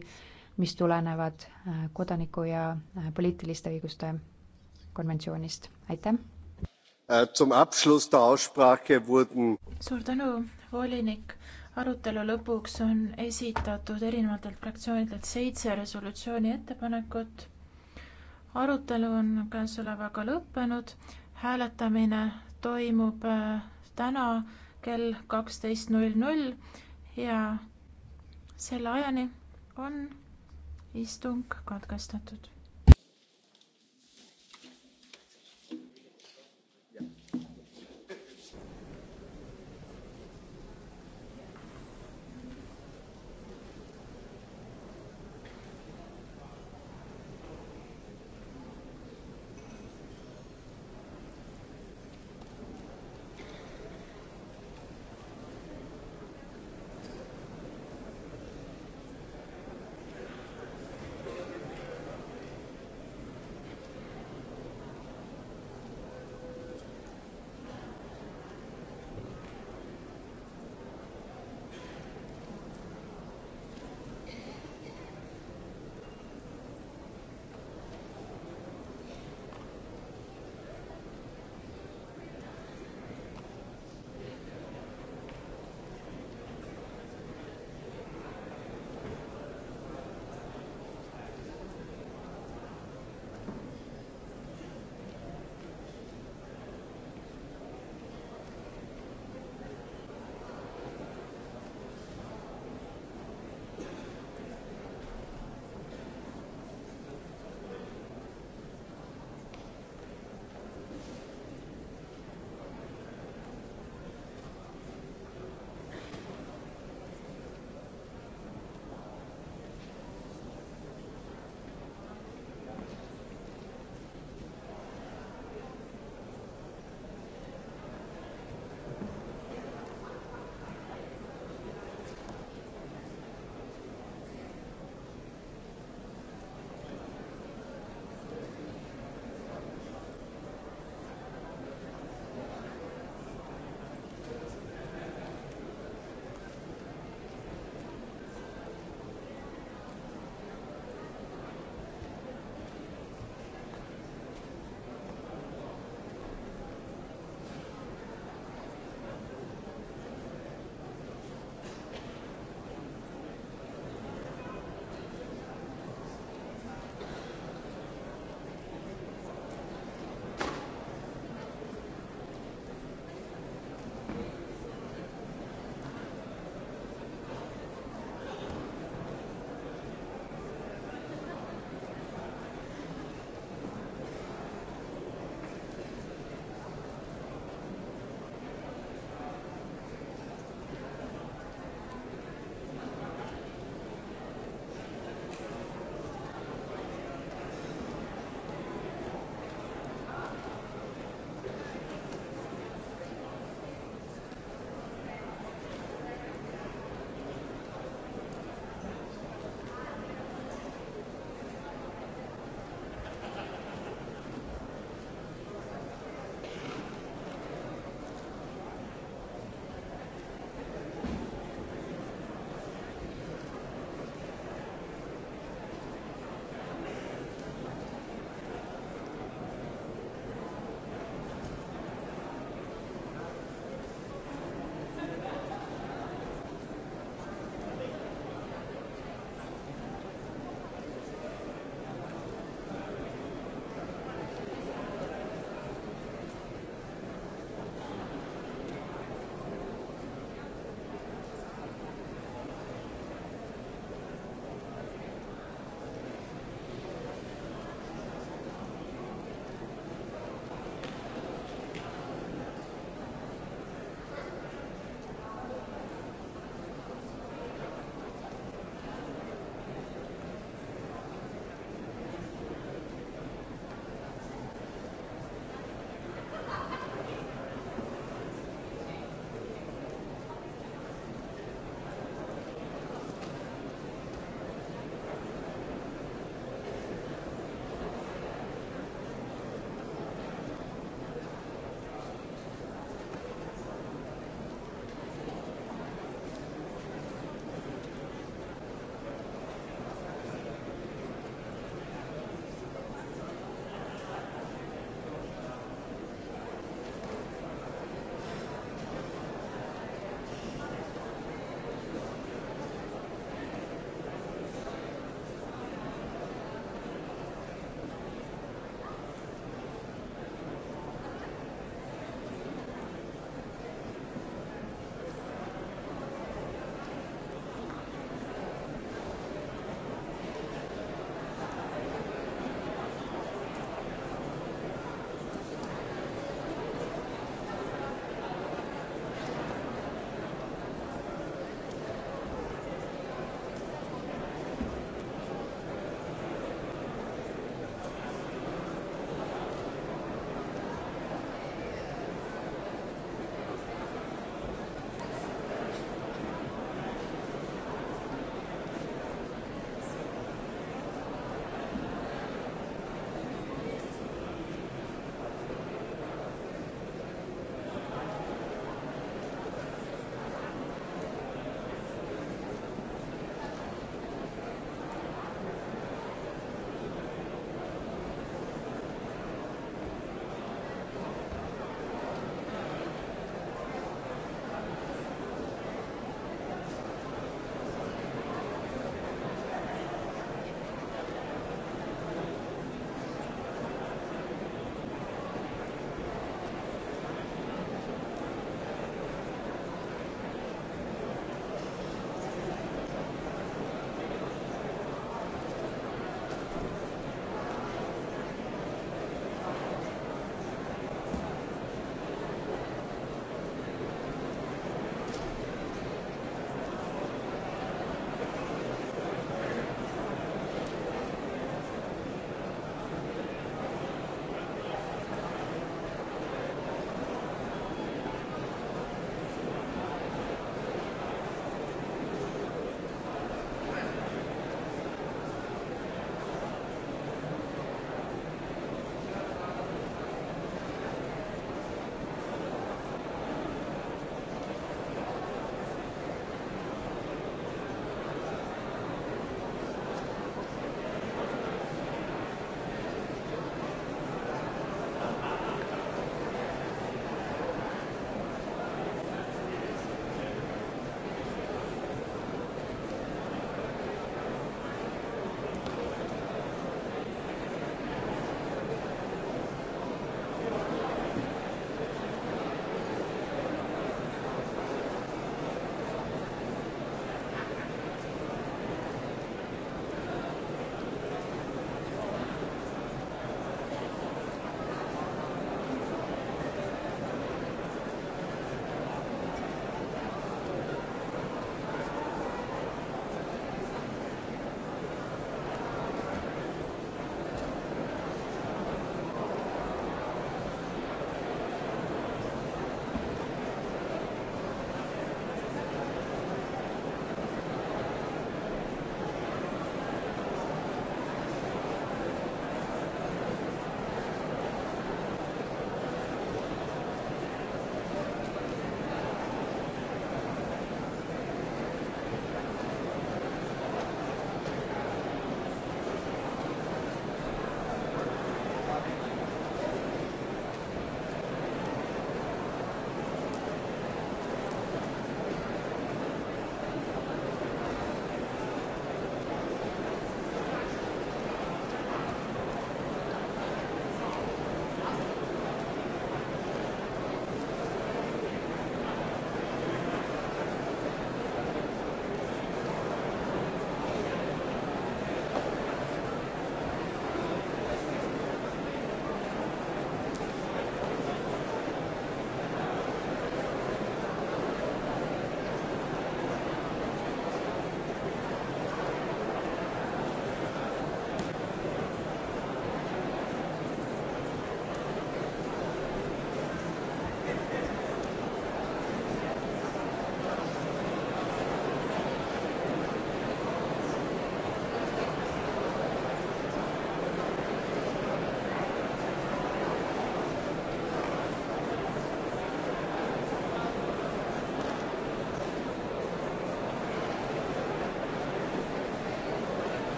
mis tulenevad äh, kodaniku- ja poliitiliste õiguste konventsioonist. aitäh! suur tänu, volinik! arutelu lõpuks on esitatud erinevatelt fraktsioonidelt seitse resolutsiooni ettepanekut. arutelu on käesolevaga lõppenud. hääletamine toimub täna kell 12.00 ja selle ajani on istung katkestatud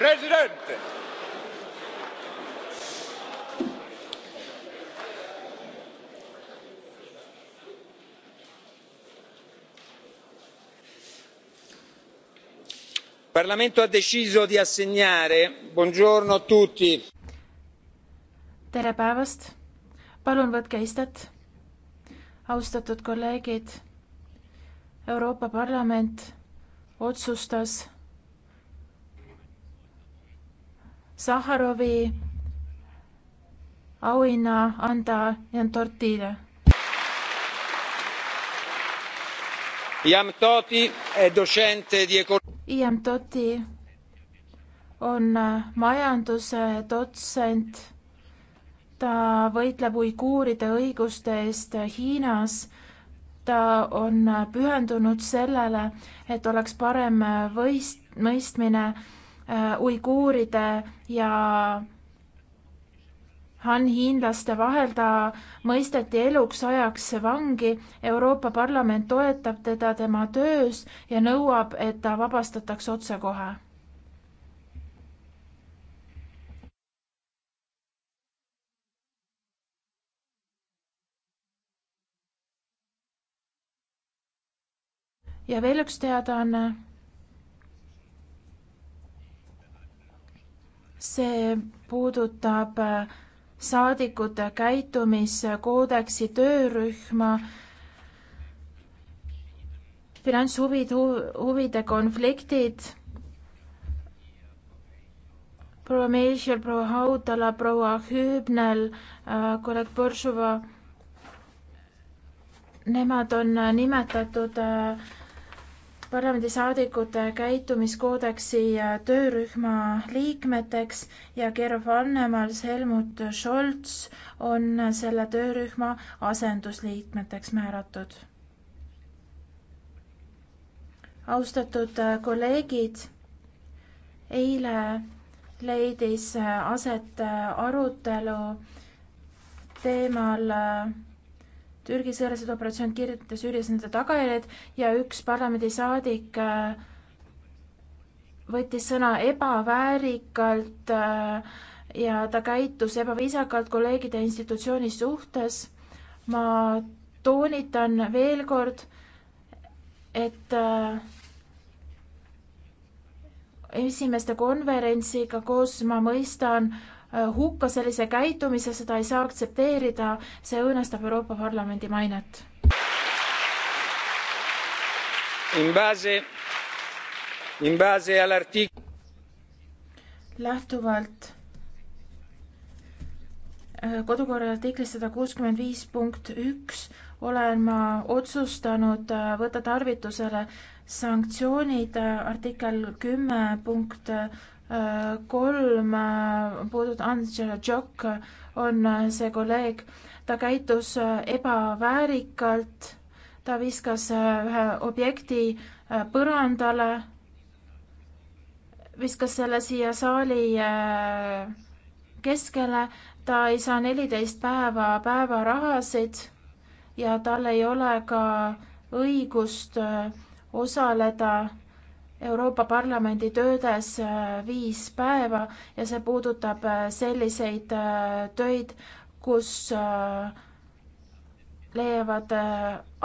presidente il parlamento ha deciso di assegnare buongiorno a tutti tere päevast palun võtke istet austatud kolleegid euroopa parlament otsustas Saharovi auhinna anda Jan Tortile. Iam Toti è docente di econ-. Iam Toti on äh, majanduse dotsent. ta võitleb uiguuride õiguste eest Hiinas ta on äh, pühendunud sellele, et oleks parem äh, võist-, mõistmine Äh, uiguuride ja han-hiinlaste vahel, ta mõisteti eluks ajaks vangi. Euroopa Parlament toetab teda tema töös ja nõuab, et ta vabastatakse otsekohe. ja veel üks teadaanne see puudutab äh, saadikute käitumiskoodeksi töörühma finantshuvid, huvide konfliktid. proua Meišel, proua Haudala, proua Hüübnel, äh, kolleeg Põršova. Nemad on äh, nimetatud äh, parlamendisaadikute käitumiskoodeksi töörühma liikmeteks ja Gero Vannemals, Helmut Scholz on selle töörühma asendusliikmeteks määratud. austatud kolleegid, eile leidis aset arutelu teemal Türgi sõjalised operatsioonid kirjutada Süürias nende tagajärjed ja üks parlamendisaadik äh, võttis sõna ebaväärikalt äh, ja ta käitus ebaviisakalt kolleegide institutsiooni suhtes. ma toonitan veel kord, et äh, esimeste konverentsiga koos ma mõistan Äh, hukka sellise käitumise, seda ei saa aktsepteerida, see õõnestab Euroopa Parlamendi mainet. lähtuvalt äh, kodukorra artiklist sada kuuskümmend viis punkt üks olen ma otsustanud äh, võtta tarvitusele sanktsioonid artikkel kümme punkt kolm puudut-, Angela Jock on see kolleeg, ta käitus ebaväärikalt, ta viskas ühe objekti põrandale, viskas selle siia saali äh, keskele, ta ei saa neliteist päeva päevarahasid ja tal ei ole ka õigust äh, osaleda Euroopa Parlamendi töödes äh, viis päeva ja see puudutab äh, selliseid äh, töid, kus leiavad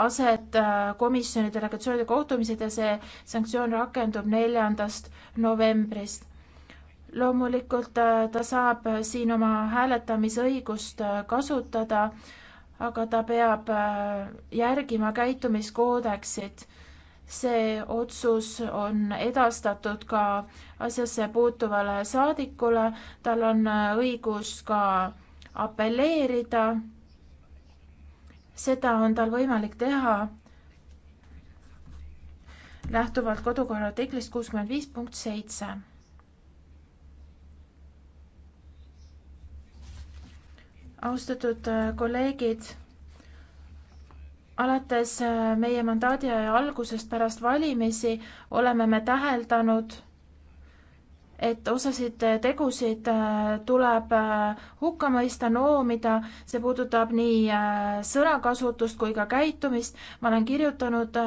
aset komisjoni delegatsioonide kohtumised ja see sanktsioon rakendub neljandast novembrist. loomulikult ta saab siin oma hääletamisõigust kasutada, aga ta peab järgima käitumiskoodeksit see otsus on edastatud ka asjasse puutuvale saadikule, tal on õigus ka apelleerida. seda on tal võimalik teha lähtuvalt kodukorra artiklist kuuskümmend viis punkt seitse. austatud kolleegid alates äh, meie mandaadi aja algusest pärast valimisi oleme me täheldanud, et osasid äh, tegusid äh, tuleb hukka mõista, noomida, see puudutab nii sõnakasutust kui ka käitumist. ma olen kirjutanud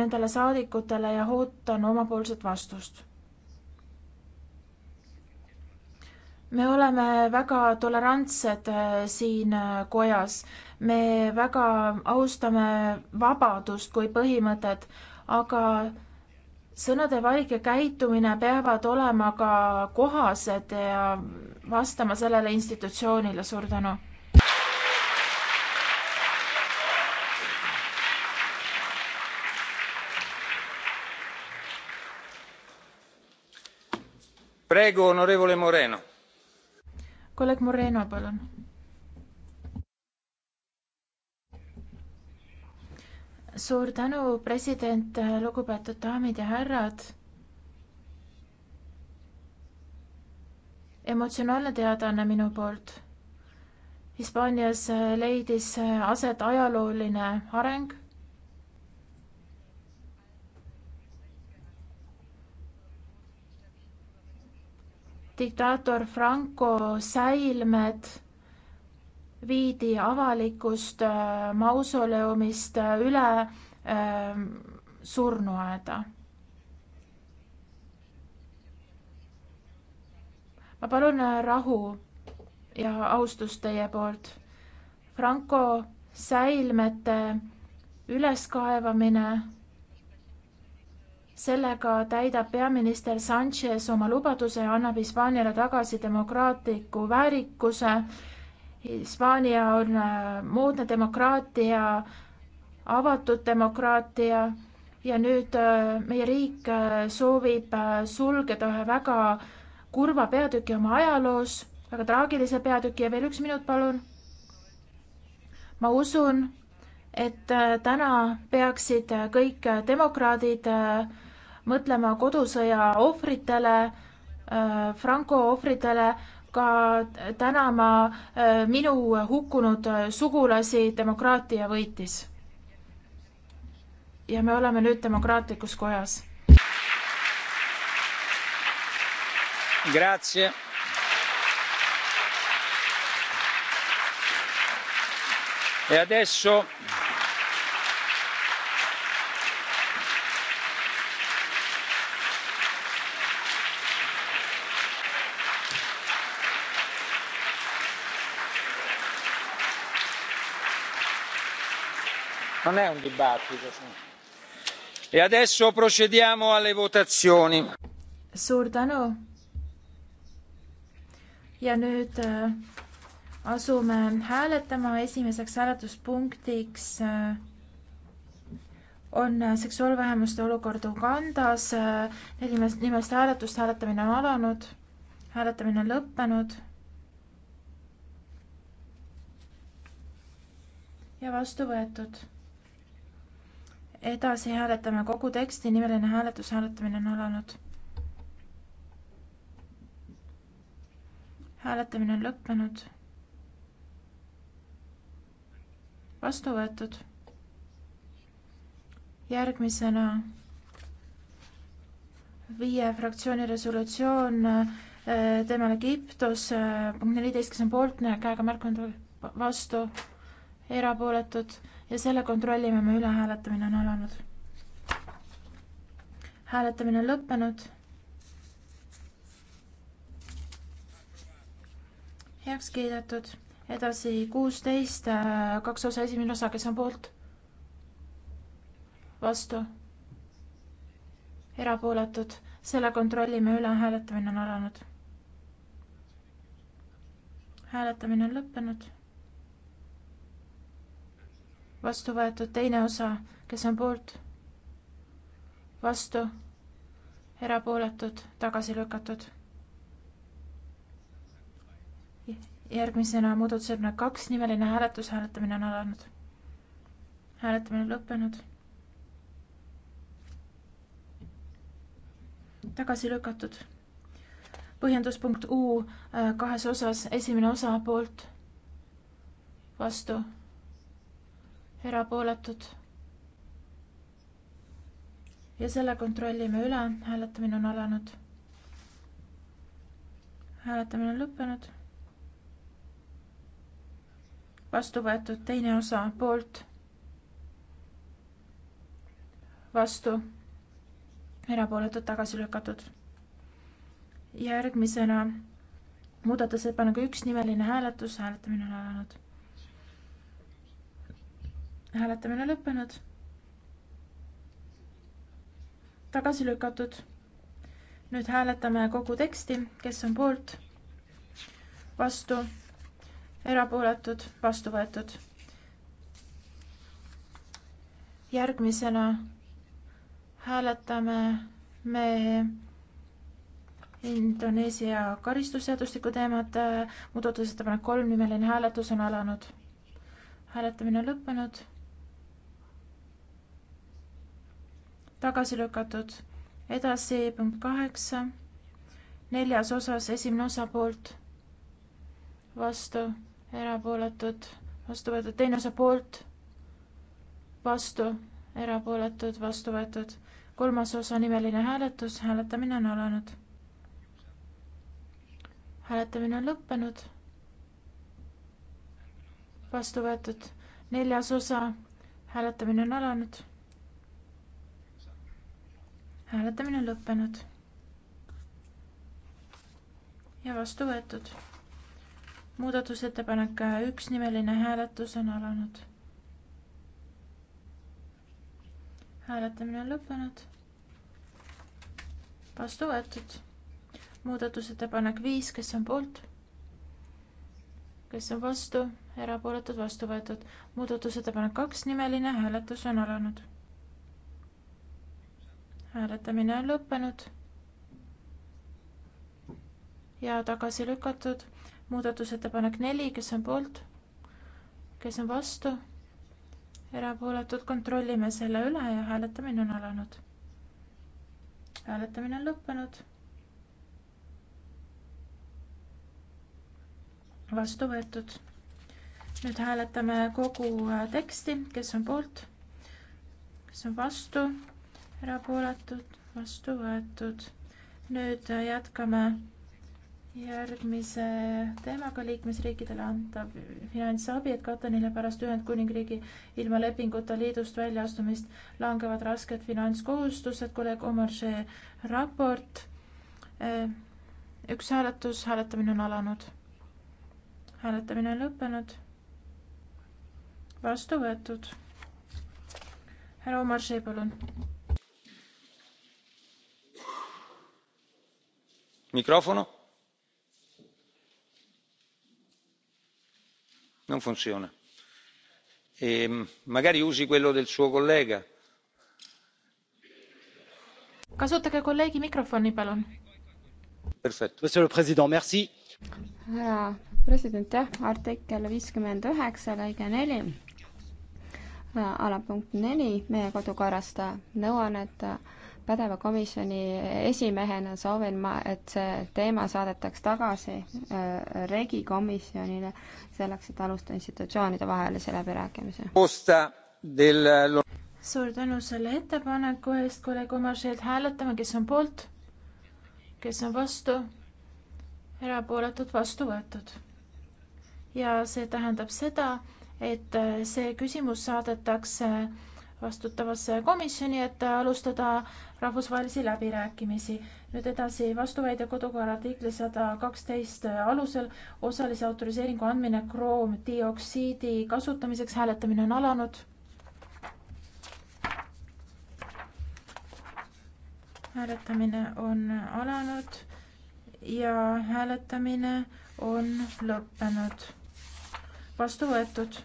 nendele saadikutele ja ootan omapoolset vastust. me oleme väga tolerantsed siin kojas me väga austame vabadust kui põhimõtet, aga sõnade valik ja käitumine peavad olema ka kohased ja vastama sellele institutsioonile, suur tänu. kolleeg Moreno, palun suur tänu, president, lugupeetud daamid ja härrad. emotsionaalne teadaanne minu poolt. Hispaanias leidis aset ajalooline areng diktaator Franco säilmed viidi avalikust äh, mausoleumist äh, üle ähm, surnuaeda. ma palun äh, rahu ja austust teie poolt. Franco säilmete üleskaevamine, sellega täidab peaminister Sanchez oma lubaduse ja annab Hispaaniale tagasi demokraatliku väärikuse Hispaania on äh, moodne demokraatia, avatud demokraatia ja nüüd äh, meie riik äh, soovib sulgeda ühe väga kurva peatüki oma ajaloos, väga traagilise peatüki ja veel üks minut, palun. ma usun, et täna peaksid kõik demokraadid mõtlema kodusõja ohvritele, Franco ohvritele, ka tänama äh, minu hukkunud äh, sugulasi, demokraatia võitis. ja me oleme nüüd demokraatlikus kojas. Grazie. E adesso non è un dibattito. E adesso procediamo alle votazioni. suur tänu. ja nüüd äh, asume hääletama, esimeseks hääletuspunktiks äh, on äh, seksuaalvähemuste olukord Ugandas, nelimest, nimest hääletust, hääletamine on alanud, hääletamine on lõppenud. ja vastu võetud edasi hääletame kogu teksti, nimeline hääletus, hääletamine on alanud. hääletamine on lõppenud. vastu võetud. järgmisena viie fraktsiooni resolutsioon äh, teemal Egiptus, äh, punkt neliteist, kes on poolt, käega märkunud, vastu, erapooletud ja selle kontrollime me üle, hääletamine on alanud. hääletamine on lõppenud. heaks kiidetud, edasi kuusteist, kaks osa, esimene osa, kes on poolt? vastu? erapooletud, selle kontrollime üle, hääletamine on alanud. hääletamine on lõppenud vastu võetud teine osa, kes on poolt, vastu, erapooletud, tagasi lükatud. järgmisena muudatusettepanek kaks, nimeline hääletus, hääletamine on alanud. hääletamine lõppenud. tagasi lükatud. põhjenduspunkt U äh, kahes osas, esimene osa poolt, vastu erapooletud. ja selle kontrollime üle, hääletamine on alanud. hääletamine on lõppenud. vastu võetud teine osa poolt. vastu, erapooletud, tagasi lükatud. järgmisena muudatusettepaneku üks nimeline hääletus, hääletamine on alanud hääletamine lõppenud. tagasi lükatud. nüüd hääletame kogu teksti, kes on poolt, vastu, erapooletud, vastu võetud. järgmisena hääletame me Indoneesia karistusseadustiku teemat, muudatusettepanek kolm, nimeline hääletus on alanud. hääletamine on lõppenud tagasi lükatud. edasi punkt kaheksa, neljas osas esimene osa poolt, vastu, erapooletud, vastu võetud, teine osa poolt, vastu, erapooletud, vastu võetud. kolmas osa nimeline hääletus, hääletamine on alanud. hääletamine on lõppenud. vastu võetud, neljas osa, hääletamine on alanud hääletamine on lõppenud. ja vastu võetud. muudatusettepanek üks nimeline hääletus on alanud. hääletamine on lõppenud. vastu võetud. muudatusettepanek viis, kes on poolt? kes on vastu, erapooletud, vastu võetud. muudatusettepanek kaks nimeline hääletus on alanud hääletamine on lõppenud ja tagasi lükatud muudatusettepanek neli kes on poolt kes on vastu erapooletud kontrollime selle üle ja hääletamine on alanud hääletamine on lõppenud vastu võetud nüüd hääletame kogu teksti kes on poolt kes on vastu erapooletud, vastu võetud. nüüd äh, jätkame järgmise teemaga liikmesriikidele antav finantsabi, et katta neile pärast Ühendkuningriigi ilma lepinguta liidust väljaastumist langevad rasked finantskohustused, kolleeg Omar Šee raport. Äh, üks hääletus, hääletamine on alanud. hääletamine on lõppenud. vastu võetud. härra Omar Šee, palun. microfono non funziona e magari usi quello del suo collega kasutage kolleegi mikrofoni palun monsieur le président merci hea president jah artikkel viiskümmend üheksa lõige neli äh, alapunkt neli meie kodukorrast nõuannet et pädeva komisjoni esimehena soovin ma, et see teema saadetaks tagasi äh, regi komisjonile, selleks et alustada institutsioonide vahelisi läbirääkimisi. suur tänu selle ettepaneku eest, kolleeg Omaršeed, hääletame, kes on poolt, kes on vastu, erapooletud, vastu võetud. ja see tähendab seda, et äh, see küsimus saadetakse vastutavasse komisjoni, et alustada rahvusvahelisi läbirääkimisi. nüüd edasi vastuväide kodukorra artikli sada kaksteist alusel osalise autoriseeringu andmine kroomdioksiidi kasutamiseks, hääletamine on alanud. hääletamine on alanud ja hääletamine on lõppenud. vastu võetud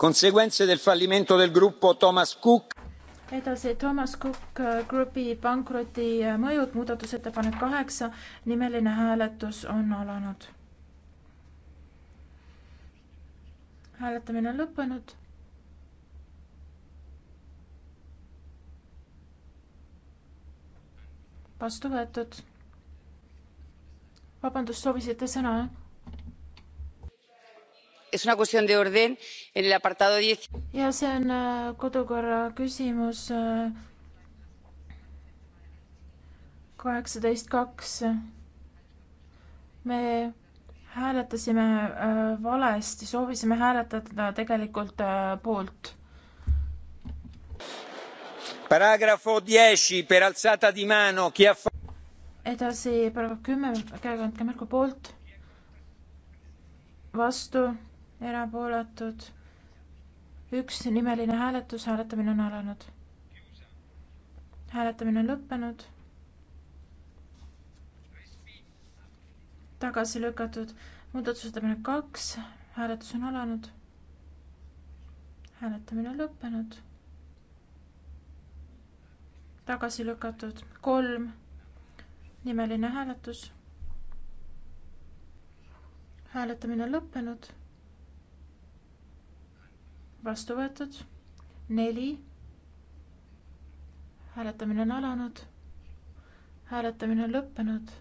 conseguenze del fallimento del gruppo Thomas Cook. edasi Thomas Cook äh, Grupi pankroti äh, mõjud, muudatusettepanek kaheksa, nimeline hääletus on alanud. hääletamine on lõppenud. vastu võetud. vabandust, soovisite sõna, jah? ja see on äh, kodukorra küsimus äh, kaheksateist kaks me hääletasime äh, valesti soovisime hääletada tegelikult poolt paragrahvi dieci per alzata di mano chi a edasi paragrahv kümme käega andke märku poolt vastu erapooletud, üks nimeline hääletus, hääletamine on alanud. hääletamine on lõppenud. tagasi lükatud muudatusettepanek kaks, hääletus on alanud. hääletamine on lõppenud tagasi lükatud kolm nimeline hääletus hääletamine on lõppenud vastu võetud, neli, hääletamine on alanud, hääletamine on lõppenud,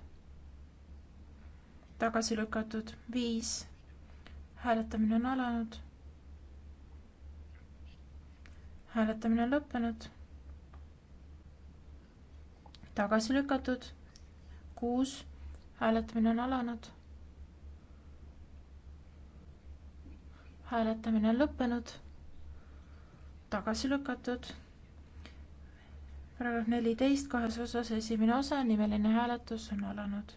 tagasi lükatud, viis, hääletamine on alanud, hääletamine on lõppenud, tagasi lükatud, kuus, hääletamine on alanud hääletamine on lõppenud tagasi lükatud. paragrahv neliteist kahes osas, esimene osa, nimeline hääletus on alanud.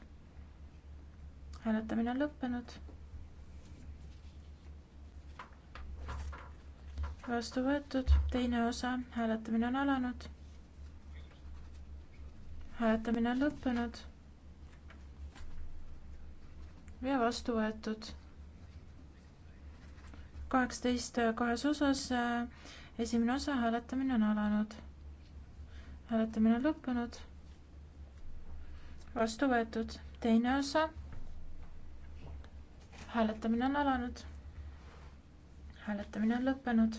hääletamine on lõppenud. vastu võetud, teine osa, hääletamine on alanud. hääletamine on lõppenud. ja vastu võetud. kaheksateist kahes osas äh, esimene osa hääletamine on alanud hääletamine on lõppenud vastu võetud teine osa hääletamine on alanud hääletamine on lõppenud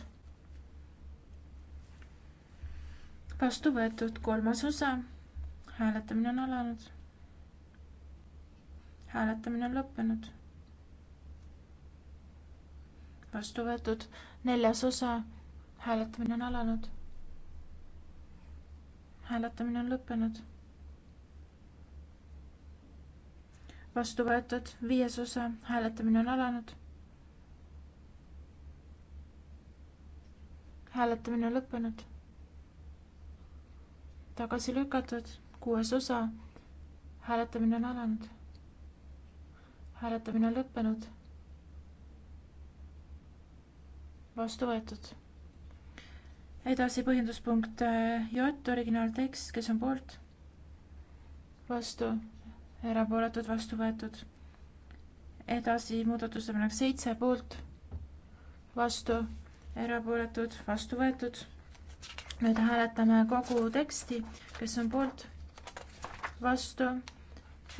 vastu võetud kolmas osa hääletamine on alanud hääletamine on lõppenud vastu võetud neljas osa hääletamine on alanud. hääletamine on lõppenud. vastu võetud viies osa, hääletamine on alanud. hääletamine on lõppenud. tagasi lükatud kuues osa, hääletamine on alanud. hääletamine on lõppenud. vastu võetud edasi põhjenduspunkt eh, J, originaaltekst, kes on poolt? vastu, erapooletud, vastu võetud. edasi muudatusettepanek seitse, poolt, vastu, erapooletud, vastu võetud. nüüd hääletame kogu teksti, kes on poolt, vastu,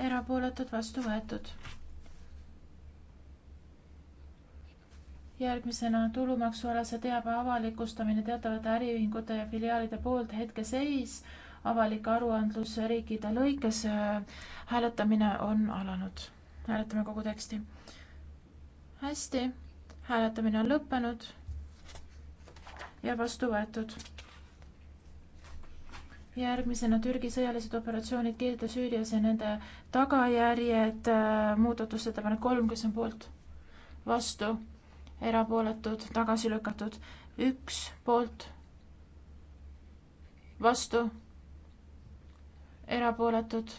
erapooletud, vastu võetud järgmisena tulumaksualase teabe avalikustamine teatavate äriühingute ja filiaalide poolt hetkeseis avalik aruandlus riikide lõikes äh, hääletamine on alanud hääletame kogu teksti hästi hääletamine on lõppenud ja vastu võetud järgmisena Türgi sõjalised operatsioonid Kirde Süürias ja nende tagajärjed äh, muudatusettepanek kolm kes on poolt vastu erapooletud, tagasi lükatud, üks poolt, vastu, erapooletud,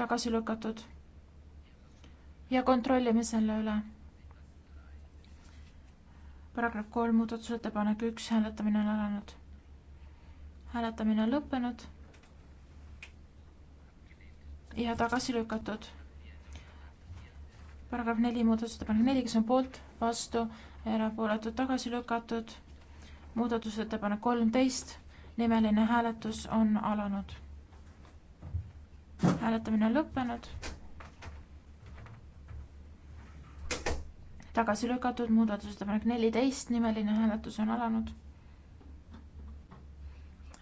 tagasi lükatud. ja kontrollime selle üle. paragrahv kolm, muudatusettepanek üks, hääletamine on alanud. hääletamine on lõppenud ja tagasi lükatud paragrahv neli muudatusettepanek neli, kes on poolt, vastu, erapooletud, tagasi lükatud. muudatusettepanek kolmteist, nimeline hääletus on alanud. hääletamine on lõppenud. tagasi lükatud muudatusettepanek neliteist, nimeline hääletus on alanud.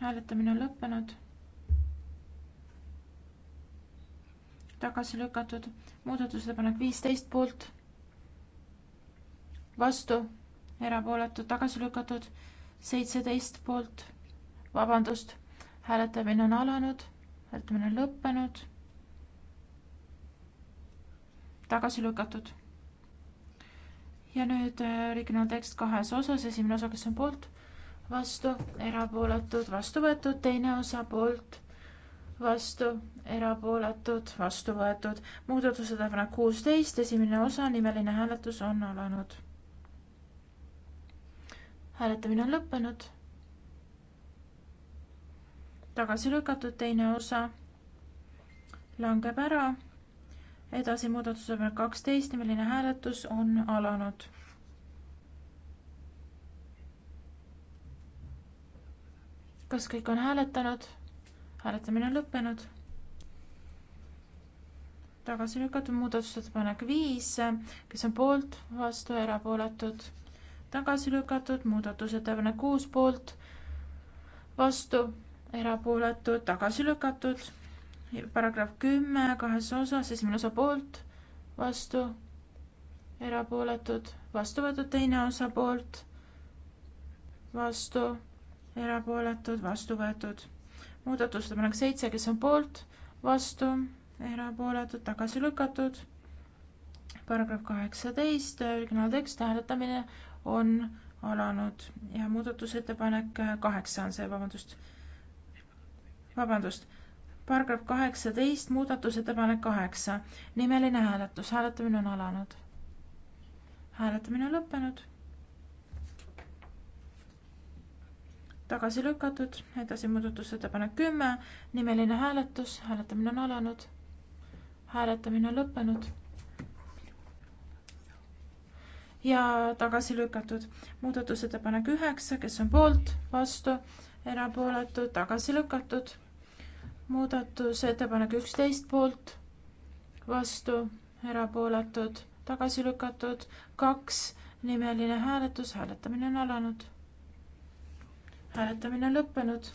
hääletamine on lõppenud tagasi lükatud, muudatusettepanek viisteist poolt, vastu, erapooletud, tagasi lükatud, seitseteist poolt, vabandust, hääletamine on alanud, hääletamine on lõppenud, tagasi lükatud. ja nüüd äh, originaaltekst kahes osas, esimene osa, kes on poolt, vastu, erapooletud, vastu võetud, teine osa poolt vastu, erapooletud, vastu võetud. muudatusettepanek kuusteist, esimene osa, nimeline hääletus on alanud. hääletamine on lõppenud. tagasi lükatud teine osa langeb ära. edasi muudatusettepanek kaksteist, nimeline hääletus on alanud. kas kõik on hääletanud? hääletamine on lõppenud. tagasi lükatud muudatusettepanek viis, kes on poolt, vastu, erapooletud. tagasi lükatud muudatusettepanek kuus poolt, vastu, erapooletud, tagasi lükatud. paragrahv kümme kahes osas, esimene osa poolt, vastu, erapooletud, vastu võetud teine osa poolt, vastu, erapooletud, vastu võetud muudatusettepanek seitse, kes on poolt, vastu, erapooletud, tagasi lükatud. paragrahv kaheksateist, originaaltekst, hääletamine on alanud ja muudatusettepanek kaheksa on see, vabandust, vabandust, paragrahv kaheksateist, muudatusettepanek kaheksa, nimeline hääletus, hääletamine on alanud. hääletamine on lõppenud tagasi lükatud, edasi muudatusettepanek kümme, nimeline hääletus, hääletamine on alanud. hääletamine on lõppenud. ja tagasi lükatud muudatusettepanek üheksa, kes on poolt, vastu, erapooletu, tagasi lükatud. muudatusettepanek üksteist poolt, vastu, erapooletud, tagasi lükatud, kaks, nimeline hääletus, hääletamine on alanud hääletamine on lõppenud.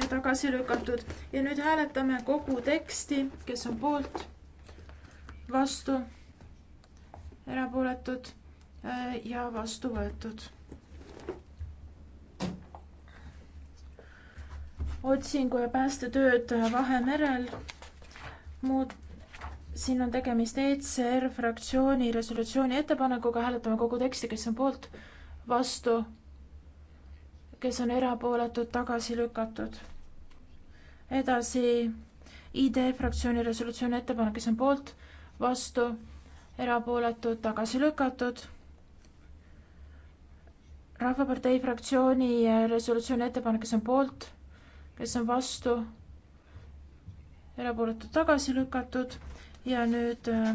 ja tagasi lükatud ja nüüd hääletame kogu teksti, kes on poolt, vastu, erapooletud äh, ja vastu võetud. otsingu ja päästetööd Vahemerel muud siin on tegemist ECR fraktsiooni resolutsiooni ettepanekuga, hääletame kogu teksti, kes on poolt, vastu, kes on erapooletud, tagasi lükatud. edasi ID fraktsiooni resolutsiooni ettepanek, kes on poolt, vastu, erapooletud, tagasi lükatud rahvapartei fraktsiooni resolutsiooni ettepanek, kes on poolt, kes on vastu, erapooletud tagasi lükatud ja nüüd äh,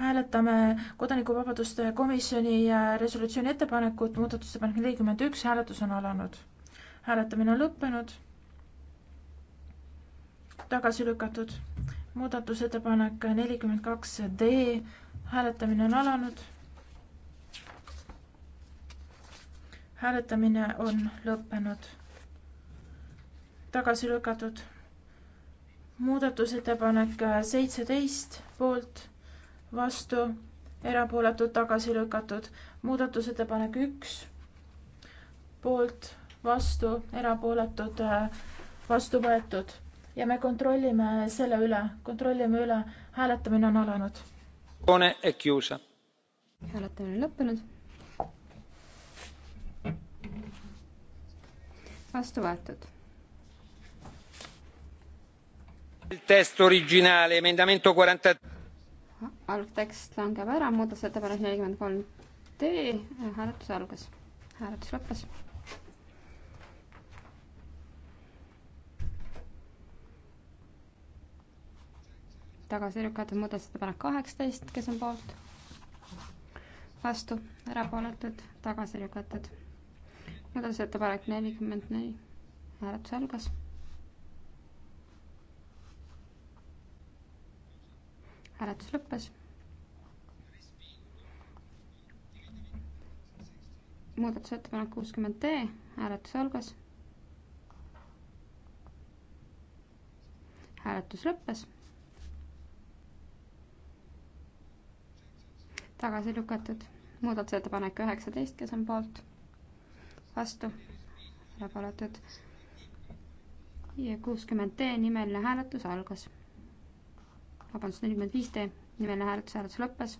hääletame Kodanikuvabaduste komisjoni resolutsiooni ettepanekut, muudatusettepanek nelikümmend üks, hääletus on alanud. hääletamine on lõppenud. tagasi lükatud. muudatusettepanek nelikümmend kaks D, hääletamine on alanud. hääletamine on lõppenud. tagasi lükatud muudatusettepanek seitseteist poolt vastu, erapooletud, tagasi lükatud. muudatusettepanek üks, poolt, vastu, erapooletud, äh, vastu võetud ja me kontrollime selle üle, kontrollime üle, hääletamine on alanud. E hääletamine on lõppenud. vastu võetud. testo originaale, emendamento quaranta 40 algtekst langeb ära, muudatusettepanek nelikümmend kolm D, hääletus algas, hääletus lõppes. tagasi lükatud muudatusettepanek kaheksateist, kes on poolt? vastu, erapooletud, tagasi lükatud. muudatusettepanek nelikümmend neli, hääletus algas hääletus lõppes. muudatusettepanek kuuskümmend D, hääletus algas. hääletus lõppes. tagasi lükatud muudatusettepanek üheksateist, kes on poolt, vastu, erapooletud ja kuuskümmend D nimeline hääletus algas vabandust, nelikümmend viis D, nimeline hääletus, hääletus lõppes.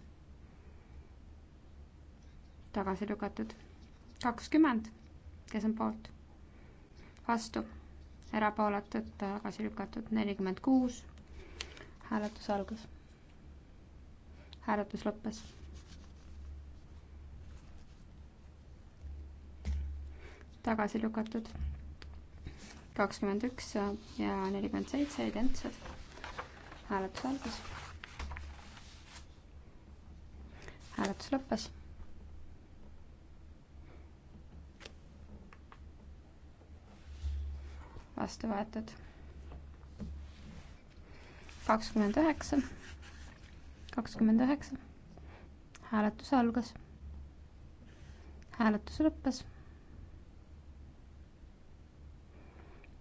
tagasi lükatud. kakskümmend, kes on poolt? vastu, erapooletud, tagasi lükatud, nelikümmend kuus. hääletus algas. hääletus lõppes. tagasi lükatud kakskümmend üks ja nelikümmend seitse identsed hääletus algas. hääletus lõppes. vastu võetud. kakskümmend üheksa, kakskümmend üheksa. hääletus algas. hääletus lõppes.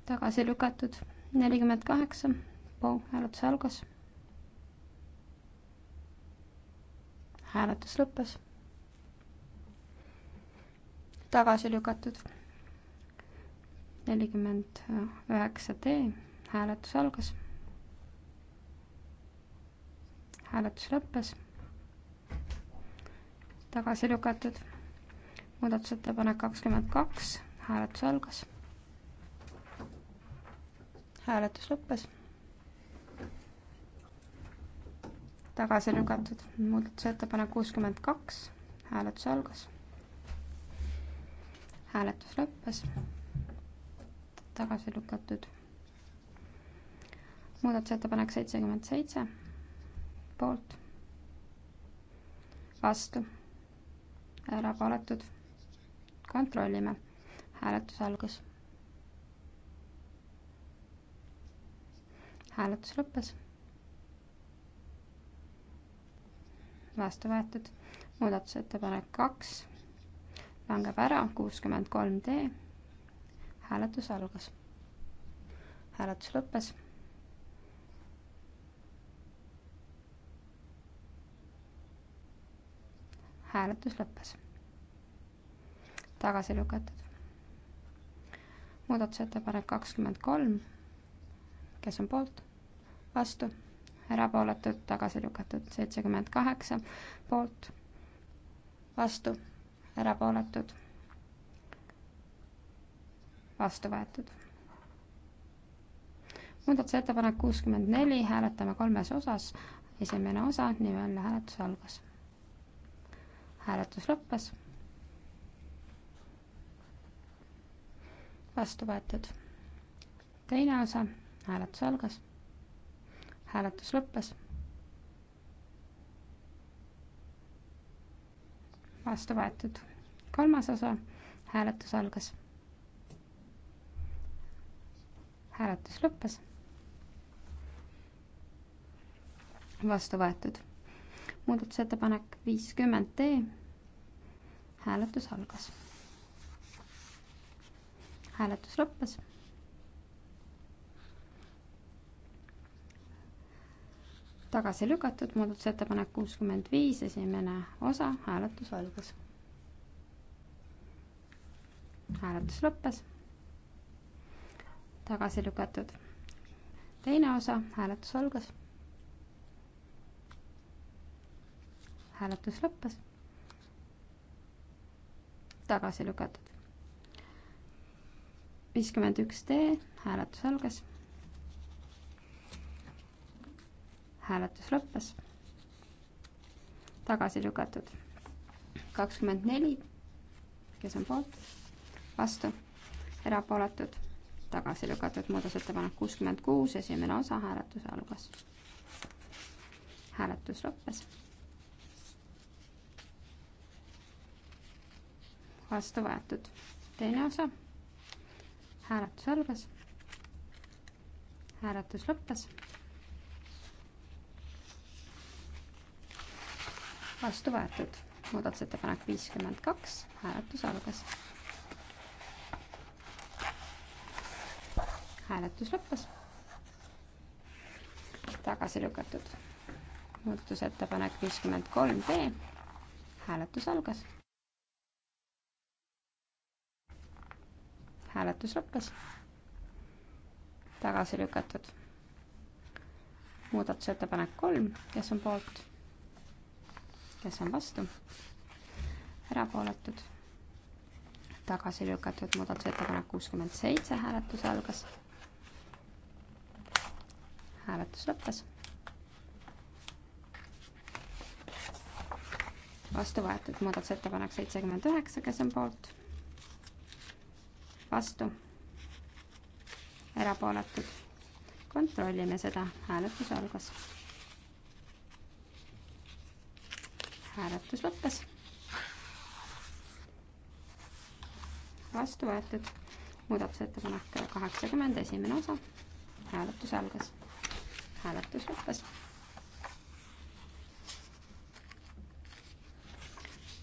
tagasi lükatud nelikümmend kaheksa Vau, hääletus algas. hääletus lõppes. tagasi lükatud. nelikümmend üheksa D, hääletus algas. hääletus lõppes. tagasi lükatud. muudatusettepanek kakskümmend kaks, hääletus algas. hääletus lõppes tagasi lükatud. muudatusettepanek kuuskümmend kaks, hääletus algas. hääletus lõppes. tagasi lükatud. muudatusettepanek seitsekümmend seitse, poolt, vastu, erapooletud. kontrollime, hääletus algas. hääletus lõppes vastu võetud. muudatusettepanek kaks langeb ära, kuuskümmend kolm D. hääletus algas. hääletus lõppes hääletus lõppes. tagasi lükatud. muudatusettepanek kakskümmend kolm. kes on poolt? vastu erapooletud, tagasi lükatud. seitsekümmend kaheksa poolt, vastu, erapooletud, vastu võetud. muudatusettepanek kuuskümmend neli, hääletame kolmes osas. esimene osa, nimeline hääletus algas. hääletus lõppes vastu võetud. teine osa, hääletus algas hääletus lõppes. vastu võetud. kolmas osa, hääletus algas. hääletus lõppes. vastu võetud. muudatusettepanek viiskümmend D. E. hääletus algas. hääletus lõppes tagasi lükatud, muudatusettepanek kuuskümmend viis, esimene osa, hääletus algas. hääletus lõppes. tagasi lükatud. teine osa, hääletus algas. hääletus lõppes. tagasi lükatud. viiskümmend üks D, hääletus algas hääletus lõppes. tagasi lükatud. kakskümmend neli, kes on poolt, vastu, erapooletud, tagasi lükatud muudatusettepanek kuuskümmend kuus, esimene osa hääletuse algas. hääletus lõppes. vastu võetud. teine osa, hääletus algas. hääletus lõppes vastu võetud. muudatusettepanek viiskümmend kaks, hääletus algas. hääletus lõppes. tagasi lükatud. muudatusettepanek viiskümmend kolm B, hääletus algas. hääletus lõppes. tagasi lükatud muudatusettepanek kolm, kes on poolt, kes on vastu, erapooletud, tagasi lükatud muudatusettepanek kuuskümmend seitse, hääletus algas. hääletus lõppes. vastu võetud muudatusettepanek seitsekümmend üheksa, kes on poolt, vastu, erapooletud. kontrollime seda, hääletus algas hääletus lõppes. vastu võetud muudatusettepanek kaheksakümmend, esimene osa. hääletus algas, hääletus lõppes.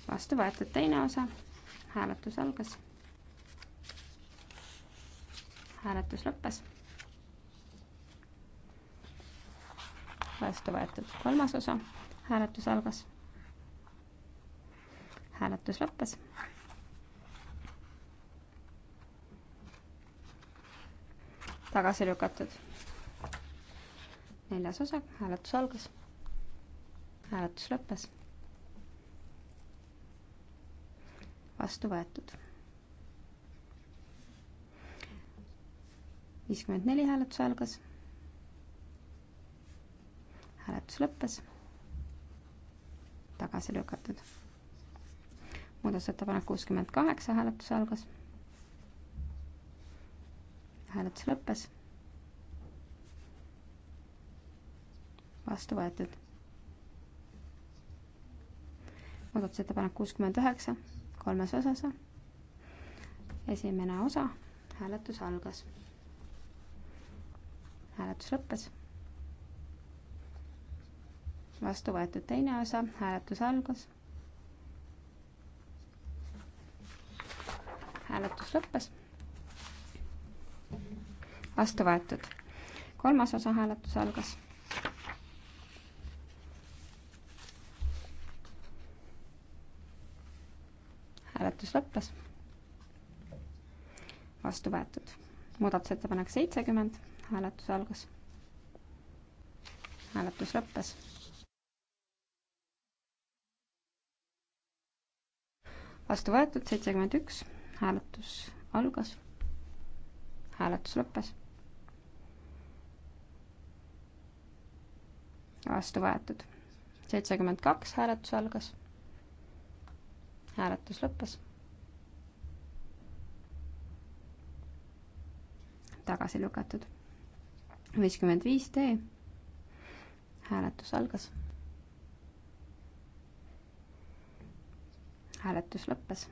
vastu võetud teine osa, hääletus algas. hääletus lõppes vastu võetud. kolmas osa, hääletus algas hääletus lõppes. tagasi lükatud. neljas osa, hääletus algas. hääletus lõppes. vastu võetud. viiskümmend neli hääletus algas. hääletus lõppes. tagasi lükatud muudatusettepanek kuuskümmend kaheksa, hääletus algas. hääletus lõppes. vastu võetud. muudatusettepanek kuuskümmend üheksa, kolmes osas. esimene osa, hääletus algas. hääletus lõppes. vastu võetud teine osa, hääletus algas hääletus lõppes. vastu võetud. kolmas osa hääletus algas. hääletus lõppes. vastu võetud. muudatusettepanek seitsekümmend, hääletus algas. hääletus lõppes vastu võetud seitsekümmend üks, hääletus algas, hääletus lõppes. vastu võetud. seitsekümmend kaks hääletus algas, hääletus lõppes. tagasi lükatud. viiskümmend viis D hääletus algas. hääletus lõppes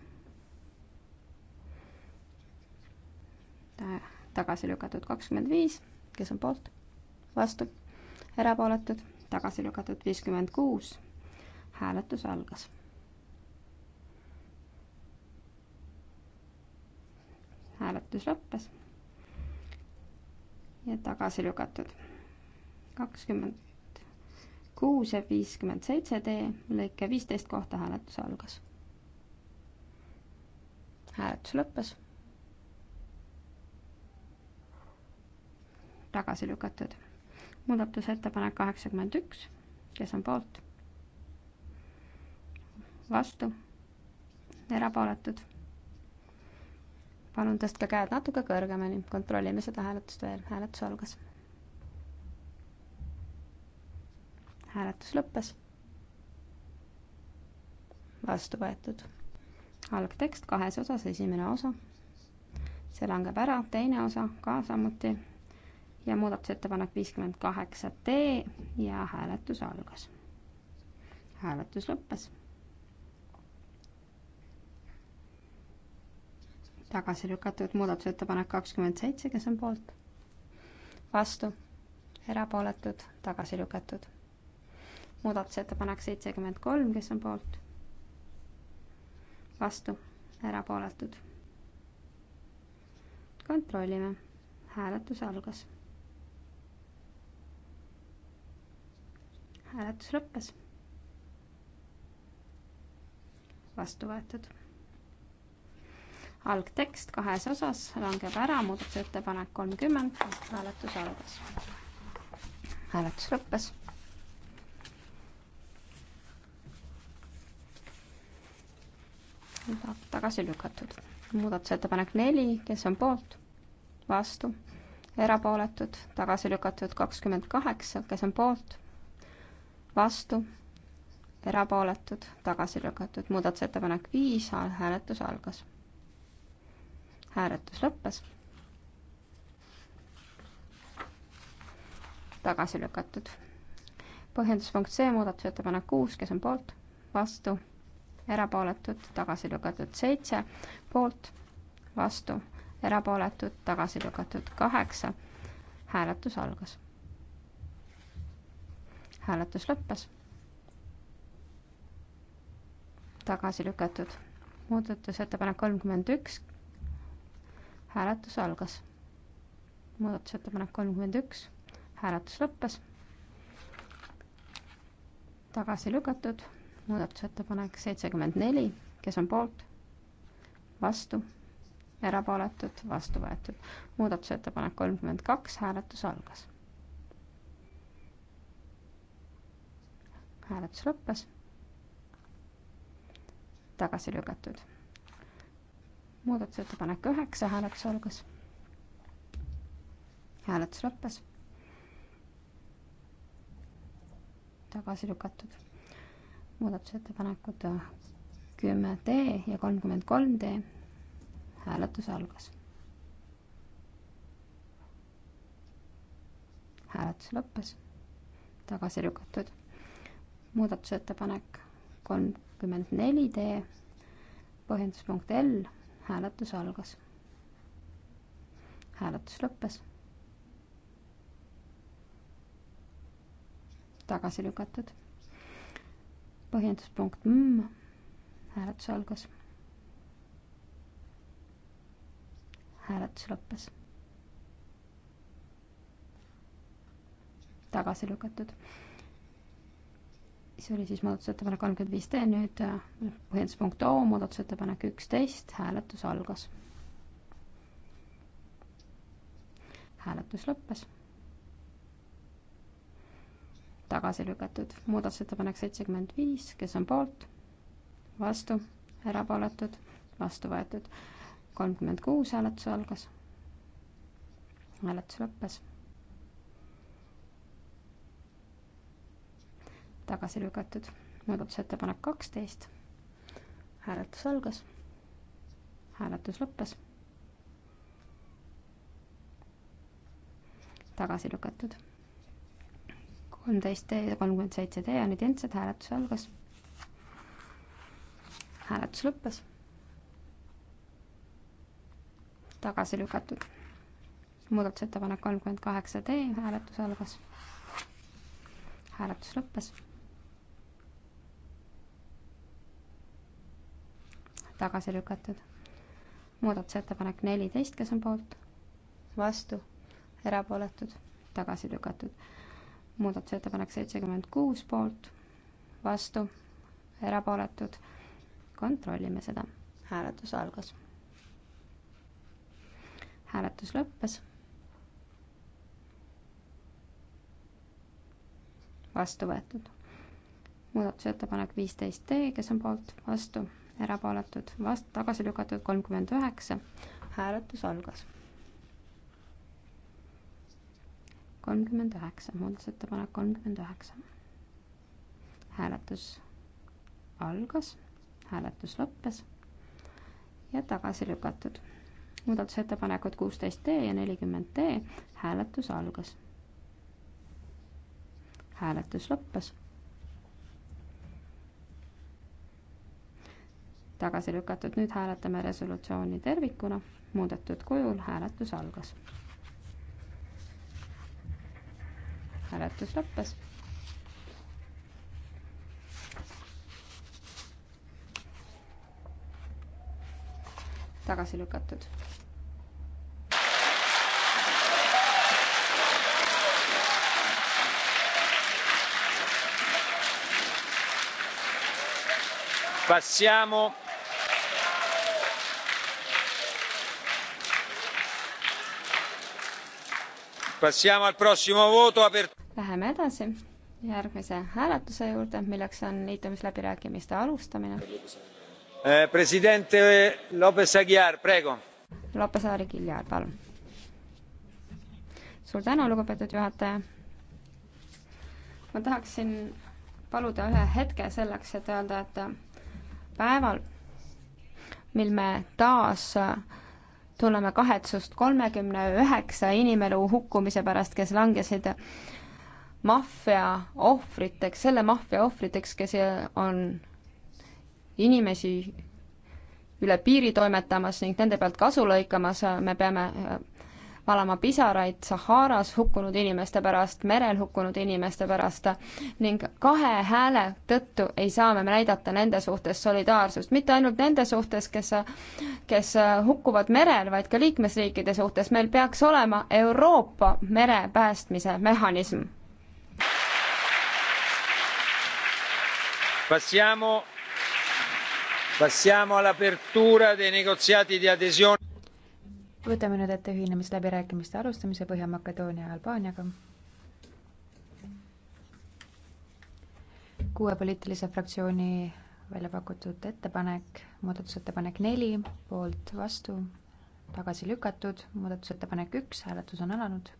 tagasi lükatud kakskümmend viis, kes on poolt, vastu, erapooletud, tagasi lükatud viiskümmend kuus. hääletus algas. hääletus lõppes. ja tagasi lükatud kakskümmend kuus ja viiskümmend seitse D lõike viisteist kohta hääletus algas. hääletus lõppes tagasi lükatud. muudatusettepanek kaheksakümmend üks, kes on poolt? vastu? erapooletud? palun tõstke käed natuke kõrgemini, kontrollime seda hääletust veel, hääletus algas. hääletus lõppes. vastu võetud. algtekst kahes osas, esimene osa see langeb ära, teine osa ka samuti ja muudatusettepanek viiskümmend kaheksa D ja hääletus algas. hääletus lõppes. tagasi lükatud muudatusettepanek kakskümmend seitse, kes on poolt? vastu, erapooletud, tagasi lükatud. muudatusettepanek seitsekümmend kolm, kes on poolt? vastu, erapooletud. kontrollime, hääletus algas hääletus lõppes. vastu võetud. algtekst kahes osas langeb ära, muudatusettepanek kolmkümmend, hääletus algas. hääletus lõppes tagasi lükatud. muudatusettepanek neli, kes on poolt? vastu. erapooletud, tagasi lükatud kakskümmend kaheksa, kes on poolt? vastu, erapooletud, tagasi lükatud. muudatusettepanek viis, hääletus algas. hääletus lõppes. tagasi lükatud. põhjenduspunkt C, muudatusettepanek kuus, kes on poolt, vastu, erapooletud, tagasi lükatud. seitse, poolt, vastu, erapooletud, tagasi lükatud. kaheksa, hääletus algas hääletus lõppes. tagasi lükatud. muudatusettepanek kolmkümmend üks. hääletus algas. muudatusettepanek kolmkümmend üks, hääletus lõppes. tagasi lükatud. muudatusettepanek seitsekümmend neli, kes on poolt? vastu erapooletud, vastu võetud. muudatusettepanek kolmkümmend kaks, hääletus algas. hääletus lõppes. tagasi lükatud. muudatusettepanek üheksa, hääletus algas. hääletus lõppes. tagasi lükatud. muudatusettepanekud kümme D ja kolmkümmend kolm D. hääletus algas. hääletus lõppes. tagasi lükatud muudatusettepanek kolmkümmend neli D põhjenduspunkt L, hääletus algas. hääletus lõppes. tagasi lükatud. põhjenduspunkt M, hääletus algas. hääletus lõppes. tagasi lükatud see oli siis muudatusettepanek kolmkümmend viis D, nüüd äh, põhjenduspunkt O, muudatusettepanek üksteist, hääletus algas. hääletus lõppes. tagasi lükatud muudatusettepanek seitsekümmend viis, kes on poolt, vastu, erapooletud, vastu võetud. kolmkümmend kuus hääletus algas. hääletus lõppes tagasi lükatud. muudatusettepanek kaksteist. hääletus algas. hääletus lõppes. tagasi lükatud. kolmteist D ja kolmkümmend seitse D on identsed, hääletus algas. hääletus lõppes. tagasi lükatud. muudatusettepanek kolmkümmend kaheksa D, hääletus algas. hääletus lõppes tagasi lükatud. muudatusettepanek neliteist, kes on poolt, vastu, erapooletud, tagasi lükatud. muudatusettepanek seitsekümmend kuus poolt, vastu, erapooletud. kontrollime seda. hääletus algas. hääletus lõppes. vastu võetud muudatusettepanek viisteist D, kes on poolt, vastu erapooletud, vast-, tagasi lükatud kolmkümmend üheksa, hääletus algas. kolmkümmend üheksa, muudatusettepanek kolmkümmend üheksa. hääletus algas, hääletus lõppes ja tagasi lükatud. muudatusettepanekud kuusteist D e ja nelikümmend D, e, hääletus algas. hääletus lõppes tagasi lükatud. nüüd hääletame resolutsiooni tervikuna muudetud kujul. hääletus algas. hääletus lõppes. tagasi lükatud passiamo passiamo al prossimo voto Läheme edasi järgmise hääletuse juurde, milleks on liitumisläbirääkimiste alustamine. Eh, president Lopez Aguiar, praegu. Lopez Aguiar, palun. suur tänu, lugupeetud juhataja. ma tahaksin paluda ühe hetke selleks, et öelda, et päeval, mil me taas tunneme kahetsust kolmekümne üheksa inimelu hukkumise pärast, kes langesid maffia ohvriteks, selle maffia ohvriteks, kes on inimesi üle piiri toimetamas ning nende pealt kasu lõikamas, me peame valama pisaraid Saharas hukkunud inimeste pärast, merel hukkunud inimeste pärast ning kahe hääle tõttu ei saa me näidata nende suhtes solidaarsust, mitte ainult nende suhtes, kes, kes hukkuvad merel, vaid ka liikmesriikide suhtes, meil peaks olema Euroopa mere päästmise mehhanism. Passiamo passiamo all'apertura dei negoziati di adesione võtame nüüd ette ühinemisläbirääkimiste alustamise Põhja-Makedoonia ja Albaaniaga. kuue poliitilise fraktsiooni välja pakutud ettepanek, muudatusettepanek neli, poolt, vastu, tagasi lükatud, muudatusettepanek üks, hääletus on alanud.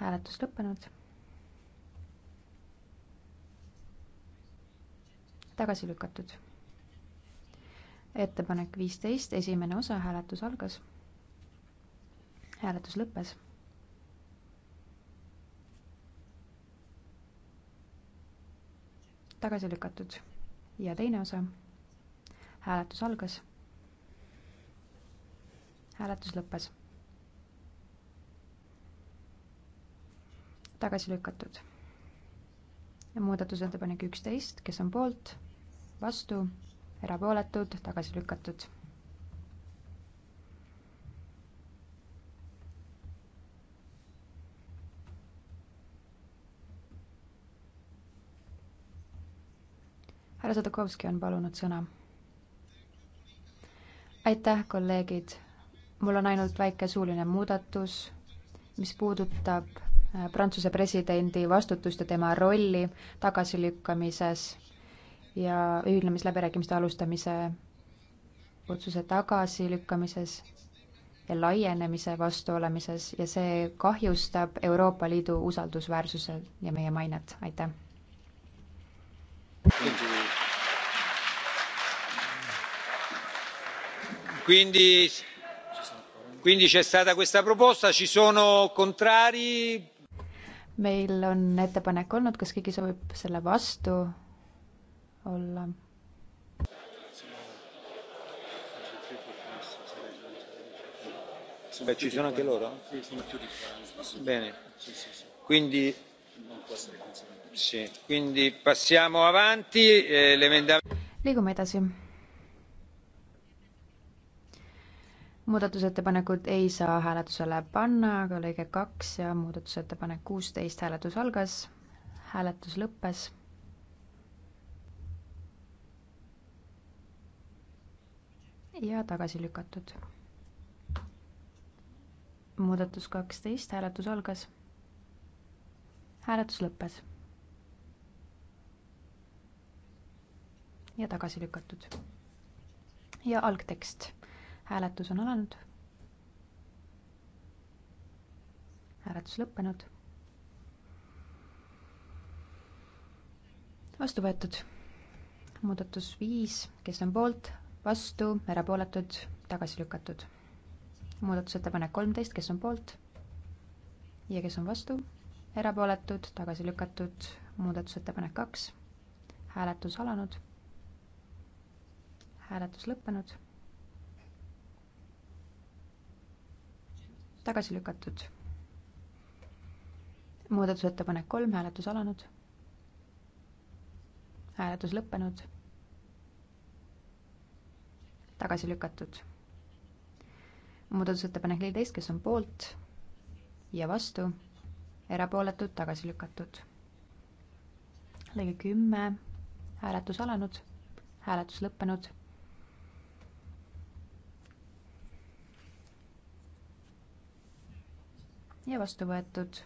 hääletus lõppenud. tagasi lükatud ettepanek viisteist, esimene osa, hääletus algas. hääletus lõppes. tagasi lükatud ja teine osa. hääletus algas. hääletus lõppes. tagasi lükatud. muudatusettepanek üksteist, kes on poolt, vastu, erapooletud, tagasi lükatud. härra Sadakovski on palunud sõna. aitäh, kolleegid. mul on ainult väike suuline muudatus, mis puudutab äh, Prantsuse presidendi vastutust ja tema rolli tagasilükkamises ja ühinemisläbirääkimiste alustamise otsuse tagasilükkamises ja laienemise vastu olemises ja see kahjustab Euroopa Liidu usaldusväärsuse ja meie mainet, aitäh. Quindi, quindi c'è stata questa proposta, ci sono contrari? meil on ettepanek olnud, kas keegi soovib selle vastu? olla. Beh, ci sono anche loro? Bene. Quindi, sì, quindi passiamo avanti. Eh, l'emendamento... liigume edasi. muudatusettepanekut ei saa hääletusele panna, aga lõige kaks ja muudatusettepanek kuusteist hääletus algas, hääletus lõppes ja tagasi lükatud. muudatus kaksteist, hääletus algas. hääletus lõppes. ja tagasi lükatud. ja algtekst. hääletus on alanud. hääletus lõppenud. vastu võetud. muudatus viis, kes on poolt, vastu, erapooletud, tagasi lükatud. muudatusettepanek kolmteist, kes on poolt ja kes on vastu, erapooletud, tagasi lükatud, muudatusettepanek kaks, hääletus alanud, hääletus lõppenud, tagasi lükatud. muudatusettepanek kolm, hääletus alanud, hääletus lõppenud tagasi lükatud. muudatusettepanek neliteist, kes on poolt ja vastu, erapooletud, tagasi lükatud. lõige kümme, hääletus alanud, hääletus lõppenud. ja vastu võetud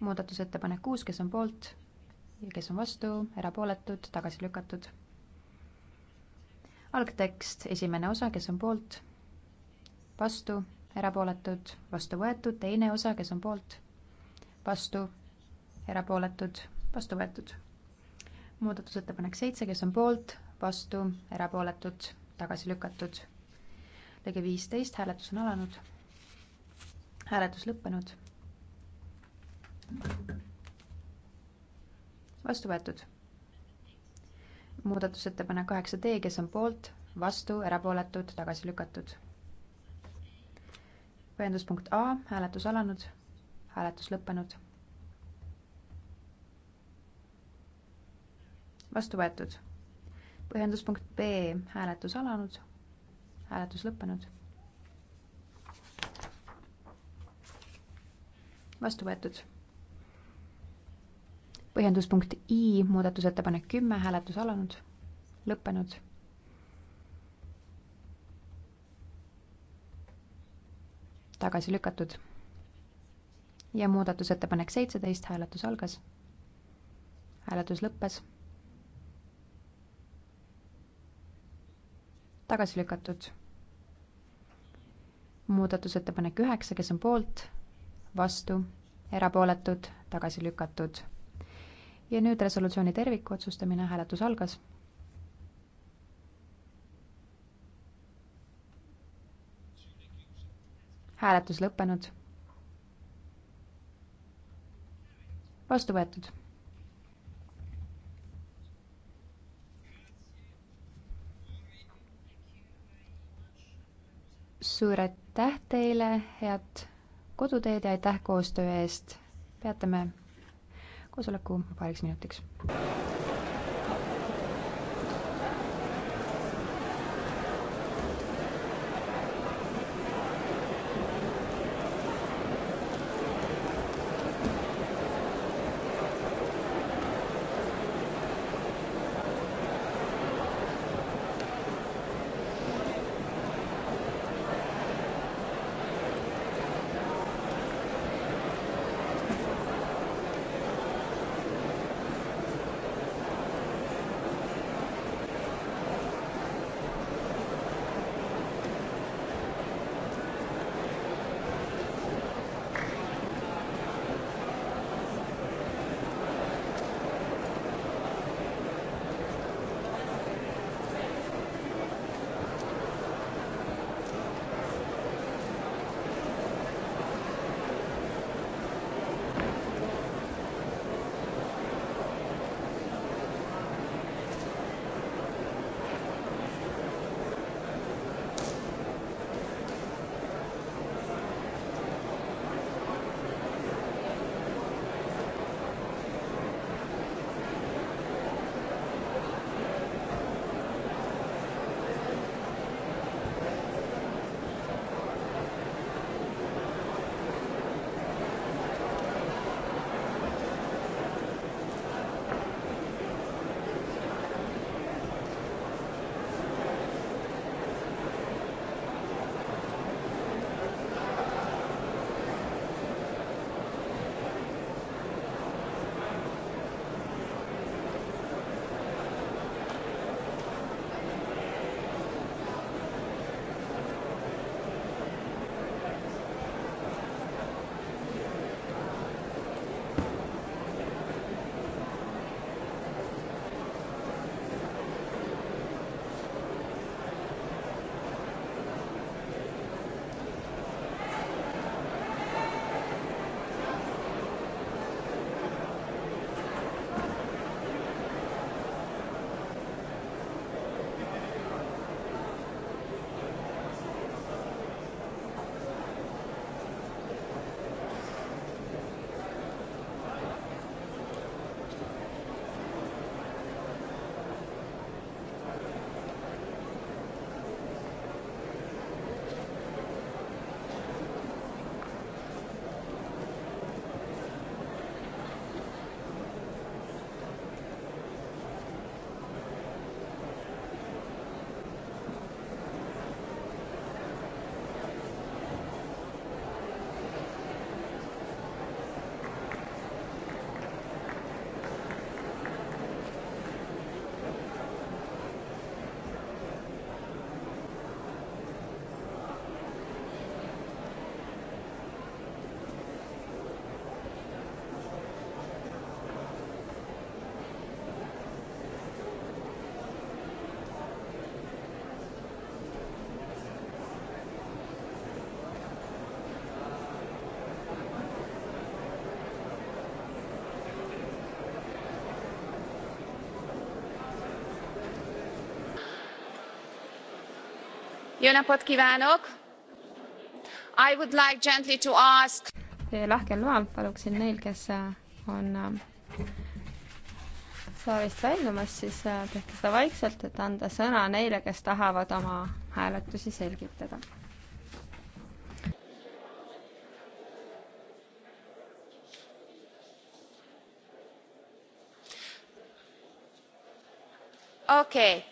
muudatusettepanek kuus, kes on poolt ja kes on vastu, erapooletud, tagasi lükatud algtekst, esimene osa, kes on poolt, vastu, erapooletud, vastu võetud, teine osa, kes on poolt, vastu, erapooletud, vastu võetud. muudatusettepanek seitse, kes on poolt, vastu, erapooletud, tagasi lükatud. lõige viisteist, hääletus on alanud. hääletus lõppenud. vastu võetud muudatusettepanek kaheksa D, kes on poolt, vastu, erapooletud, tagasi lükatud. põhjenduspunkt A, hääletus alanud, hääletus lõppenud. vastu võetud. põhjenduspunkt B, hääletus alanud, hääletus lõppenud. vastu võetud põhjenduspunkt I, muudatusettepanek kümme, hääletus alanud, lõppenud. tagasi lükatud. ja muudatusettepanek seitseteist, hääletus algas. hääletus lõppes. tagasi lükatud. muudatusettepanek üheksa, kes on poolt, vastu, erapooletud, tagasi lükatud ja nüüd resolutsiooni tervikotsustamine, hääletus algas. hääletus lõppenud. vastu võetud. suur aitäh teile, head koduteed ja aitäh koostöö eest. peatame koosoleku paariks minutiks. jó napot kívánok! I would like gently to ask. lahkel loal paluksin neil, kes äh, on ähm, saalist väljumas, siis äh, tehke seda vaikselt, et anda sõna neile, kes tahavad oma hääletusi selgitada. okei okay.,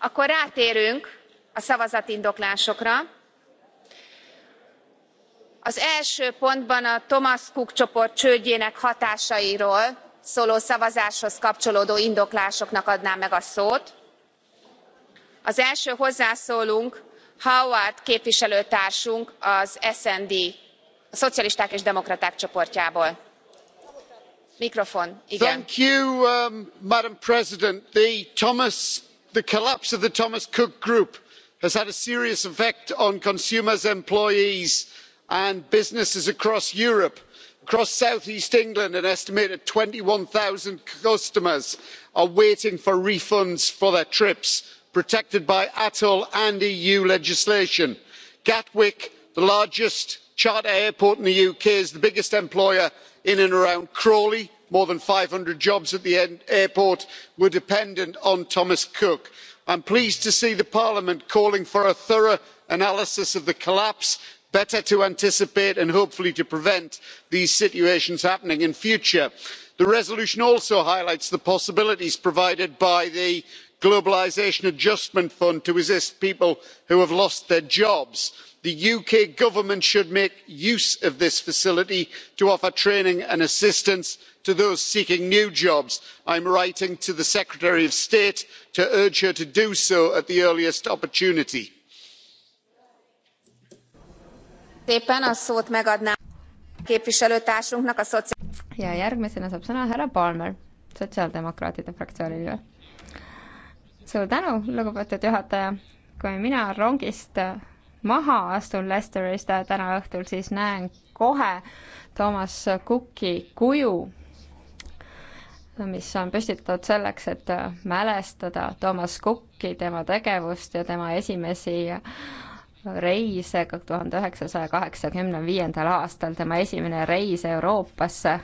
akkor rátérünk a szavazatindoklásokra. az első pontban a thomas cook csoport csődjének hatásairól szóló szavazáshoz kapcsolódó indoklásoknak adnám meg a szót. az első hozzászólónk howard képviselőtársunk az sd a szocialisták és demokraták csoportjából. mikrofon igen. Um, madam president the collapse of the thomas cook group has had a serious effect on consumers employees and businesses across europe. across south east england an estimated twenty one zero customers are waiting for refunds for their trips protected by atol and eu legislation. gatwick the largest charter airport in the uk is the biggest employer in and around crawley more than five hundred jobs at the airport were dependent on thomas cook i'm pleased to see parliament calling for a thorough analysis of the collapse better to anticipate and hopefully to prevent these situations happening in future. the resolution also highlights the possibilities provided by the globalisation adjustment fund to assist people who have lost their jobs the uk government should make use of this facility to offer training and assistance to those seeking new jobs. i'm writing to the secretary of state to urge her to do so at the earliest opportunity. ja järgmisena saab sõna härra palmer sotsiaaldemokraatide fraktsiooni nimel. suur tänu lugupeetud juhataja kui mina rongist maha astun Lesterist täna õhtul, siis näen kohe Toomas Kuki kuju, mis on püstitatud selleks, et mälestada Toomas Kukki, tema tegevust ja tema esimesi reise ka tuhande üheksasaja kaheksakümne viiendal aastal, tema esimene reis Euroopasse,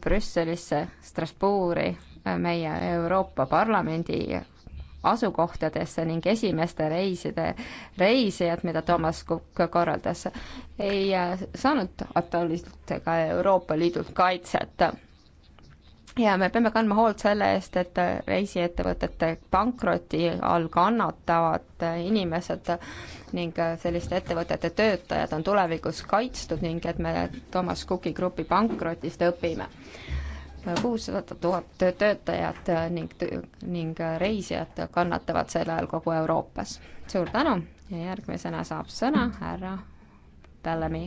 Brüsselisse, Strasbourgi, meie Euroopa Parlamendi asukohtadesse ning esimeste reiside, reisijad, mida Thomas Cook korraldas, ei äh, saanud atoliselt ega Euroopa Liidult kaitset ja me peame kandma hoolt selle eest, et reisiettevõtete pankroti all kannatavad inimesed ning selliste ettevõtete töötajad on tulevikus kaitstud ning et me Thomas Cooki grupi pankrotist õpime kuussada tuhat töötajat ning, ning reisijad kannatavad sel ajal kogu Euroopas. suur tänu ja järgmisena saab sõna härra Bellamy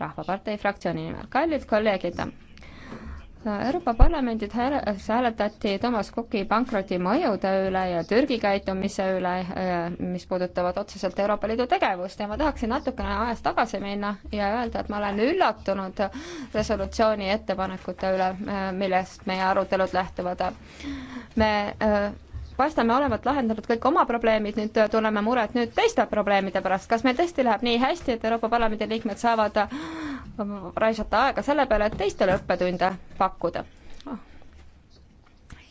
Rahvapartei fraktsiooni nimel. kallid kolleegid Euroopa Parlamendid hääletati Thomas Cooki pankroti mõjude üle ja Türgi käitumise üle, äh, mis puudutavad otseselt Euroopa Liidu tegevust ja ma tahaksin natukene ajas tagasi minna ja öelda, et ma olen üllatunud resolutsiooni ettepanekute üle, äh, millest meie arutelud lähtuvad. me äh, paistame olevat lahendanud kõik oma probleemid, nüüd tunneme muret nüüd teiste probleemide pärast. kas meil tõesti läheb nii hästi, et Euroopa Parlamendi liikmed saavad äh, raisata aega selle peale, et teistele õppetunde pakkuda?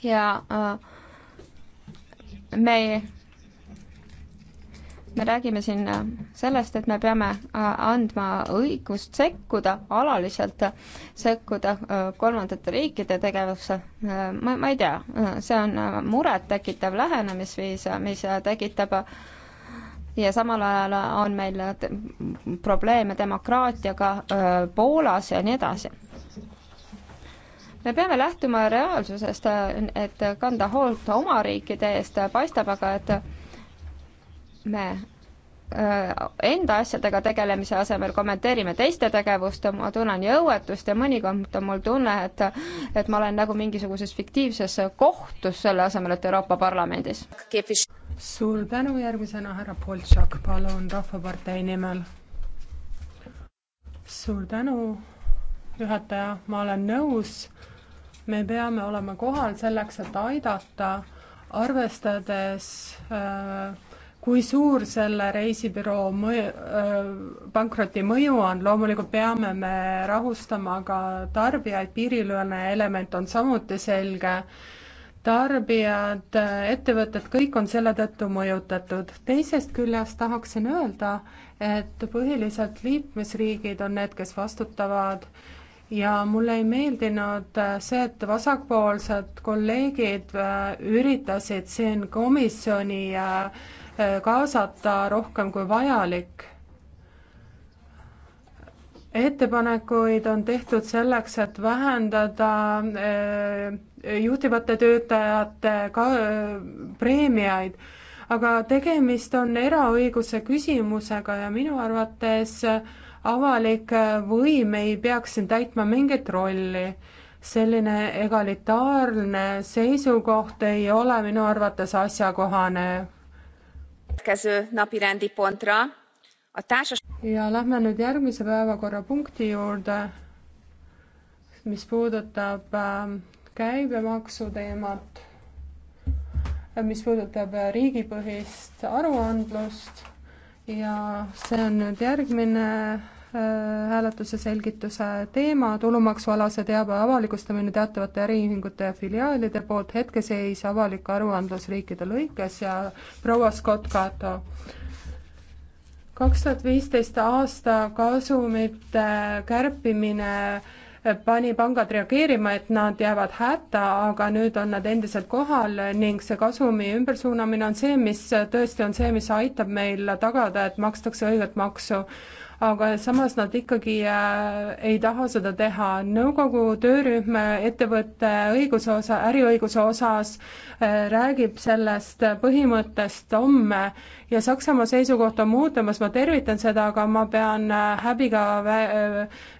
ja äh, me me räägime siin äh, sellest, et me peame äh, andma õigust sekkuda, alaliselt sekkuda äh, kolmandate riikide tegevusse. ma, ma ei tea, see on murettekitav lähenemisviis, mis tekitab ja samal ajal on meil probleeme demokraatiaga Poolas ja nii edasi me peame lähtuma reaalsusest, et kanda hoolt oma riikide eest, paistab aga, et me enda asjadega tegelemise asemel kommenteerime teiste tegevust, ma tunnen jõuetust ja mõnikord on mul tunne, et et ma olen nagu mingisuguses fiktiivses kohtus, selle asemel, et Euroopa Parlamendis. suur tänu, järgmisena härra Boltšak, palun, Rahvapartei nimel. suur tänu, juhataja, ma olen nõus, me peame olema kohal selleks, et aidata, arvestades äh, kui suur selle reisibüroo mõju, pankroti mõju on, loomulikult peame me rahustama ka tarbijaid, piiriülene element on samuti selge, tarbijad, ettevõtted, kõik on selle tõttu mõjutatud. teisest küljest tahaksin öelda, et põhiliselt liikmesriigid on need, kes vastutavad ja mulle ei meeldinud see, et vasakpoolsed kolleegid üritasid siin komisjoni äh, Äh, kaasata rohkem kui vajalik. ettepanekuid on tehtud selleks, et vähendada äh, juhtivate töötajate ka äh, preemiaid, aga tegemist on eraõiguse küsimusega ja minu arvates avalik võim ei peaks siin täitma mingit rolli. selline egalitaarne seisukoht ei ole minu arvates asjakohane ja lähme nüüd järgmise päevakorrapunkti juurde, mis puudutab ähm, käibemaksu teemat, mis puudutab äh, riigipõhist aruandlust ja see on nüüd järgmine Äh, hääletuse selgituse teema, tulumaksualase teabe avalikustamine teatavate äriühingute ja filiaalide poolt, hetkeseis avalik aruandlus riikide lõikes ja proua Scott Cato. kaks tuhat viisteist aasta kasumite kärpimine äh, pani pangad reageerima, et nad jäävad hätta, aga nüüd on nad endiselt kohal ning see kasumi ümbersuunamine on see, mis tõesti on see, mis aitab meil tagada, et makstakse õiget maksu aga samas nad ikkagi äh, ei taha seda teha. nõukogu töörühm ettevõtte õiguse osa, äriõiguse osas äh, räägib sellest põhimõttest homme ja Saksamaa seisukoht on muutumas, ma tervitan seda, aga ma pean äh, häbiga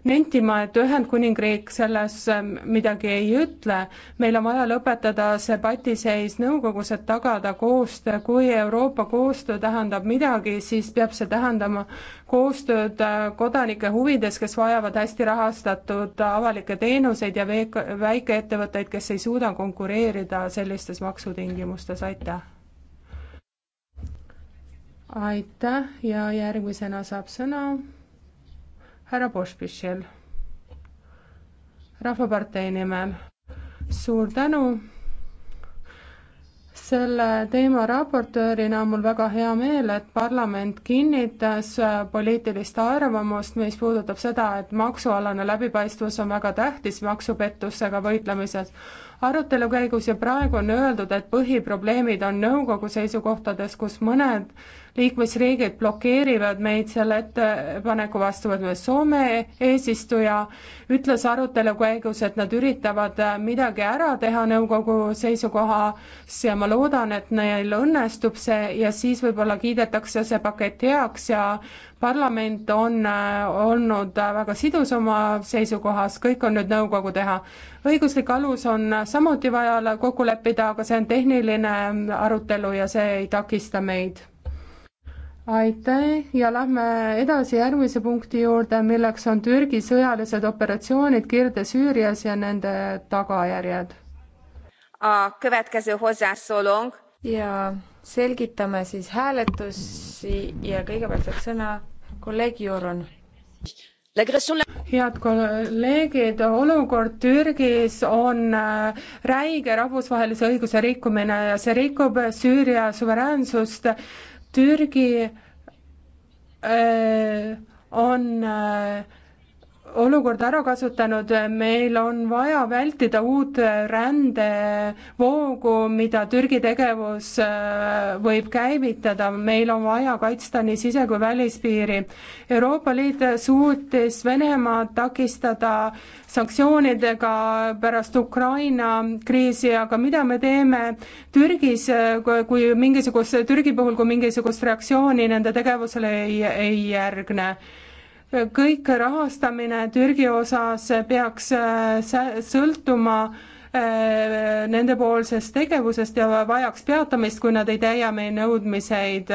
nentima, et Ühendkuningriik selles ähm, midagi ei ütle. meil on vaja lõpetada see patiseis nõukogus, et tagada koostöö, kui Euroopa koostöö tähendab midagi, siis peab see tähendama koostööd äh, kodanike huvides, kes vajavad hästi rahastatud avalikke teenuseid ja veek-, väikeettevõtteid, kes ei suuda konkureerida sellistes maksutingimustes, aitäh! aitäh ja järgmisena saab sõna härra Pospišil Rahvapartei nimel. suur tänu! selle teema raportöörina on mul väga hea meel, et parlament kinnitas poliitilist arvamust, mis puudutab seda, et maksualane läbipaistvus on väga tähtis maksupettusega võitlemises. arutelu käigus ja praegu on öeldud, et põhiprobleemid on nõukogu seisukohtades, kus mõned liikmesriigid blokeerivad meid selle ettepaneku vastuvõtmises. Soome eesistuja ütles arutelu käigus, et nad üritavad midagi ära teha nõukogu seisukohas ja ma loodan, et neil õnnestub see ja siis võib-olla kiidetakse see pakett heaks ja parlament on äh, olnud väga sidus oma seisukohas, kõik on nüüd nõukogu teha. õiguslik alus on samuti vaja kokku leppida, aga see on tehniline arutelu ja see ei takista meid aitäh ja lähme edasi järgmise punkti juurde, milleks on Türgi sõjalised operatsioonid Kirde-Süürias ja nende tagajärjed. ja selgitame siis hääletusi ja kõigepealt saab sõna kolleeg Joron head kolleegid, olukord Türgis on äh, räige rahvusvahelise õiguse rikkumine ja see rikub Süüria suveräänsust Türgi öö, äh, on öö, äh, olukorda ära kasutanud, meil on vaja vältida uut rändevoogu, mida Türgi tegevus äh, võib käivitada, meil on vaja kaitsta nii sise- kui välispiiri. Euroopa Liit suutis Venemaad takistada sanktsioonidega pärast Ukraina kriisi, aga mida me teeme Türgis, kui mingisugust, Türgi puhul, kui mingisugust reaktsiooni nende tegevusele ei, ei järgne kõik rahastamine Türgi osas peaks äh, sõltuma äh, nendepoolsest tegevusest ja vajaks peatamist, kui nad ei täida meie nõudmiseid.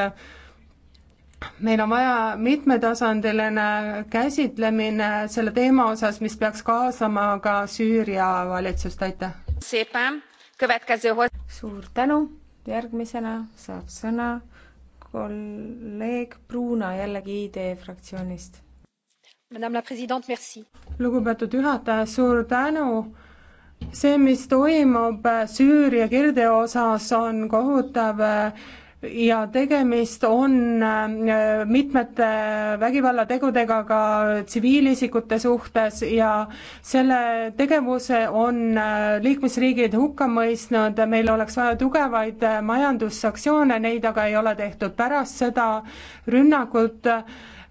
meil on vaja mitmetasandiline käsitlemine selle teema osas, mis peaks kaasama ka Süüria valitsust, aitäh. suur tänu, järgmisena saab sõna kolleeg Bruna jällegi ID fraktsioonist lugupeetud juhataja, suur tänu. see, mis toimub Süüria kirdeosas, on kohutav eh, ja tegemist on eh, mitmete vägivallategudega ka tsiviilisikute suhtes ja selle tegevuse on eh, liikmesriigid hukka mõistnud, meil oleks vaja tugevaid majandussanktsioone, neid aga ei ole tehtud. pärast seda rünnakut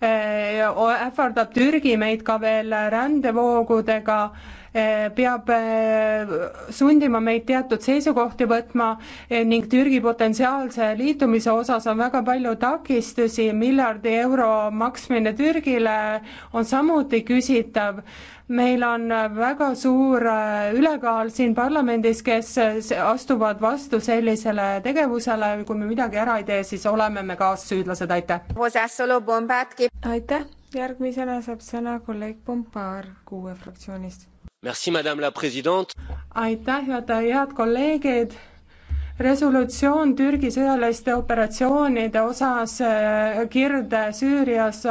Äh, ähvardab Türgi meid ka veel rändevoogudega, äh, peab äh, sundima meid teatud seisukohti võtma ning Türgi potentsiaalse liitumise osas on väga palju takistusi, miljardi euro maksmine Türgile on samuti küsitav meil on väga suur äh, ülekaal siin parlamendis, kes äh, astuvad vastu sellisele tegevusele, kui me midagi ära ei tee, siis oleme me kaassüüdlased, aitäh. aitäh, järgmisena saab sõna kolleeg Pompar kuue fraktsioonist. aitäh, juhataja, head kolleegid resolutsioon Türgi sõjaliste operatsioonide osas äh, Kirde Süürias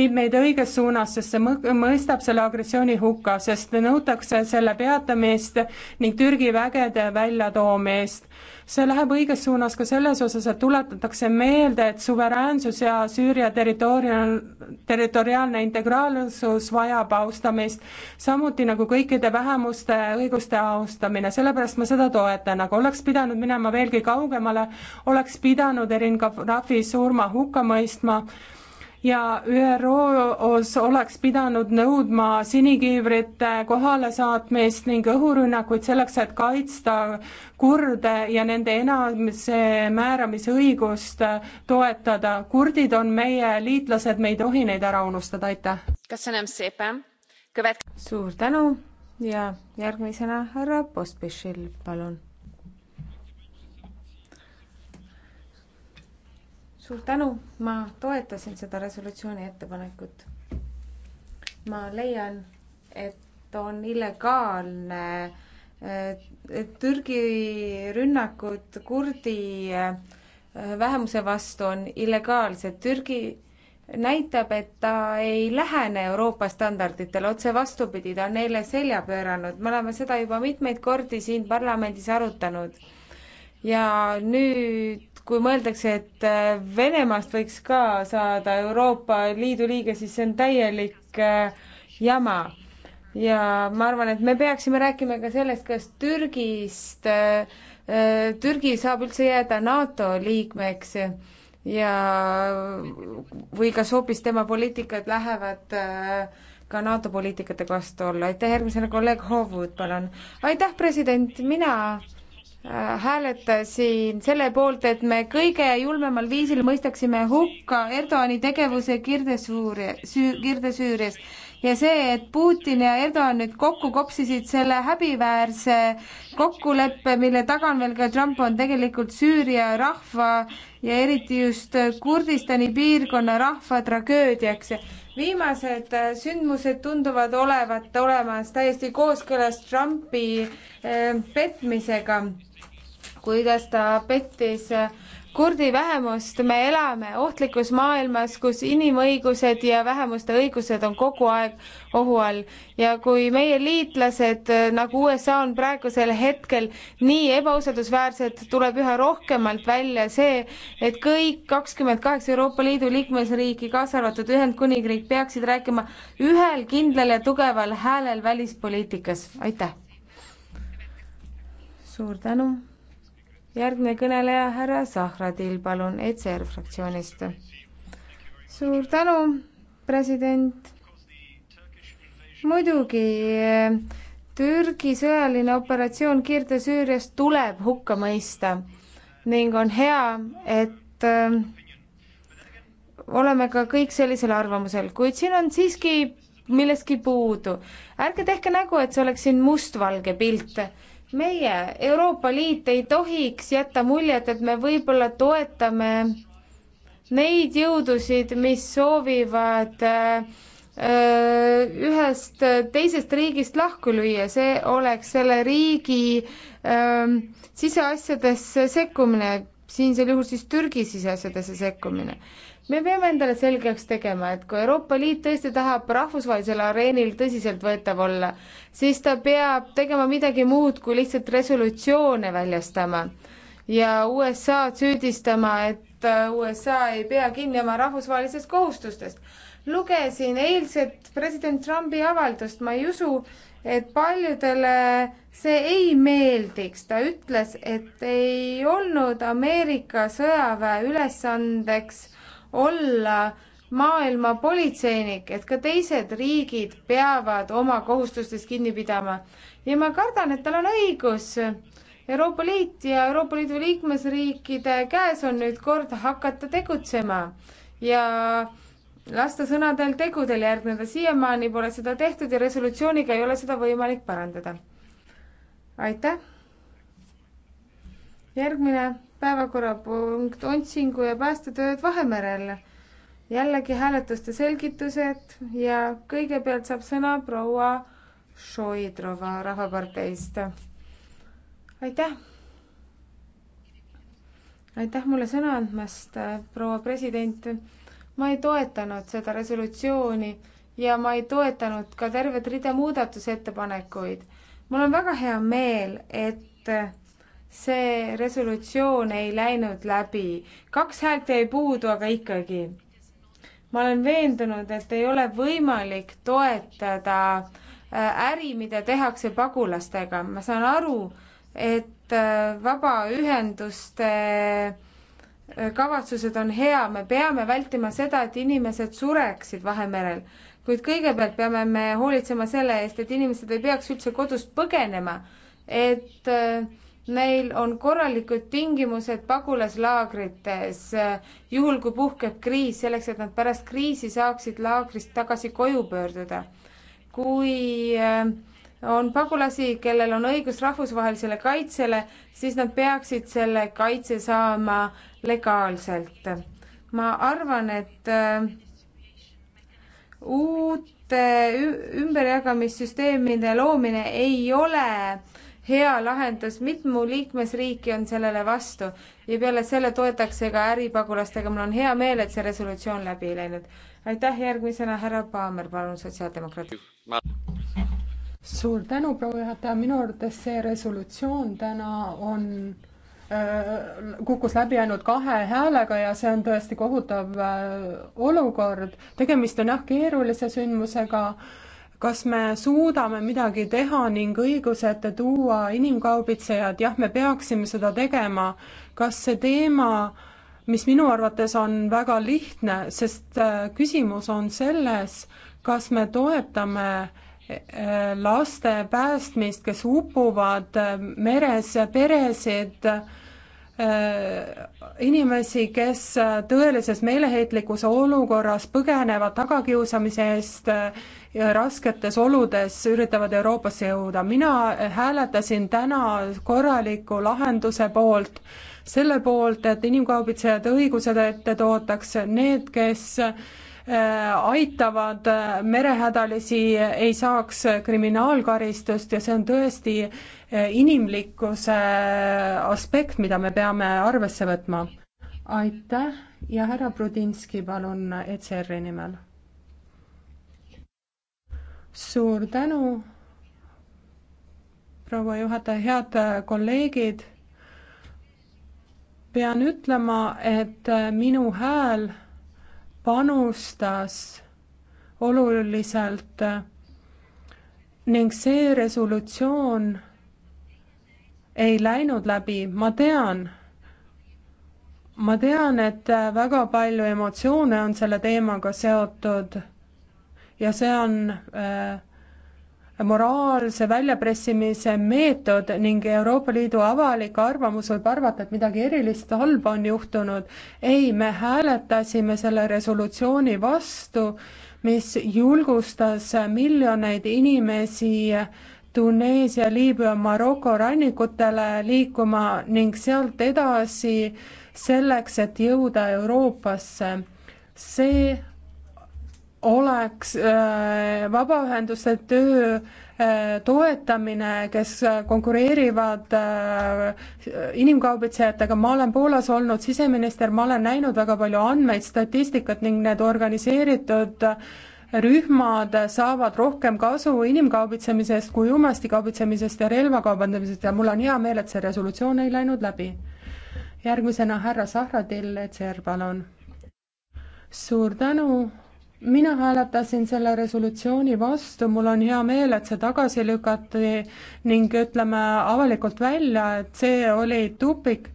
viib meid õiges suunas, sest see mõistab selle agressiooni hukka, sest nõutakse selle peatamist ning Türgi vägede väljatoomist see läheb õiges suunas ka selles osas, et tuletatakse meelde, et suveräänsus ja Süüria territoorial, territoriaalne integraalsus vajab austamist, samuti nagu kõikide vähemuste õiguste austamine, sellepärast ma seda toetan, aga oleks pidanud minema veelgi kaugemale, oleks pidanud Erin Gaddafi surma hukka mõistma, ja ÜRO-s oleks pidanud nõudma sinikiivrite kohalesaatmist ning õhurünnakuid selleks, et kaitsta kurde ja nende enamuse määramisõigust toetada. kurdid on meie liitlased, me ei tohi neid ära unustada, aitäh. suur tänu ja järgmisena härra Pospišil, palun suur tänu, ma toetasin seda resolutsiooni ettepanekut. ma leian, et on illegaalne eh, Türgi rünnakud kurdi eh, vähemuse vastu on illegaalsed. Türgi näitab, et ta ei lähene Euroopa standarditele, otse vastupidi, ta on neile selja pööranud, me oleme seda juba mitmeid kordi siin parlamendis arutanud. ja nüüd kui mõeldakse, et äh, Venemaast võiks ka saada Euroopa Liidu liige, siis see on täielik äh, jama. ja ma arvan, et me peaksime rääkima ka sellest, kas Türgist, äh, Türgi saab üldse jääda NATO liikmeks ja või kas hoopis tema poliitikad lähevad äh, ka NATO poliitikatega vastu olla. aitäh, järgmisena kolleeg Hoovud, palun. aitäh, president, mina hääletasin selle poolt, et me kõige julmemal viisil mõistaksime hukka Erdoani tegevuse Kirde-Süürias ja see, et Putin ja Erdoan nüüd kokku kopsisid selle häbiväärse kokkuleppe, mille taga on veel ka Trump, on tegelikult Süüria rahva ja eriti just Kurdistani piirkonna rahva tragöödiaks viimased sündmused tunduvad olevat olemas täiesti kooskõlas Trumpi eh, petmisega kuidas ta pettis kurdi vähemust, me elame ohtlikus maailmas, kus inimõigused ja vähemuste õigused on kogu aeg ohu all ja kui meie liitlased eh, nagu USA on praegusel hetkel nii ebausaldusväärsed, tuleb üha rohkemalt välja see, et kõik kakskümmend kaheksa Euroopa Liidu liikmesriiki, kaasa arvatud Ühendkuningriik, peaksid rääkima ühel kindlal ja tugeval häälel välispoliitikas. aitäh! suur tänu! järgmine kõneleja, härra Zahradil, palun, ECR fraktsioonist. suur tänu, president. muidugi Türgi sõjaline operatsioon Kirde-Süürias tuleb hukka mõista ning on hea, et äh, oleme ka kõik sellisel arvamusel, kuid siin on siiski millestki puudu. ärge tehke nägu, et see oleks siin mustvalge pilt meie, Euroopa Liit, ei tohiks jätta muljet, et me võib-olla toetame neid jõudusid, mis soovivad äh, ühest teisest riigist lahku lüüa, see oleks selle riigi ähm, siseasjadesse sekkumine, siinsel juhul siis Türgi siseasjadesse sekkumine me peame endale selgeks tegema, et kui Euroopa Liit tõesti tahab rahvusvahelisel areenil tõsiseltvõetav olla, siis ta peab tegema midagi muud, kui lihtsalt resolutsioone väljastama ja USA-d süüdistama, et äh, USA ei pea kinni oma rahvusvahelisest kohustustest. lugesin eilset president Trumpi avaldust, ma ei usu, et paljudele see ei meeldiks, ta ütles, et ei olnud Ameerika sõjaväe ülesandeks olla maailma politseinik, et ka teised riigid peavad oma kohustustest kinni pidama. ja ma kardan, et tal on õigus. Euroopa Liit ja Euroopa Liidu liikmesriikide käes on nüüd kord hakata tegutsema ja lasta sõnadel tegudel järgneda. siiamaani pole seda tehtud ja resolutsiooniga ei ole seda võimalik parandada. aitäh. järgmine päevakorrapunkt otsingu ja päästetööd Vahemerel. jällegi hääletuste selgitused ja kõigepealt saab sõna proua Šoidrova Rahvaparteist. aitäh. aitäh mulle sõna andmast, proua president. ma ei toetanud seda resolutsiooni ja ma ei toetanud ka tervet rida muudatusettepanekuid. mul on väga hea meel, et see resolutsioon ei läinud läbi. kaks häält jäi puudu, aga ikkagi. ma olen veendunud, et ei ole võimalik toetada äh, äri, mida tehakse pagulastega. ma saan aru, et äh, vabaühenduste äh, kavatsused on hea, me peame vältima seda, et inimesed sureksid Vahemerel, kuid kõigepealt peame me hoolitsema selle eest, et inimesed ei peaks üldse kodust põgenema, et äh, Neil on korralikud tingimused pagulaslaagrites, juhul kui puhkeb kriis, selleks et nad pärast kriisi saaksid laagrist tagasi koju pöörduda. kui eh, on pagulasi, kellel on õigus rahvusvahelisele kaitsele, siis nad peaksid selle kaitse saama legaalselt. ma arvan, et eh, uute ümberjagamissüsteemide loomine ei ole äh, hea lahendus, mitmu liikmesriiki on sellele vastu ja peale selle toetakse ka äripagulastega, mul on hea meel, et see resolutsioon läbi ei läinud. aitäh, järgmisena härra Paamer, palun, sotsiaaldemokraat. suur tänu, proua juhataja, minu arvates see resolutsioon täna on äh, kukkus läbi ainult kahe häälega ja see on tõesti kohutav äh, olukord. tegemist on jah, keerulise sündmusega kas me suudame midagi teha ning õiguse ette tuua inimkaubitsejad, jah, me peaksime seda tegema. kas see teema, mis minu arvates on väga lihtne, sest äh, küsimus on selles, kas me toetame äh, laste päästmist, kes upuvad äh, meres, peresid, inimesi, kes tõelises meeleheitlikus olukorras põgenevad tagakiusamise eest, rasketes oludes üritavad Euroopasse jõuda. mina hääletasin täna korraliku lahenduse poolt, selle poolt, et inimkaubitsejad õigused ette toodaks, need, kes äh, aitavad äh, merehädalisi, ei saaks kriminaalkaristust ja see on tõesti äh, inimlikkuse aspekt, mida me peame arvesse võtma. aitäh ja härra Brudinski, palun ECR-i nimel suur tänu, proua juhataja, head kolleegid. pean ütlema, et minu hääl panustas oluliselt ning see resolutsioon ei läinud läbi, ma tean, ma tean, et väga palju emotsioone on selle teemaga seotud ja see on äh, moraalse väljapressimise meetod ning Euroopa Liidu avalik arvamus võib arvata, et midagi erilist halba on juhtunud. ei, me hääletasime selle resolutsiooni vastu, mis julgustas miljoneid inimesi Tuneesia, Liibüa, Maroko rannikutele liikuma ning sealt edasi selleks, et jõuda Euroopasse. see oleks äh, vabaühenduste töö äh, toetamine, kes konkureerivad äh, inimkaubitsejatega, ma olen Poolas olnud siseminister, ma olen näinud väga palju andmeid, statistikat ning need organiseeritud rühmad saavad rohkem kasu inimkaubitsemisest kui uimastikaubitsemisest ja relvakaubandamisest ja mul on hea meel, et see resolutsioon ei läinud läbi. järgmisena härra Sahradil, ECR, palun. suur tänu, mina hääletasin selle resolutsiooni vastu, mul on hea meel, et see tagasi lükati ning ütleme avalikult välja, et see oli tupik.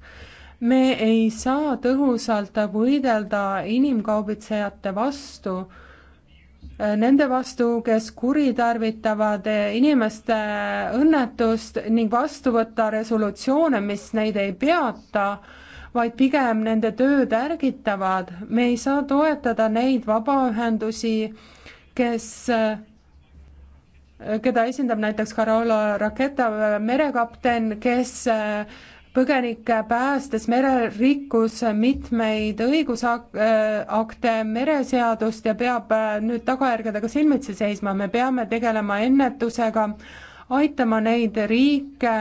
me ei saa tõhusalt võidelda inimkaubitsejate vastu, nende vastu, kes kuritarvitavad inimeste õnnetust ning vastu võtta resolutsioone, mis neid ei peata vaid pigem nende tööd ärgitavad. me ei saa toetada neid vabaühendusi, kes, keda esindab näiteks Carola Raketa merekapten, kes põgenike päästes merel rikkus mitmeid õigusakte, mereseadust ja peab nüüd tagajärgedega silmitsi seisma, me peame tegelema ennetusega, aitama neid riike,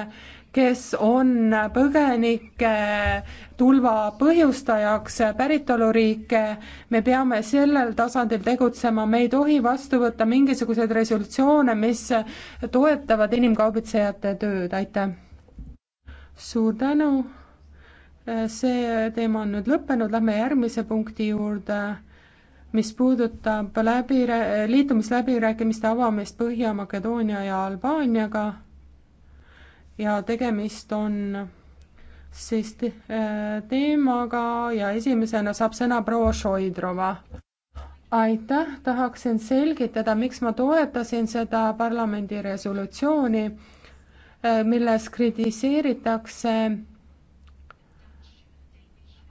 kes on põgenike tulva põhjustajaks päritoluriike, me peame sellel tasandil tegutsema, me ei tohi vastu võtta mingisuguseid resolutsioone, mis toetavad inimkaubitsejate tööd, aitäh. suur tänu, see teema on nüüd lõppenud, lähme järgmise punkti juurde mis puudutab läbi, liitumisläbirääkimiste avamist Põhja-Makedoonia ja Albaaniaga ja tegemist on siis äh, teemaga ja esimesena saab sõna proua Šoidrova. aitäh, tahaksin selgitada, miks ma toetasin seda parlamendi resolutsiooni, äh, milles kritiseeritakse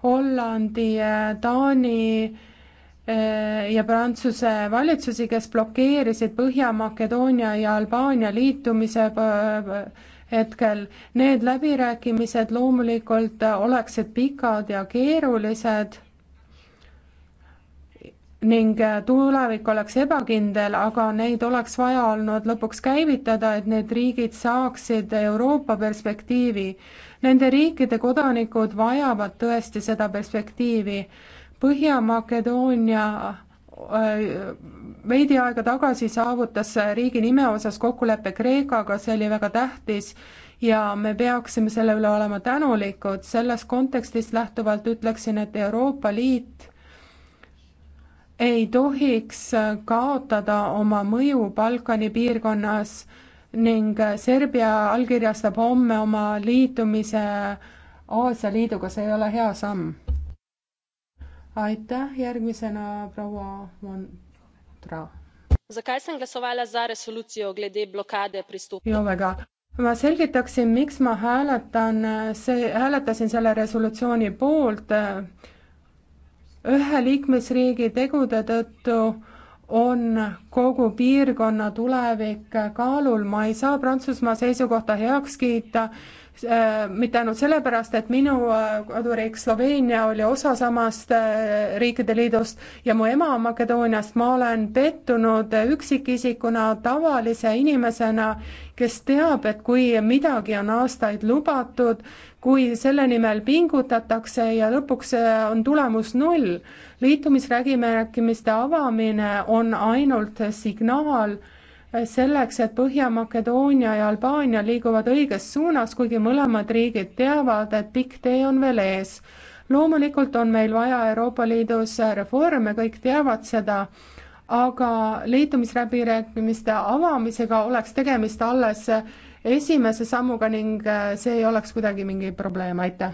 Hollandi, Taani äh, ja Prantsuse valitsusi, kes blokeerisid Põhja-Makedoonia ja Albaania liitumise hetkel. Need läbirääkimised loomulikult oleksid pikad ja keerulised ning tulevik oleks ebakindel, aga neid oleks vaja olnud lõpuks käivitada, et need riigid saaksid Euroopa perspektiivi. Nende riikide kodanikud vajavad tõesti seda perspektiivi. Põhja-Makedoonia Äh, veidi aega tagasi saavutas riigi nime osas kokkulepe Kreekaga, see oli väga tähtis ja me peaksime selle üle olema tänulikud, sellest kontekstist lähtuvalt ütleksin, et Euroopa Liit ei tohiks kaotada oma mõju Balkani piirkonnas ning Serbia allkirjastab homme oma liitumise Aasia Liiduga, see ei ole hea samm aitäh, järgmisena proua Mondra. Zakaj sem glasovala za resolucijo glede blokade pristopa? Jovega, ma selgitaksin, miks ma hääletan, see, hääletasin selle resolutsiooni poolt ühe liikmesriigi tegude tõttu on kogu piirkonna tulevik kaalul, ma ei saa Prantsusmaa seisukohta heaks kiita Äh, mitte ainult sellepärast, et minu äh, koduriik Sloveenia oli osa samast äh, riikide liidust ja mu ema Makedooniast, ma olen pettunud üksikisikuna, tavalise inimesena, kes teab, et kui midagi on aastaid lubatud, kui selle nimel pingutatakse ja lõpuks on tulemus null, liitumisläbirääkimiste avamine on ainult signaal selleks, et Põhja-Makedoonia ja Albaania liiguvad õiges suunas, kuigi mõlemad riigid teavad, et pikk tee on veel ees. loomulikult on meil vaja Euroopa Liidus reforme, kõik teavad seda, aga liitumisläbirääkimiste avamisega oleks tegemist alles esimese sammuga ning äh, see ei oleks kuidagi mingi probleem, aitäh.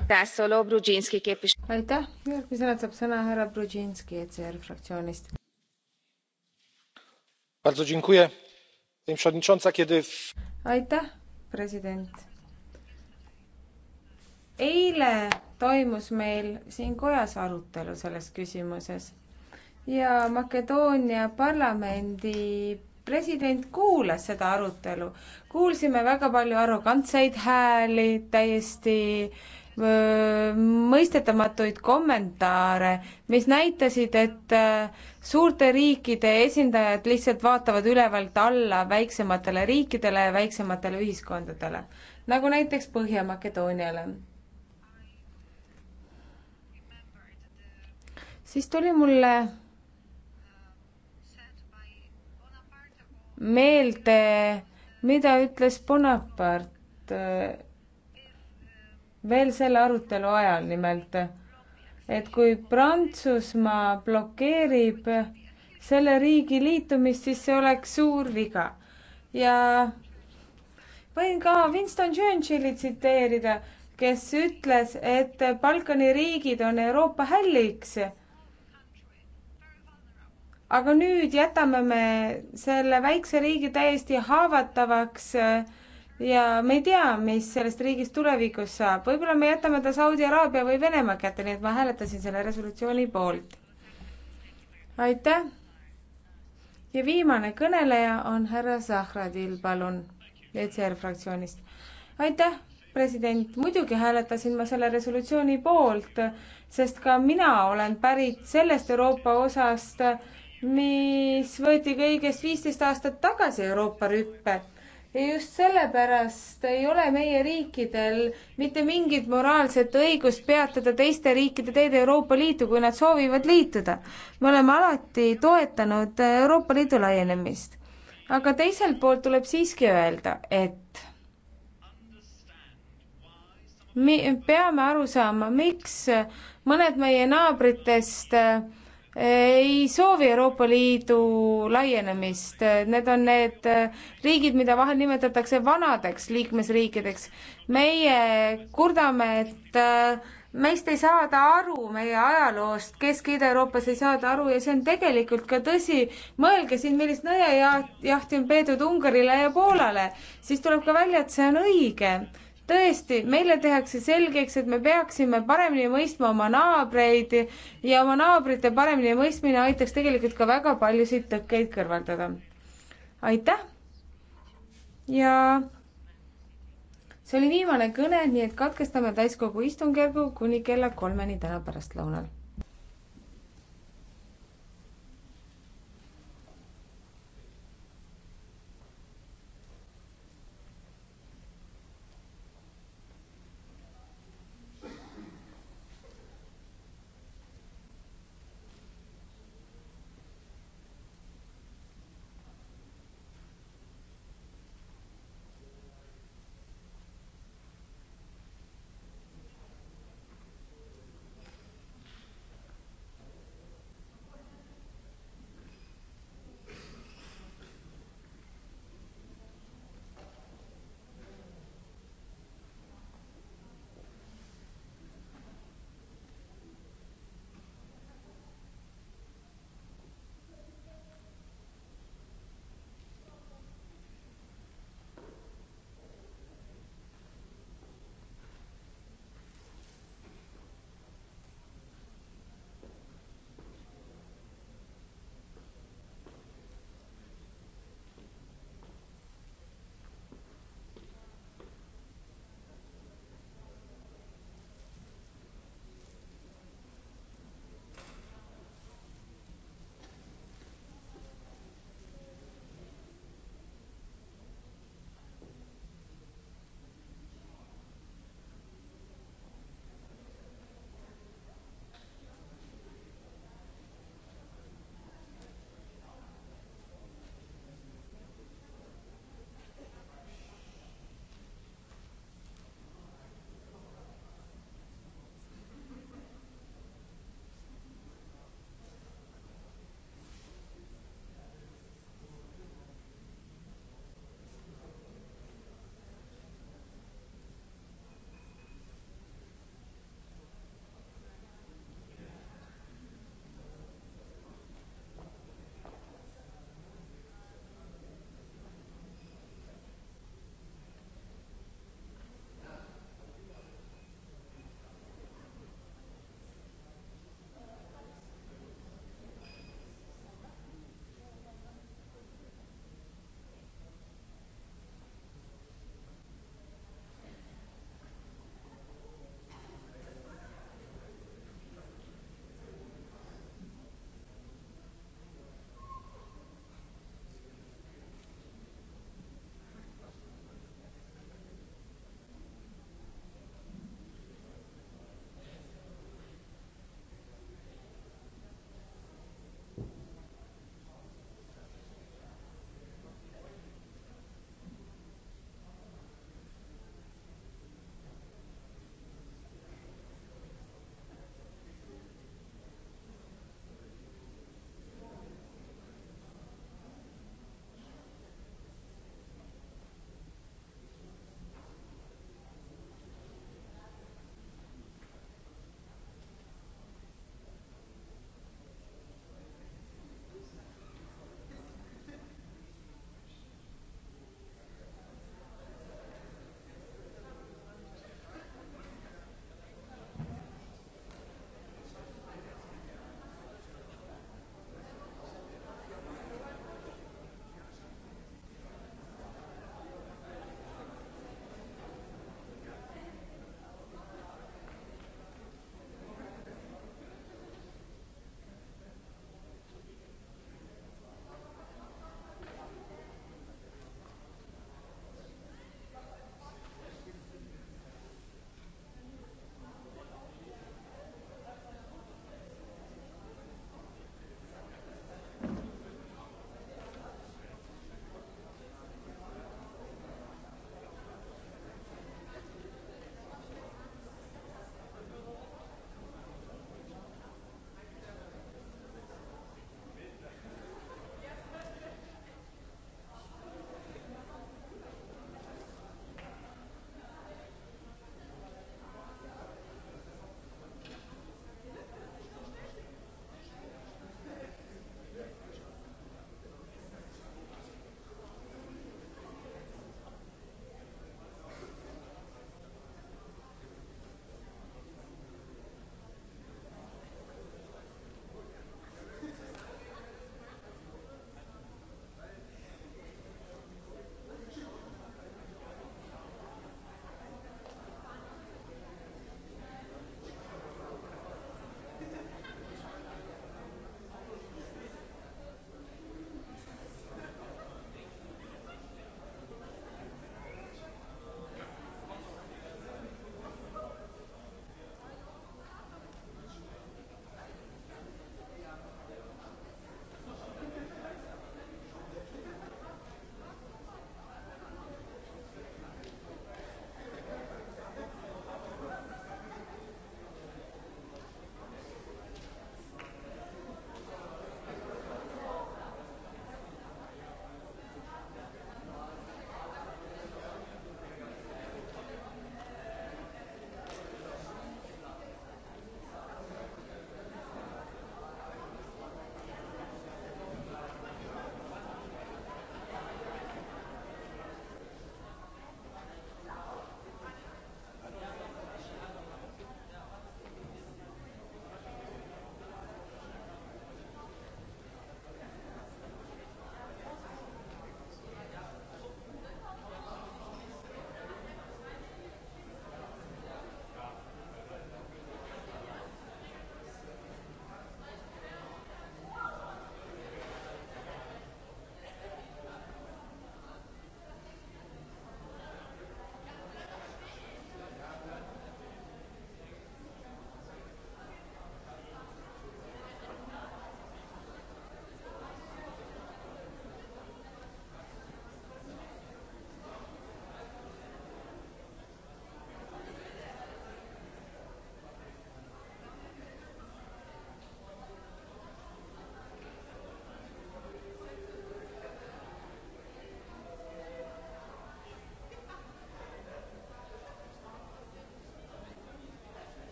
aitäh, järgmisena saab sõna härra Brudžinski ECR fraktsioonist aitäh, president. eile toimus meil siin kojas arutelu selles küsimuses ja Makedoonia parlamendi president kuulas seda arutelu. kuulsime väga palju arrogantseid hääli, täiesti äh, mõistetamatuid kommentaare, mis näitasid, et äh, suurte riikide esindajad lihtsalt vaatavad ülevalt alla väiksematele riikidele ja väiksematele ühiskondadele, nagu näiteks Põhja-Makedooniale. siis tuli mulle meelde, mida ütles Bonaparte veel selle arutelu ajal nimelt, et kui Prantsusmaa blokeerib selle riigi liitumist, siis see oleks suur viga. ja võin ka Winston Churchilli tsiteerida, kes ütles, et Balkani riigid on Euroopa hälliks. aga nüüd jätame me selle väikse riigi täiesti haavatavaks äh, ja me ei tea, mis sellest riigist tulevikus saab, võib-olla me jätame ta Saudi Araabia või Venemaa kätte, nii et ma hääletasin selle resolutsiooni poolt. aitäh. ja viimane kõneleja on härra Zahradil, palun, ECR fraktsioonist. aitäh, president, muidugi hääletasin ma selle resolutsiooni poolt, sest ka mina olen pärit sellest Euroopa osast, mis võeti kõigest viisteist aastat tagasi Euroopa rüppe ja just sellepärast ei ole meie riikidel mitte mingit moraalset õigust peatada teiste riikide teed Euroopa Liitu, kui nad soovivad liituda. me oleme alati toetanud Euroopa Liidu laienemist. aga teiselt poolt tuleb siiski öelda, et me peame aru saama, miks mõned meie naabritest äh, ei soovi Euroopa Liidu laienemist, need on need äh, riigid, mida vahel nimetatakse vanadeks liikmesriikideks. meie kurdame, et äh, meist ei saada aru, meie ajaloost, Kesk-Ida-Euroopas ei saada aru ja see on tegelikult ka tõsi. mõelge siin, millist nõiajahti on peetud Ungarile ja Poolale, siis tuleb ka välja, et see on õige tõesti, meile tehakse selgeks, et me peaksime paremini mõistma oma naabreid ja oma naabrite paremini mõistmine aitaks tegelikult ka väga paljusid tõkkeid kõrvaldada. aitäh! ja see oli viimane kõne, nii et katkestame täiskogu istungjärgu kuni kella kolmeni täna pärastlõunal.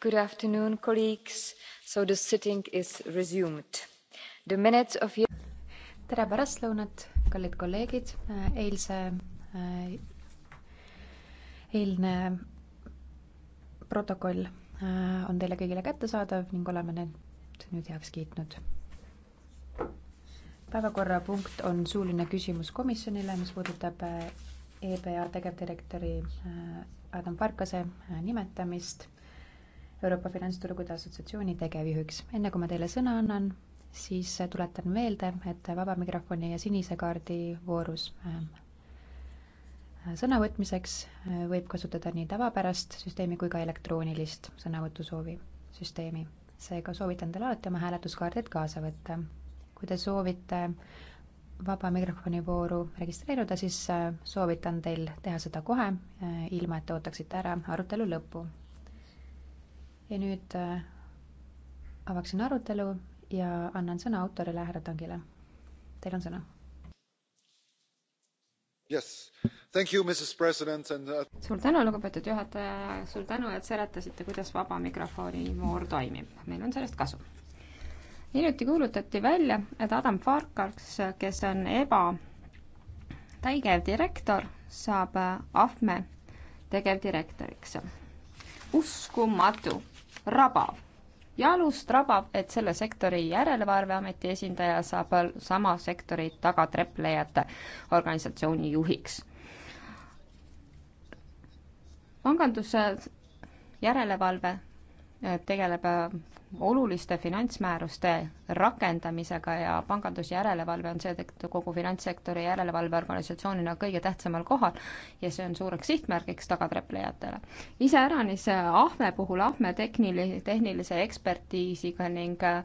good afternoon colleagues so the sitting is resumed the minutes of tere pärastlõunat kallid kolleegid eilse äh, eilne protokoll äh, on teile kõigile kättesaadav ning oleme need nüüd heaks kiitnud päevakorrapunkt on suuline küsimus komisjonile mis puudutab äh, EBA tegevdirektori Adam Farkase nimetamist Euroopa Finantsturgude Assotsiatsiooni tegevjuhiks. enne kui ma teile sõna annan, siis tuletan meelde, et vaba mikrofoni ja sinise kaardi voorus äh, sõnavõtmiseks äh, võib kasutada nii tavapärast süsteemi kui ka elektroonilist sõnavõtusoovi süsteemi. seega soovitan teil alati oma hääletuskaardid kaasa võtta. kui te soovite vaba mikrofoni vooru registreeruda, siis äh, soovitan teil teha seda kohe, ilma et te ootaksite ära arutelu lõppu ja nüüd äh, avaksin arutelu ja annan sõna autorile, härra Tangile. Teil on sõna. Yes. You, And... Uh, suur tänu, lugupeetud juhataja, suur tänu, et seletasite, kuidas vaba mikrofoni voor toimib. meil on sellest kasu. hiljuti kuulutati välja, et Adam Farkas, kes on EBA tegevdirektor, saab äh, AFME tegevdirektoriks. uskumatu rabav jalust rabab, et selle sektori järelevalveameti esindaja saab sama sektori tagatreplejate organisatsiooni juhiks. panganduse järelevalve tegeleb äh, oluliste finantsmääruste rakendamisega ja pangandusjärelevalve on seetõttu kogu finantssektori järelevalveorganisatsioonina kõige tähtsamal kohal ja see on suureks sihtmärgiks tagatreplejatele. iseäranis äh, ahme puhul ahme tehnili-, tehnilise ekspertiisiga ning äh,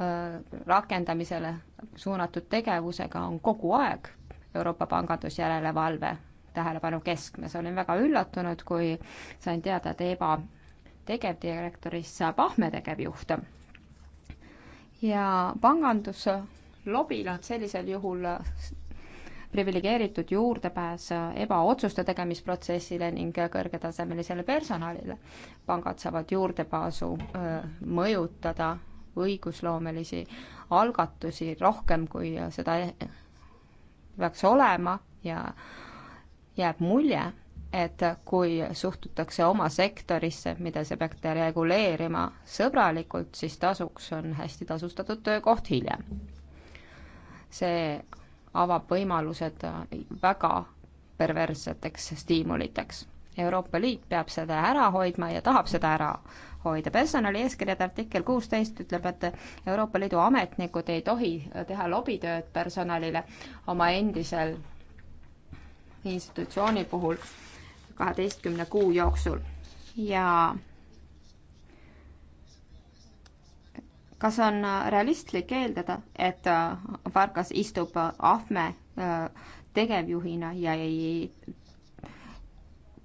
äh, rakendamisele suunatud tegevusega on kogu aeg Euroopa pangandusjärelevalve tähelepanu keskmes. olin väga üllatunud, kui sain teada, et EBA tegevdirektorist saab Ahme tegevjuht. ja panganduslobil on sellisel juhul priviligeeritud juurdepääs ebaotsuste tegemisprotsessile ning kõrgetasemelisele personalile. pangad saavad juurdepääsu mõjutada õigusloomelisi algatusi rohkem, kui seda e-, peaks olema ja jääb mulje, et kui suhtutakse oma sektorisse, mida sa pead reguleerima sõbralikult, siis tasuks on hästi tasustatud töökoht hiljem. see avab võimalused väga perversseteks stiimuliteks. Euroopa Liit peab seda ära hoidma ja tahab seda ära hoida. personali eeskirjade artikkel kuusteist ütleb, et Euroopa Liidu ametnikud ei tohi teha lobitööd personalile oma endisel institutsiooni puhul kaheteistkümne kuu jooksul ja kas on realistlik eeldada, et Vargas istub ahme äh, tegevjuhina ja ei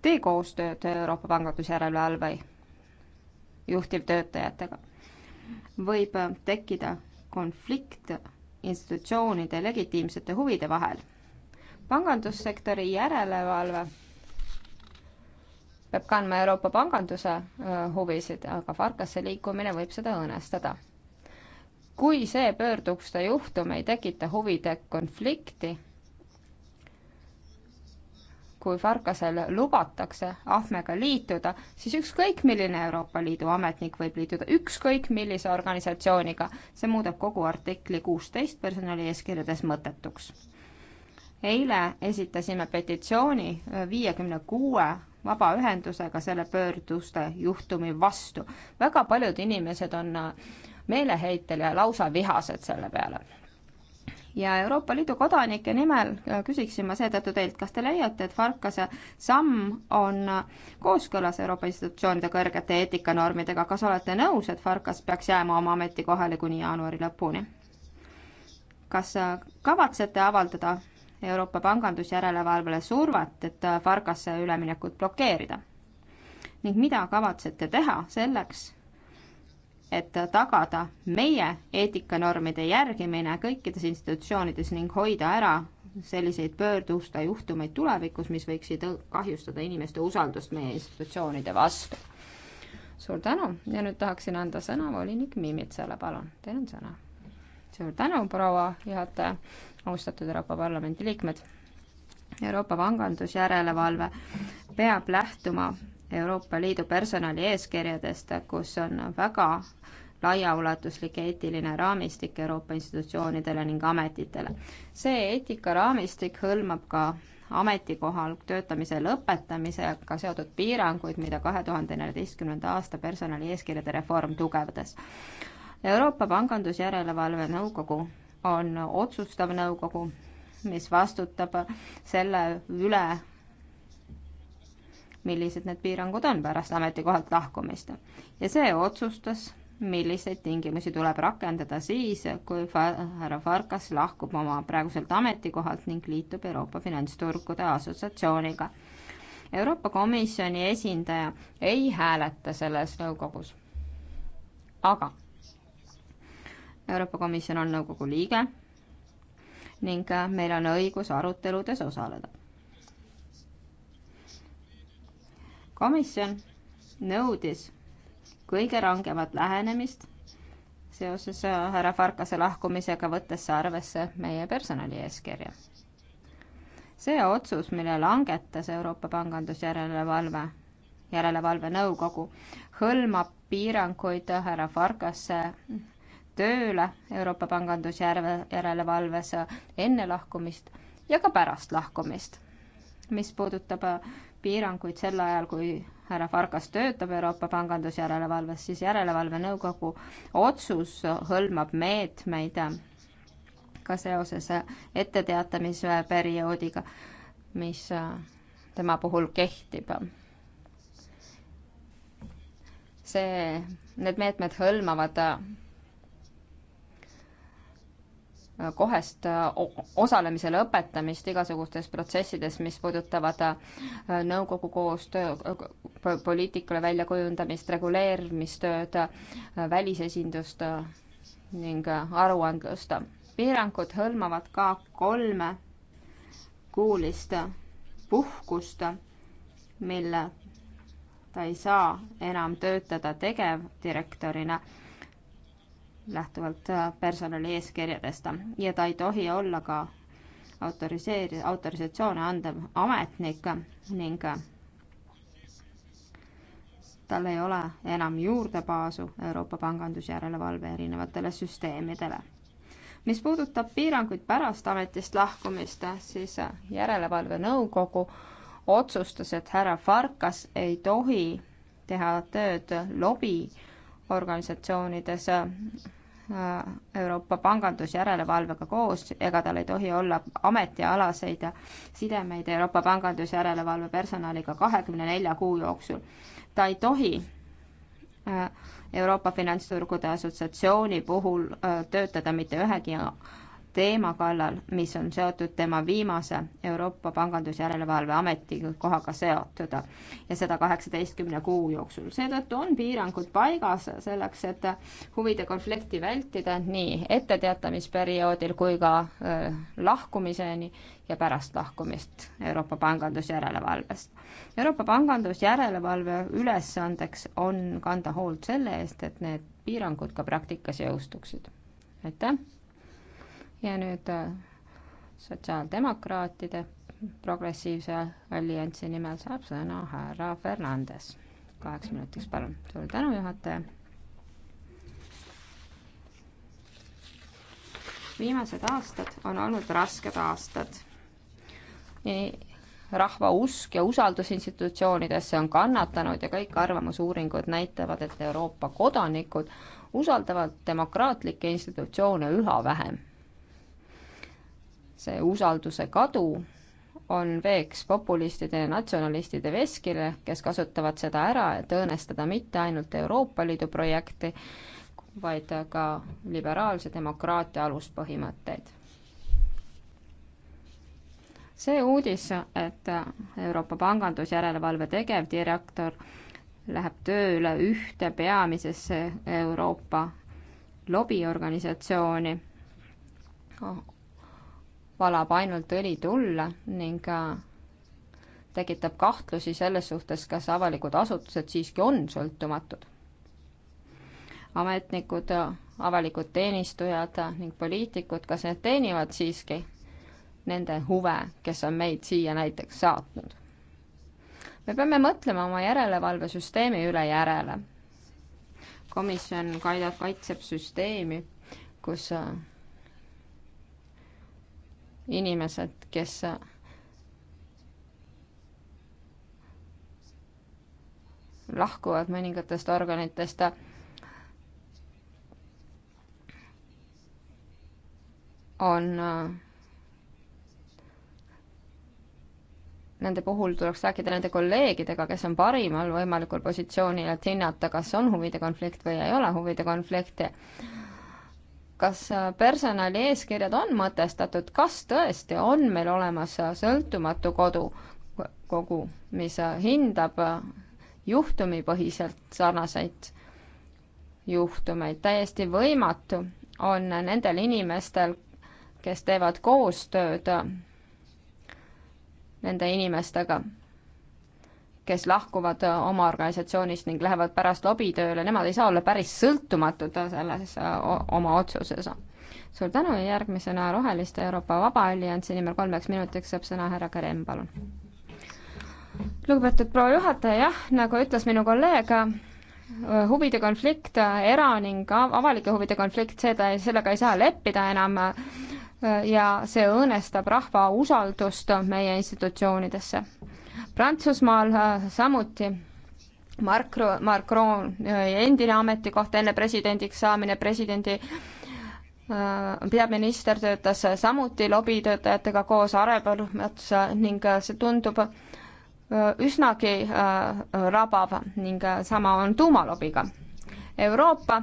tee koostööd Euroopa pangandusjärelevalve juhtivtöötajatega? võib tekkida konflikt institutsioonide legitiimsete huvide vahel. pangandussektori järelevalve peab kandma Euroopa panganduse huvisid, aga Farkasse liikumine võib seda õõnestada. kui see pöördukste juhtum ei tekita huvide konflikti, kui Farkasel lubatakse Ahmega liituda, siis ükskõik milline Euroopa Liidu ametnik võib liituda ükskõik millise organisatsiooniga, see muudab kogu artikli kuusteist personali eeskirjades mõttetuks eile esitasime petitsiooni viiekümne kuue vabaühendusega selle pöörduste juhtumi vastu. väga paljud inimesed on meeleheitel ja lausa vihased selle peale ja Euroopa Liidu kodanike nimel küsiksin ma seetõttu teilt, kas te leiate, et Farkase samm on kooskõlas Euroopa institutsioonide kõrgete eetikanormidega, kas olete nõus, et Farkas peaks jääma oma ametikohale kuni jaanuari lõpuni? kas kavatsete avaldada Euroopa pangandusjärelevalvele survet, et Farkase üleminekut blokeerida? ning mida kavatsete teha selleks, et tagada meie eetikanormide järgimine kõikides institutsioonides ning hoida ära selliseid pöörduste juhtumeid tulevikus, mis võiksid kahjustada inimeste usaldust meie institutsioonide vastu. suur tänu ja nüüd tahaksin anda sõna volinik Mimitsale, palun, teil on sõna. suur tänu, proua juhataja austatud Euroopa Parlamendi liikmed. Euroopa pangandusjärelevalve peab lähtuma Euroopa Liidu personali eeskirjadest, kus on väga laiaulatuslik eetiline raamistik Euroopa institutsioonidele ning ametitele. see eetikaraamistik hõlmab ka ametikohal töötamise lõpetamisega seotud piiranguid, mida kahe tuhande neljateistkümnenda aasta personali eeskirjade reform tugevdas. Euroopa Pangandusjärelevalve Nõukogu on otsustav nõukogu, mis vastutab selle üle, millised need piirangud on pärast ametikohalt lahkumist. ja see otsustas, milliseid tingimusi tuleb rakendada siis, kui härra Farkas lahkub oma praeguselt ametikohalt ning liitub Euroopa Finantsturgude Assotsiatsiooniga. Euroopa Komisjoni esindaja ei hääleta selles nõukogus. aga Euroopa Komisjon on nõukogu liige ning äh, meil on õigus aruteludes osaleda. komisjon nõudis kõige rangemat lähenemist seoses äh, härra Farkase lahkumisega, võttes arvesse meie personalieeskirja. see otsus, mille langetas Euroopa Pangandusjärelevalve, järelevalve nõukogu, hõlmab piiranguid härra Farkase tööle Euroopa pangandusjärelevalves enne lahkumist ja ka pärast lahkumist. mis puudutab piiranguid sel ajal, kui härra Farkas töötab Euroopa pangandusjärelevalves, siis Järelevalvenõukogu otsus hõlmab meetmeid ka seoses etteteatamisperioodiga, mis tema puhul kehtib. see, need meetmed hõlmavad kohest äh, osalemisele õpetamist igasugustes protsessides, mis puudutavad äh, nõukogu koostöö, poliitikale väljakujundamist, reguleerimistööd, äh, välisesindust ning aruandlust. piirangud hõlmavad ka kolme kuulist puhkust, mil ta ei saa enam töötada tegevdirektorina lähtuvalt äh, personali eeskirjadest ja ta ei tohi olla ka autoriseeri-, autorisatsioone andev ametnik ning äh, tal ei ole enam juurdepääsu Euroopa pangandusjärelevalve erinevatele süsteemidele. mis puudutab piiranguid pärast ametist lahkumist, siis äh, Järelevalvenõukogu otsustas, et härra Farkas ei tohi teha tööd lobiorganisatsioonides Äh, Euroopa pangandusjärelevalvega koos ega tal ei tohi olla ametialaseid sidemeid Euroopa pangandusjärelevalve personaliga kahekümne nelja kuu jooksul. ta ei tohi äh, Euroopa Finantsturgude Assotsiatsiooni puhul äh, töötada mitte ühegi teema kallal, mis on seotud tema viimase Euroopa Pangandusjärelevalve ametikohaga seotud ja seda kaheksateistkümne kuu jooksul. seetõttu on piirangud paigas selleks, et huvide konflikti vältida nii etteteatamisperioodil kui ka lahkumiseni ja pärast lahkumist Euroopa Pangandusjärelevalvest. Euroopa Pangandusjärelevalve ülesandeks on kanda hoolt selle eest, et need piirangud ka praktikas jõustuksid. aitäh! ja nüüd äh, sotsiaaldemokraatide progressiivse alliansi nimel saab sõna härra Fernandes. kaheks minutiks, palun. suur tänu, juhataja. viimased aastad on olnud rasked aastad. rahva usk ja usaldus institutsioonidesse on kannatanud ja kõik arvamusuuringud näitavad, et Euroopa kodanikud usaldavad demokraatlikke institutsioone üha vähem see usalduse kadu on veeks populistide ja natsionalistide veskile, kes kasutavad seda ära, et õõnestada mitte ainult Euroopa Liidu projekti, vaid ka liberaalse demokraatia aluspõhimõtteid. see uudis, et Euroopa pangandusjärelevalve tegevdirektor läheb tööle ühte peamisesse Euroopa lobiorganisatsiooni, valab ainult õli tulla ning äh, tekitab kahtlusi selles suhtes, kas avalikud asutused siiski on sõltumatud. ametnikud, äh, avalikud teenistujad äh, ning poliitikud, kas need teenivad siiski nende huve, kes on meid siia näiteks saatnud? me peame mõtlema oma järelevalvesüsteemi üle järele. komisjon kaitseb süsteemi, kus inimesed, kes lahkuvad mõningatest organitest. on, nende puhul tuleks rääkida nende kolleegidega, kes on parimal võimalikul positsioonil, et hinnata, kas on huvide konflikt või ei ole huvide konflikti kas äh, personali eeskirjad on mõtestatud, kas tõesti on meil olemas äh, sõltumatu kodu, kogu, mis äh, hindab juhtumipõhiselt sarnaseid juhtumeid, täiesti võimatu on nendel inimestel, kes teevad koostööd nende inimestega kes lahkuvad äh, oma organisatsioonist ning lähevad pärast lobitööle, nemad ei saa olla päris sõltumatud äh, selles äh, oma otsuses. suur tänu ja järgmisena Roheliste Euroopa Vabaalliansi nimel kolmeks minutiks saab sõna härra Kerem, palun. lugupeetud proua juhataja, jah, nagu ütles minu kolleeg, huvide konflikt, era- ning avalike huvide konflikt, seda, sellega ei saa leppida enam ja see õõnestab rahva usaldust meie institutsioonidesse Prantsusmaal äh, samuti Mark, Macron äh, endine ametikoht enne presidendiks saamine, presidendi äh, peaminister töötas samuti lobitöötajatega koos arepõlvmets ning see tundub üsnagi rabav ning sama on tuumalobiga. Euroopa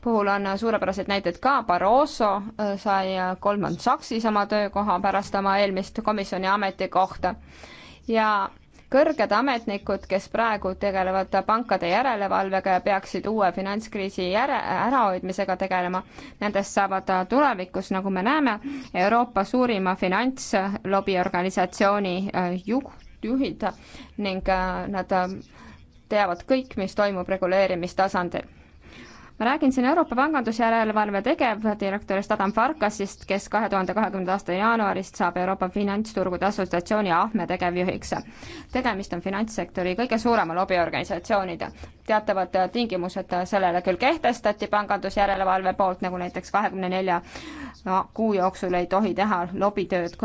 puhul on suurepärased näited ka, Barroso äh, sai äh, Goldman Sachsi sama töökoha pärast oma eelmist komisjoni ametikohta ja kõrged ametnikud, kes praegu tegelevad pankade järelevalvega ja peaksid uue finantskriisi järe, ärahoidmisega tegelema, nendest saavad äh, tulevikus, nagu me näeme, Euroopa suurima finantslobiorganisatsiooni juht, juhid ning nad teavad kõik, mis toimub reguleerimistasandil ma räägin siin Euroopa Pangandusjärelevalve tegevdirektorist Adam Farkasist, kes kahe tuhande kahekümnenda aasta jaanuarist saab Euroopa Finantsturgude Assotsiatsiooni AHME tegevjuhiks. tegemist on finantssektori kõige suurema lobiorganisatsioonide, teatavad tingimused sellele küll kehtestati pangandusjärelevalve poolt, nagu näiteks kahekümne nelja kuu jooksul ei tohi teha lobitööd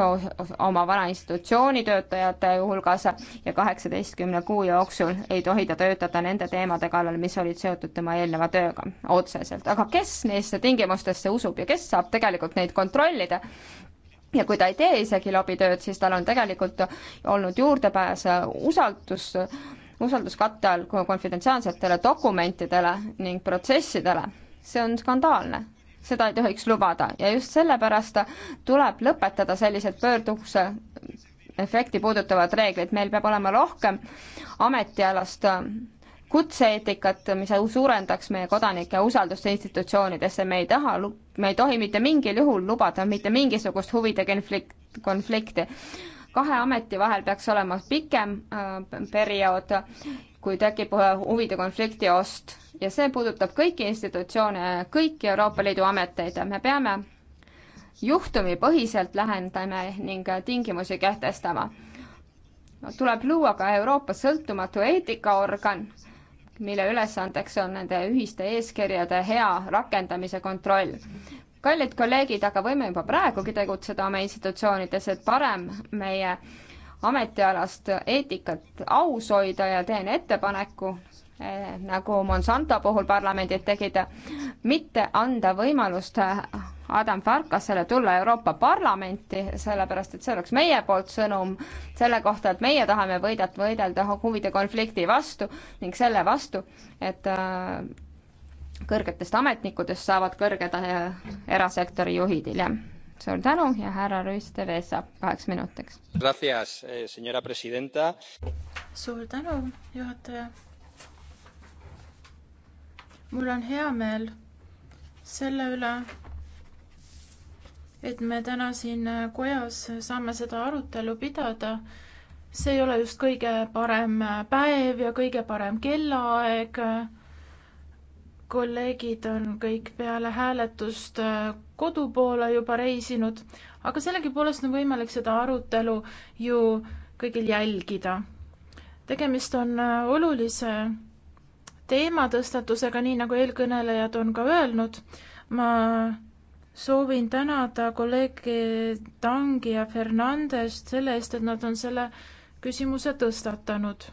oma vana institutsiooni töötajate hulgas ja kaheksateistkümne kuu jooksul ei tohi ta töötada nende teemade kallal, mis olid seotud tema eelneva tööga otseselt. aga kes neisse tingimustesse usub ja kes saab tegelikult neid kontrollida? ja kui ta ei tee isegi lobitööd, siis tal on tegelikult olnud juurdepääs usaldus äh, usalduskatte all konfidentsiaalsetele dokumentidele ning protsessidele. see on skandaalne, seda ei tohiks lubada ja just sellepärast tuleb lõpetada sellised pöördukse efekti puudutavad reeglid, meil peab olema rohkem ametialast kutse-eetikat, mis suurendaks meie kodanike usaldust institutsioonidesse, me ei taha, me ei tohi mitte mingil juhul lubada mitte mingisugust huvide konflikt, konflikti kahe ameti vahel peaks olema pikem äh, periood, kui tekib äh, huvide konflikti ost ja see puudutab kõiki institutsioone, kõiki Euroopa Liidu ameteid, me peame juhtumipõhiselt lähendame ning tingimusi kehtestama. tuleb luua ka Euroopa sõltumatu eetikaorgan, mille ülesandeks on nende ühiste eeskirjade hea rakendamise kontroll kallid kolleegid, aga võime juba praegugi tegutseda oma institutsioonides, et parem meie ametialast eetikat aus hoida ja teen ettepaneku, eh, nagu Monsanto puhul parlamendid tegid, mitte anda võimalust Adam Farkasele tulla Euroopa Parlamenti, sellepärast et see oleks meie poolt sõnum selle kohta, et meie tahame võidet, võidelda huvide konflikti vastu ning selle vastu, et kõrgetest ametnikudest saavad kõrged äh, erasektori juhid hiljem. suur tänu ja härra Ruiz de Vesa kaheks minutiks. Eh, suur tänu, juhataja. mul on hea meel selle üle, et me täna siin äh, kojas saame seda arutelu pidada see ei ole just kõige parem äh, päev ja kõige parem kellaaeg kolleegid on kõik peale hääletust äh, kodu poole juba reisinud, aga sellegipoolest on võimalik seda arutelu ju kõigil jälgida. tegemist on äh, olulise teematõstatusega, nii nagu eelkõnelejad on ka öelnud. ma soovin tänada kolleege Tangi ja Fernandest selle eest, et nad on selle küsimuse tõstatanud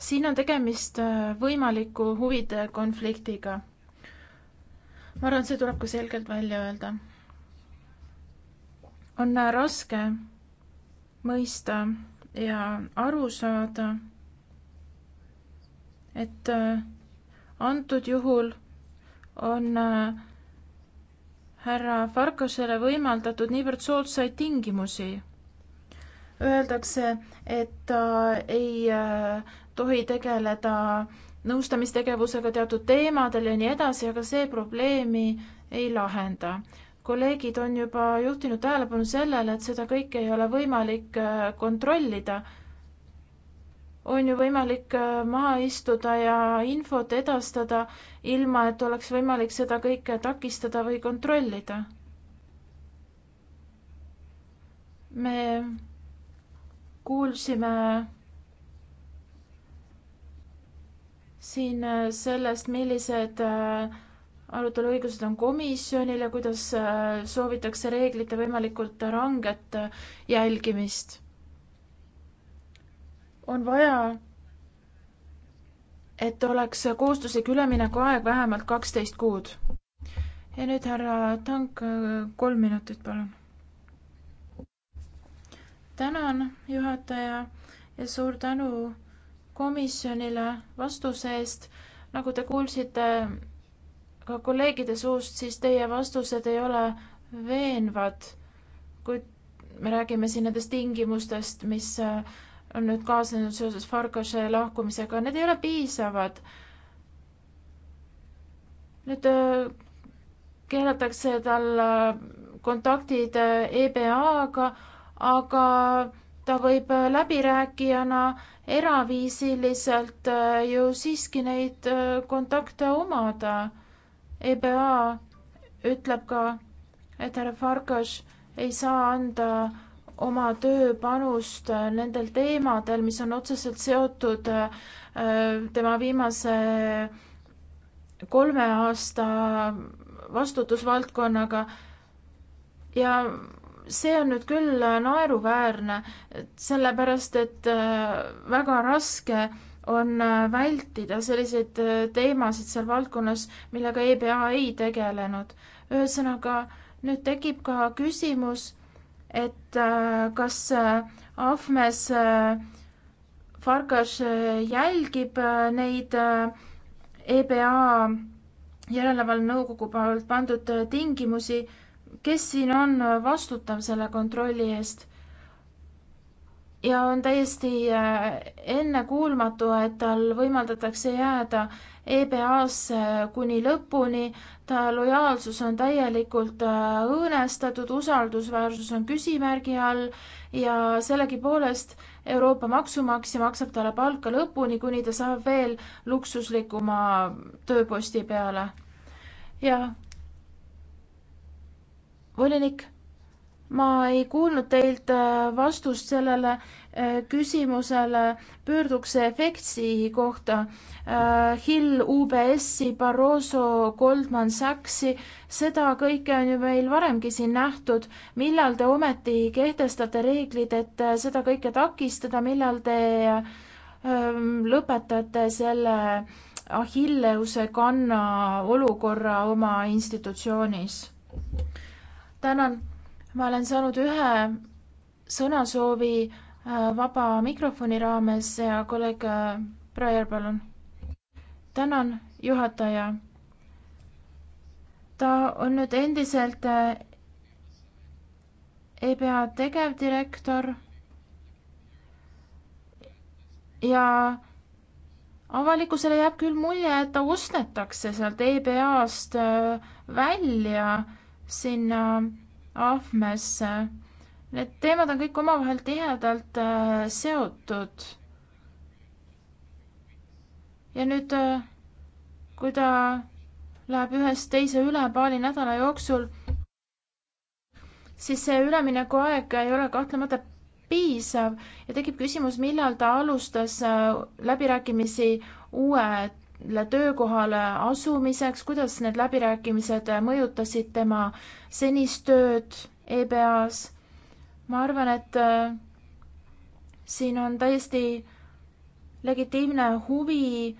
siin on tegemist äh, võimaliku huvide konfliktiga. ma arvan, see tuleb ka selgelt välja öelda. on äh, raske mõista ja aru saada, et äh, antud juhul on härra Farkasele võimaldatud niivõrd soodsaid tingimusi. Öeldakse, et ta ei äh, tohi tegeleda nõustamistegevusega teatud teemadel ja nii edasi, aga see probleemi ei lahenda. kolleegid on juba juhtinud tähelepanu sellele, et seda kõike ei ole võimalik äh, kontrollida. on ju võimalik äh, maha istuda ja infot edastada, ilma et oleks võimalik seda kõike takistada või kontrollida. me kuulsime siin äh, sellest, millised äh, aruteluõigused on komisjonil ja kuidas äh, soovitakse reeglite võimalikult ranget jälgimist. on vaja, et oleks kohustuslik üleminekuaeg vähemalt kaksteist kuud. ja nüüd härra Tank, kolm minutit, palun. tänan, juhataja ja suur tänu komisjonile vastuse eest. nagu te kuulsite ka kolleegide suust, siis teie vastused ei ole veenvad, kuid me räägime siin nendest tingimustest, mis äh, on nüüd kaasnenud seoses Farkase lahkumisega, need ei ole piisavad. nüüd äh, keelatakse tal äh, kontaktid EBA-ga, aga ta võib äh, läbirääkijana eraviisiliselt äh, ju siiski neid äh, kontakte omada. EBA ütleb ka, et härra Farkas ei saa anda oma tööpanust nendel teemadel, mis on otseselt seotud tema viimase kolme aasta vastutusvaldkonnaga ja see on nüüd küll naeruväärne, sellepärast et äh, väga raske on äh, vältida selliseid äh, teemasid seal valdkonnas, millega EBA ei tegelenud. ühesõnaga, nüüd tekib ka küsimus, et kas Ahmes Farkas jälgib neid EBA järelevalvenõukogu poolt pandud tingimusi kes siin on vastutav selle kontrolli eest? ja on täiesti äh, ennekuulmatu, et tal võimaldatakse jääda EBA-sse kuni lõpuni, ta lojaalsus on täielikult äh, õõnestatud, usaldusväärsus on küsimärgi all ja sellegipoolest Euroopa maksumaksja maksab talle palka lõpuni, kuni ta saab veel luksuslikuma tööposti peale. jah volinik, ma ei kuulnud teilt äh, vastust sellele äh, küsimusele pöördukse efekti kohta. Äh, Hill, UBS-i, Barroso, Goldman Sachsi, seda kõike on ju meil varemgi siin nähtud. millal te ometi kehtestate reeglid, et seda kõike takistada, millal te ähm, lõpetate selle Achilleuse kanna olukorra oma institutsioonis? tänan. ma olen saanud ühe sõnasoovi äh, vaba mikrofoni raames ja kolleeg äh, Breyer, palun. tänan, juhataja. ta on nüüd endiselt äh, EBA tegevdirektor ja avalikkusele jääb küll mulje, et ta ostetakse sealt EBA-st välja sinna ahmesse. Need teemad on kõik omavahel tihedalt äh, seotud. ja nüüd, äh, kui ta läheb ühest teise üle paari nädala jooksul, siis see üleminekuaeg ei ole kahtlemata piisav ja tekib küsimus, millal ta alustas äh, läbirääkimisi uue töökohale asumiseks, kuidas need läbirääkimised mõjutasid tema senist tööd EBA-s? ma arvan, et äh, siin on täiesti legitiimne huvi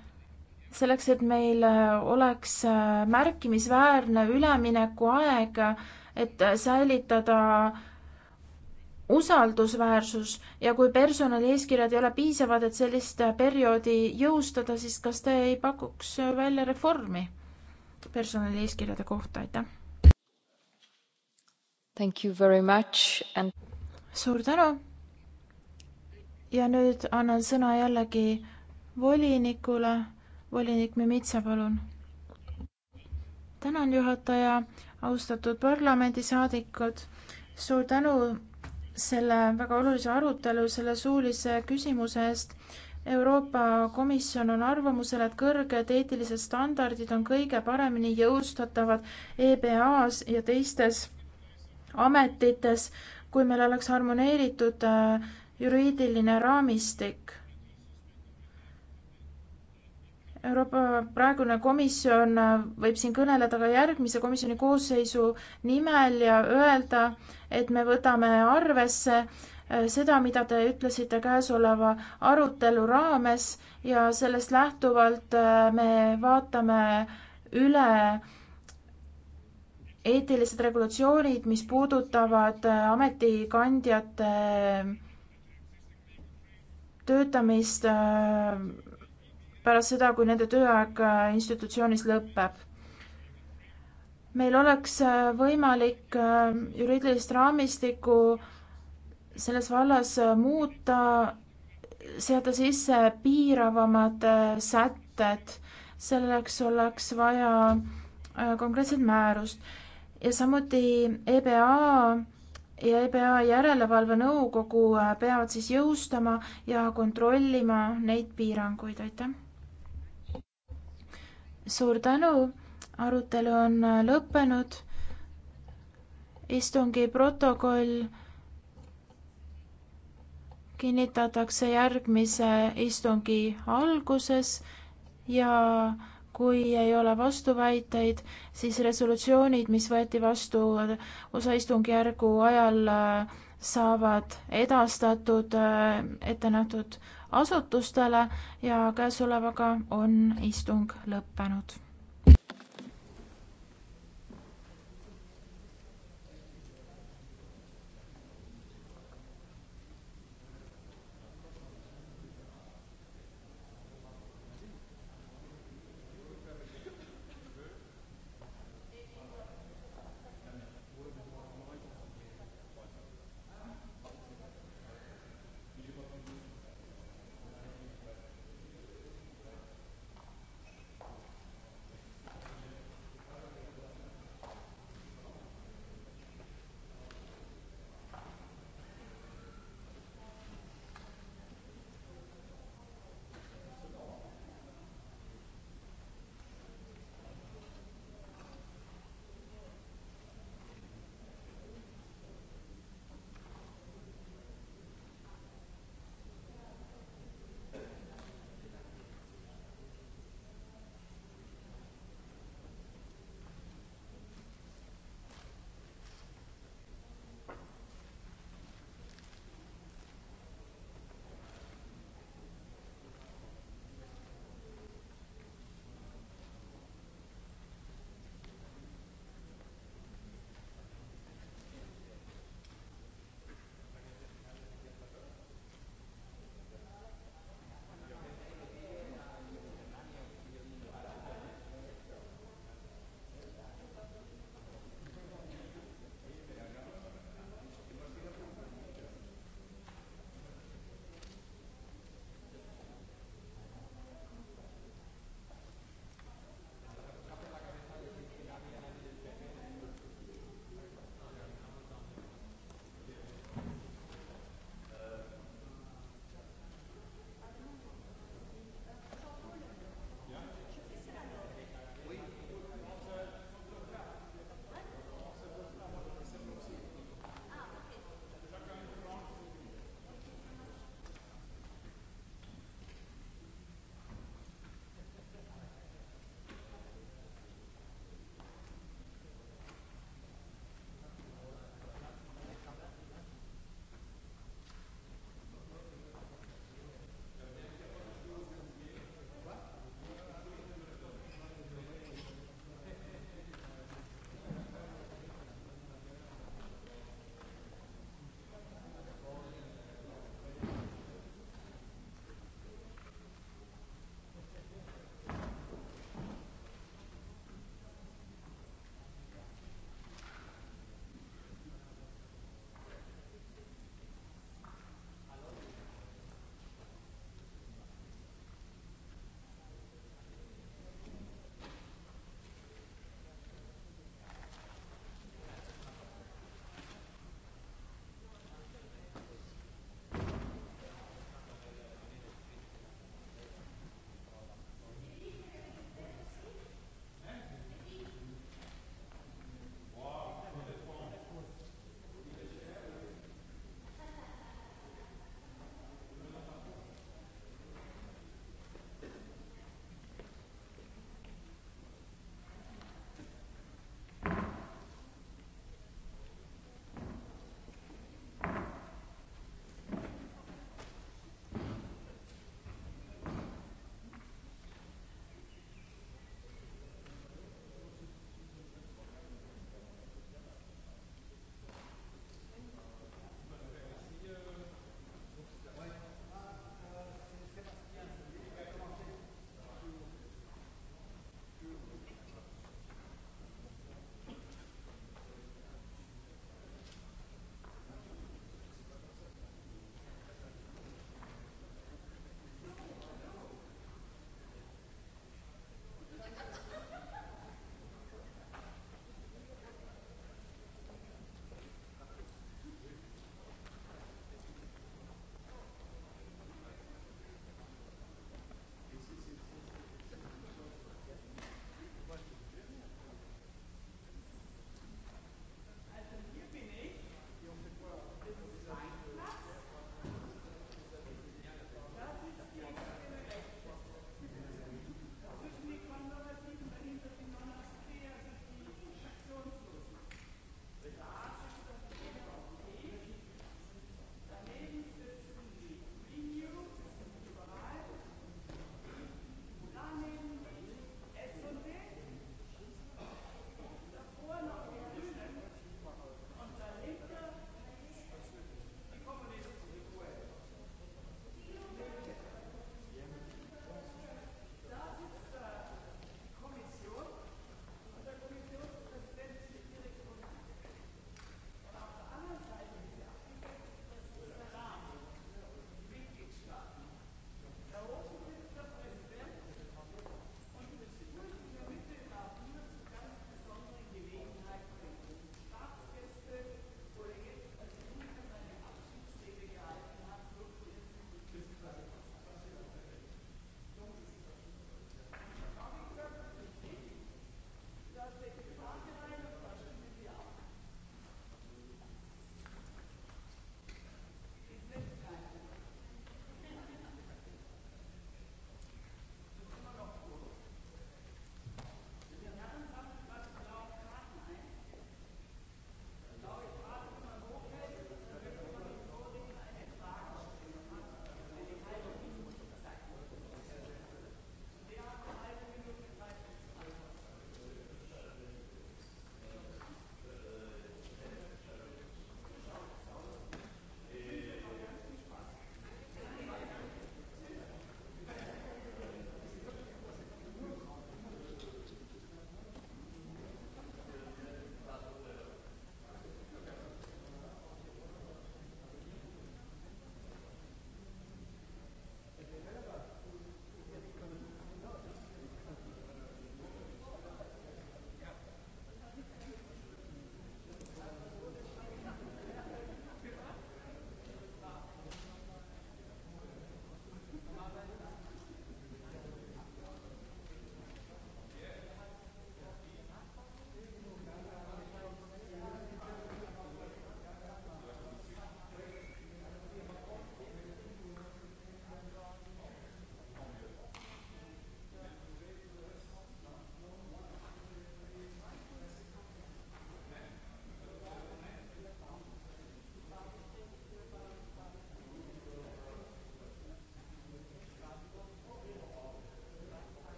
selleks, et meil äh, oleks äh, märkimisväärne üleminekuaeg, et säilitada äh, usaldusväärsus ja kui personalieeskirjad ei ole piisavad, et sellist perioodi jõustada, siis kas te ei pakuks välja reformi personalieeskirjade kohta, aitäh? Thank you very much and suur tänu. ja nüüd annan sõna jällegi volinikule. volinik Mimitsa, palun. tänan, juhataja, austatud parlamendisaadikud. suur tänu selle väga olulise arutelu, selle suulise küsimuse eest. Euroopa Komisjon on arvamusel, et kõrged eetilised standardid on kõige paremini jõustatavad EBA-s ja teistes ametites, kui meil oleks harmoneeritud äh, juriidiline raamistik Euroopa praegune komisjon äh, võib siin kõneleda ka järgmise komisjoni koosseisu nimel ja öelda, et me võtame arvesse äh, seda, mida te ütlesite käesoleva arutelu raames ja sellest lähtuvalt äh, me vaatame üle eetilised regulatsioonid, mis puudutavad ametikandjate töötamist pärast seda, kui nende tööaeg äh, institutsioonis lõpeb. meil oleks äh, võimalik äh, juriidilist raamistikku selles vallas muuta, seada sisse piiravamad sätted, selleks oleks vaja konkreetset määrust ja samuti EBA ja EBA järelevalvenõukogu peavad siis jõustama ja kontrollima neid piiranguid, aitäh suur tänu, arutelu on äh, lõppenud. istungi protokoll kinnitatakse järgmise istungi alguses ja kui ei ole vastuväiteid, siis resolutsioonid, mis võeti vastu osa istungjärgu ajal, äh, saavad edastatud äh, ettenähtud asutustele ja käesolevaga on istung lõppenud.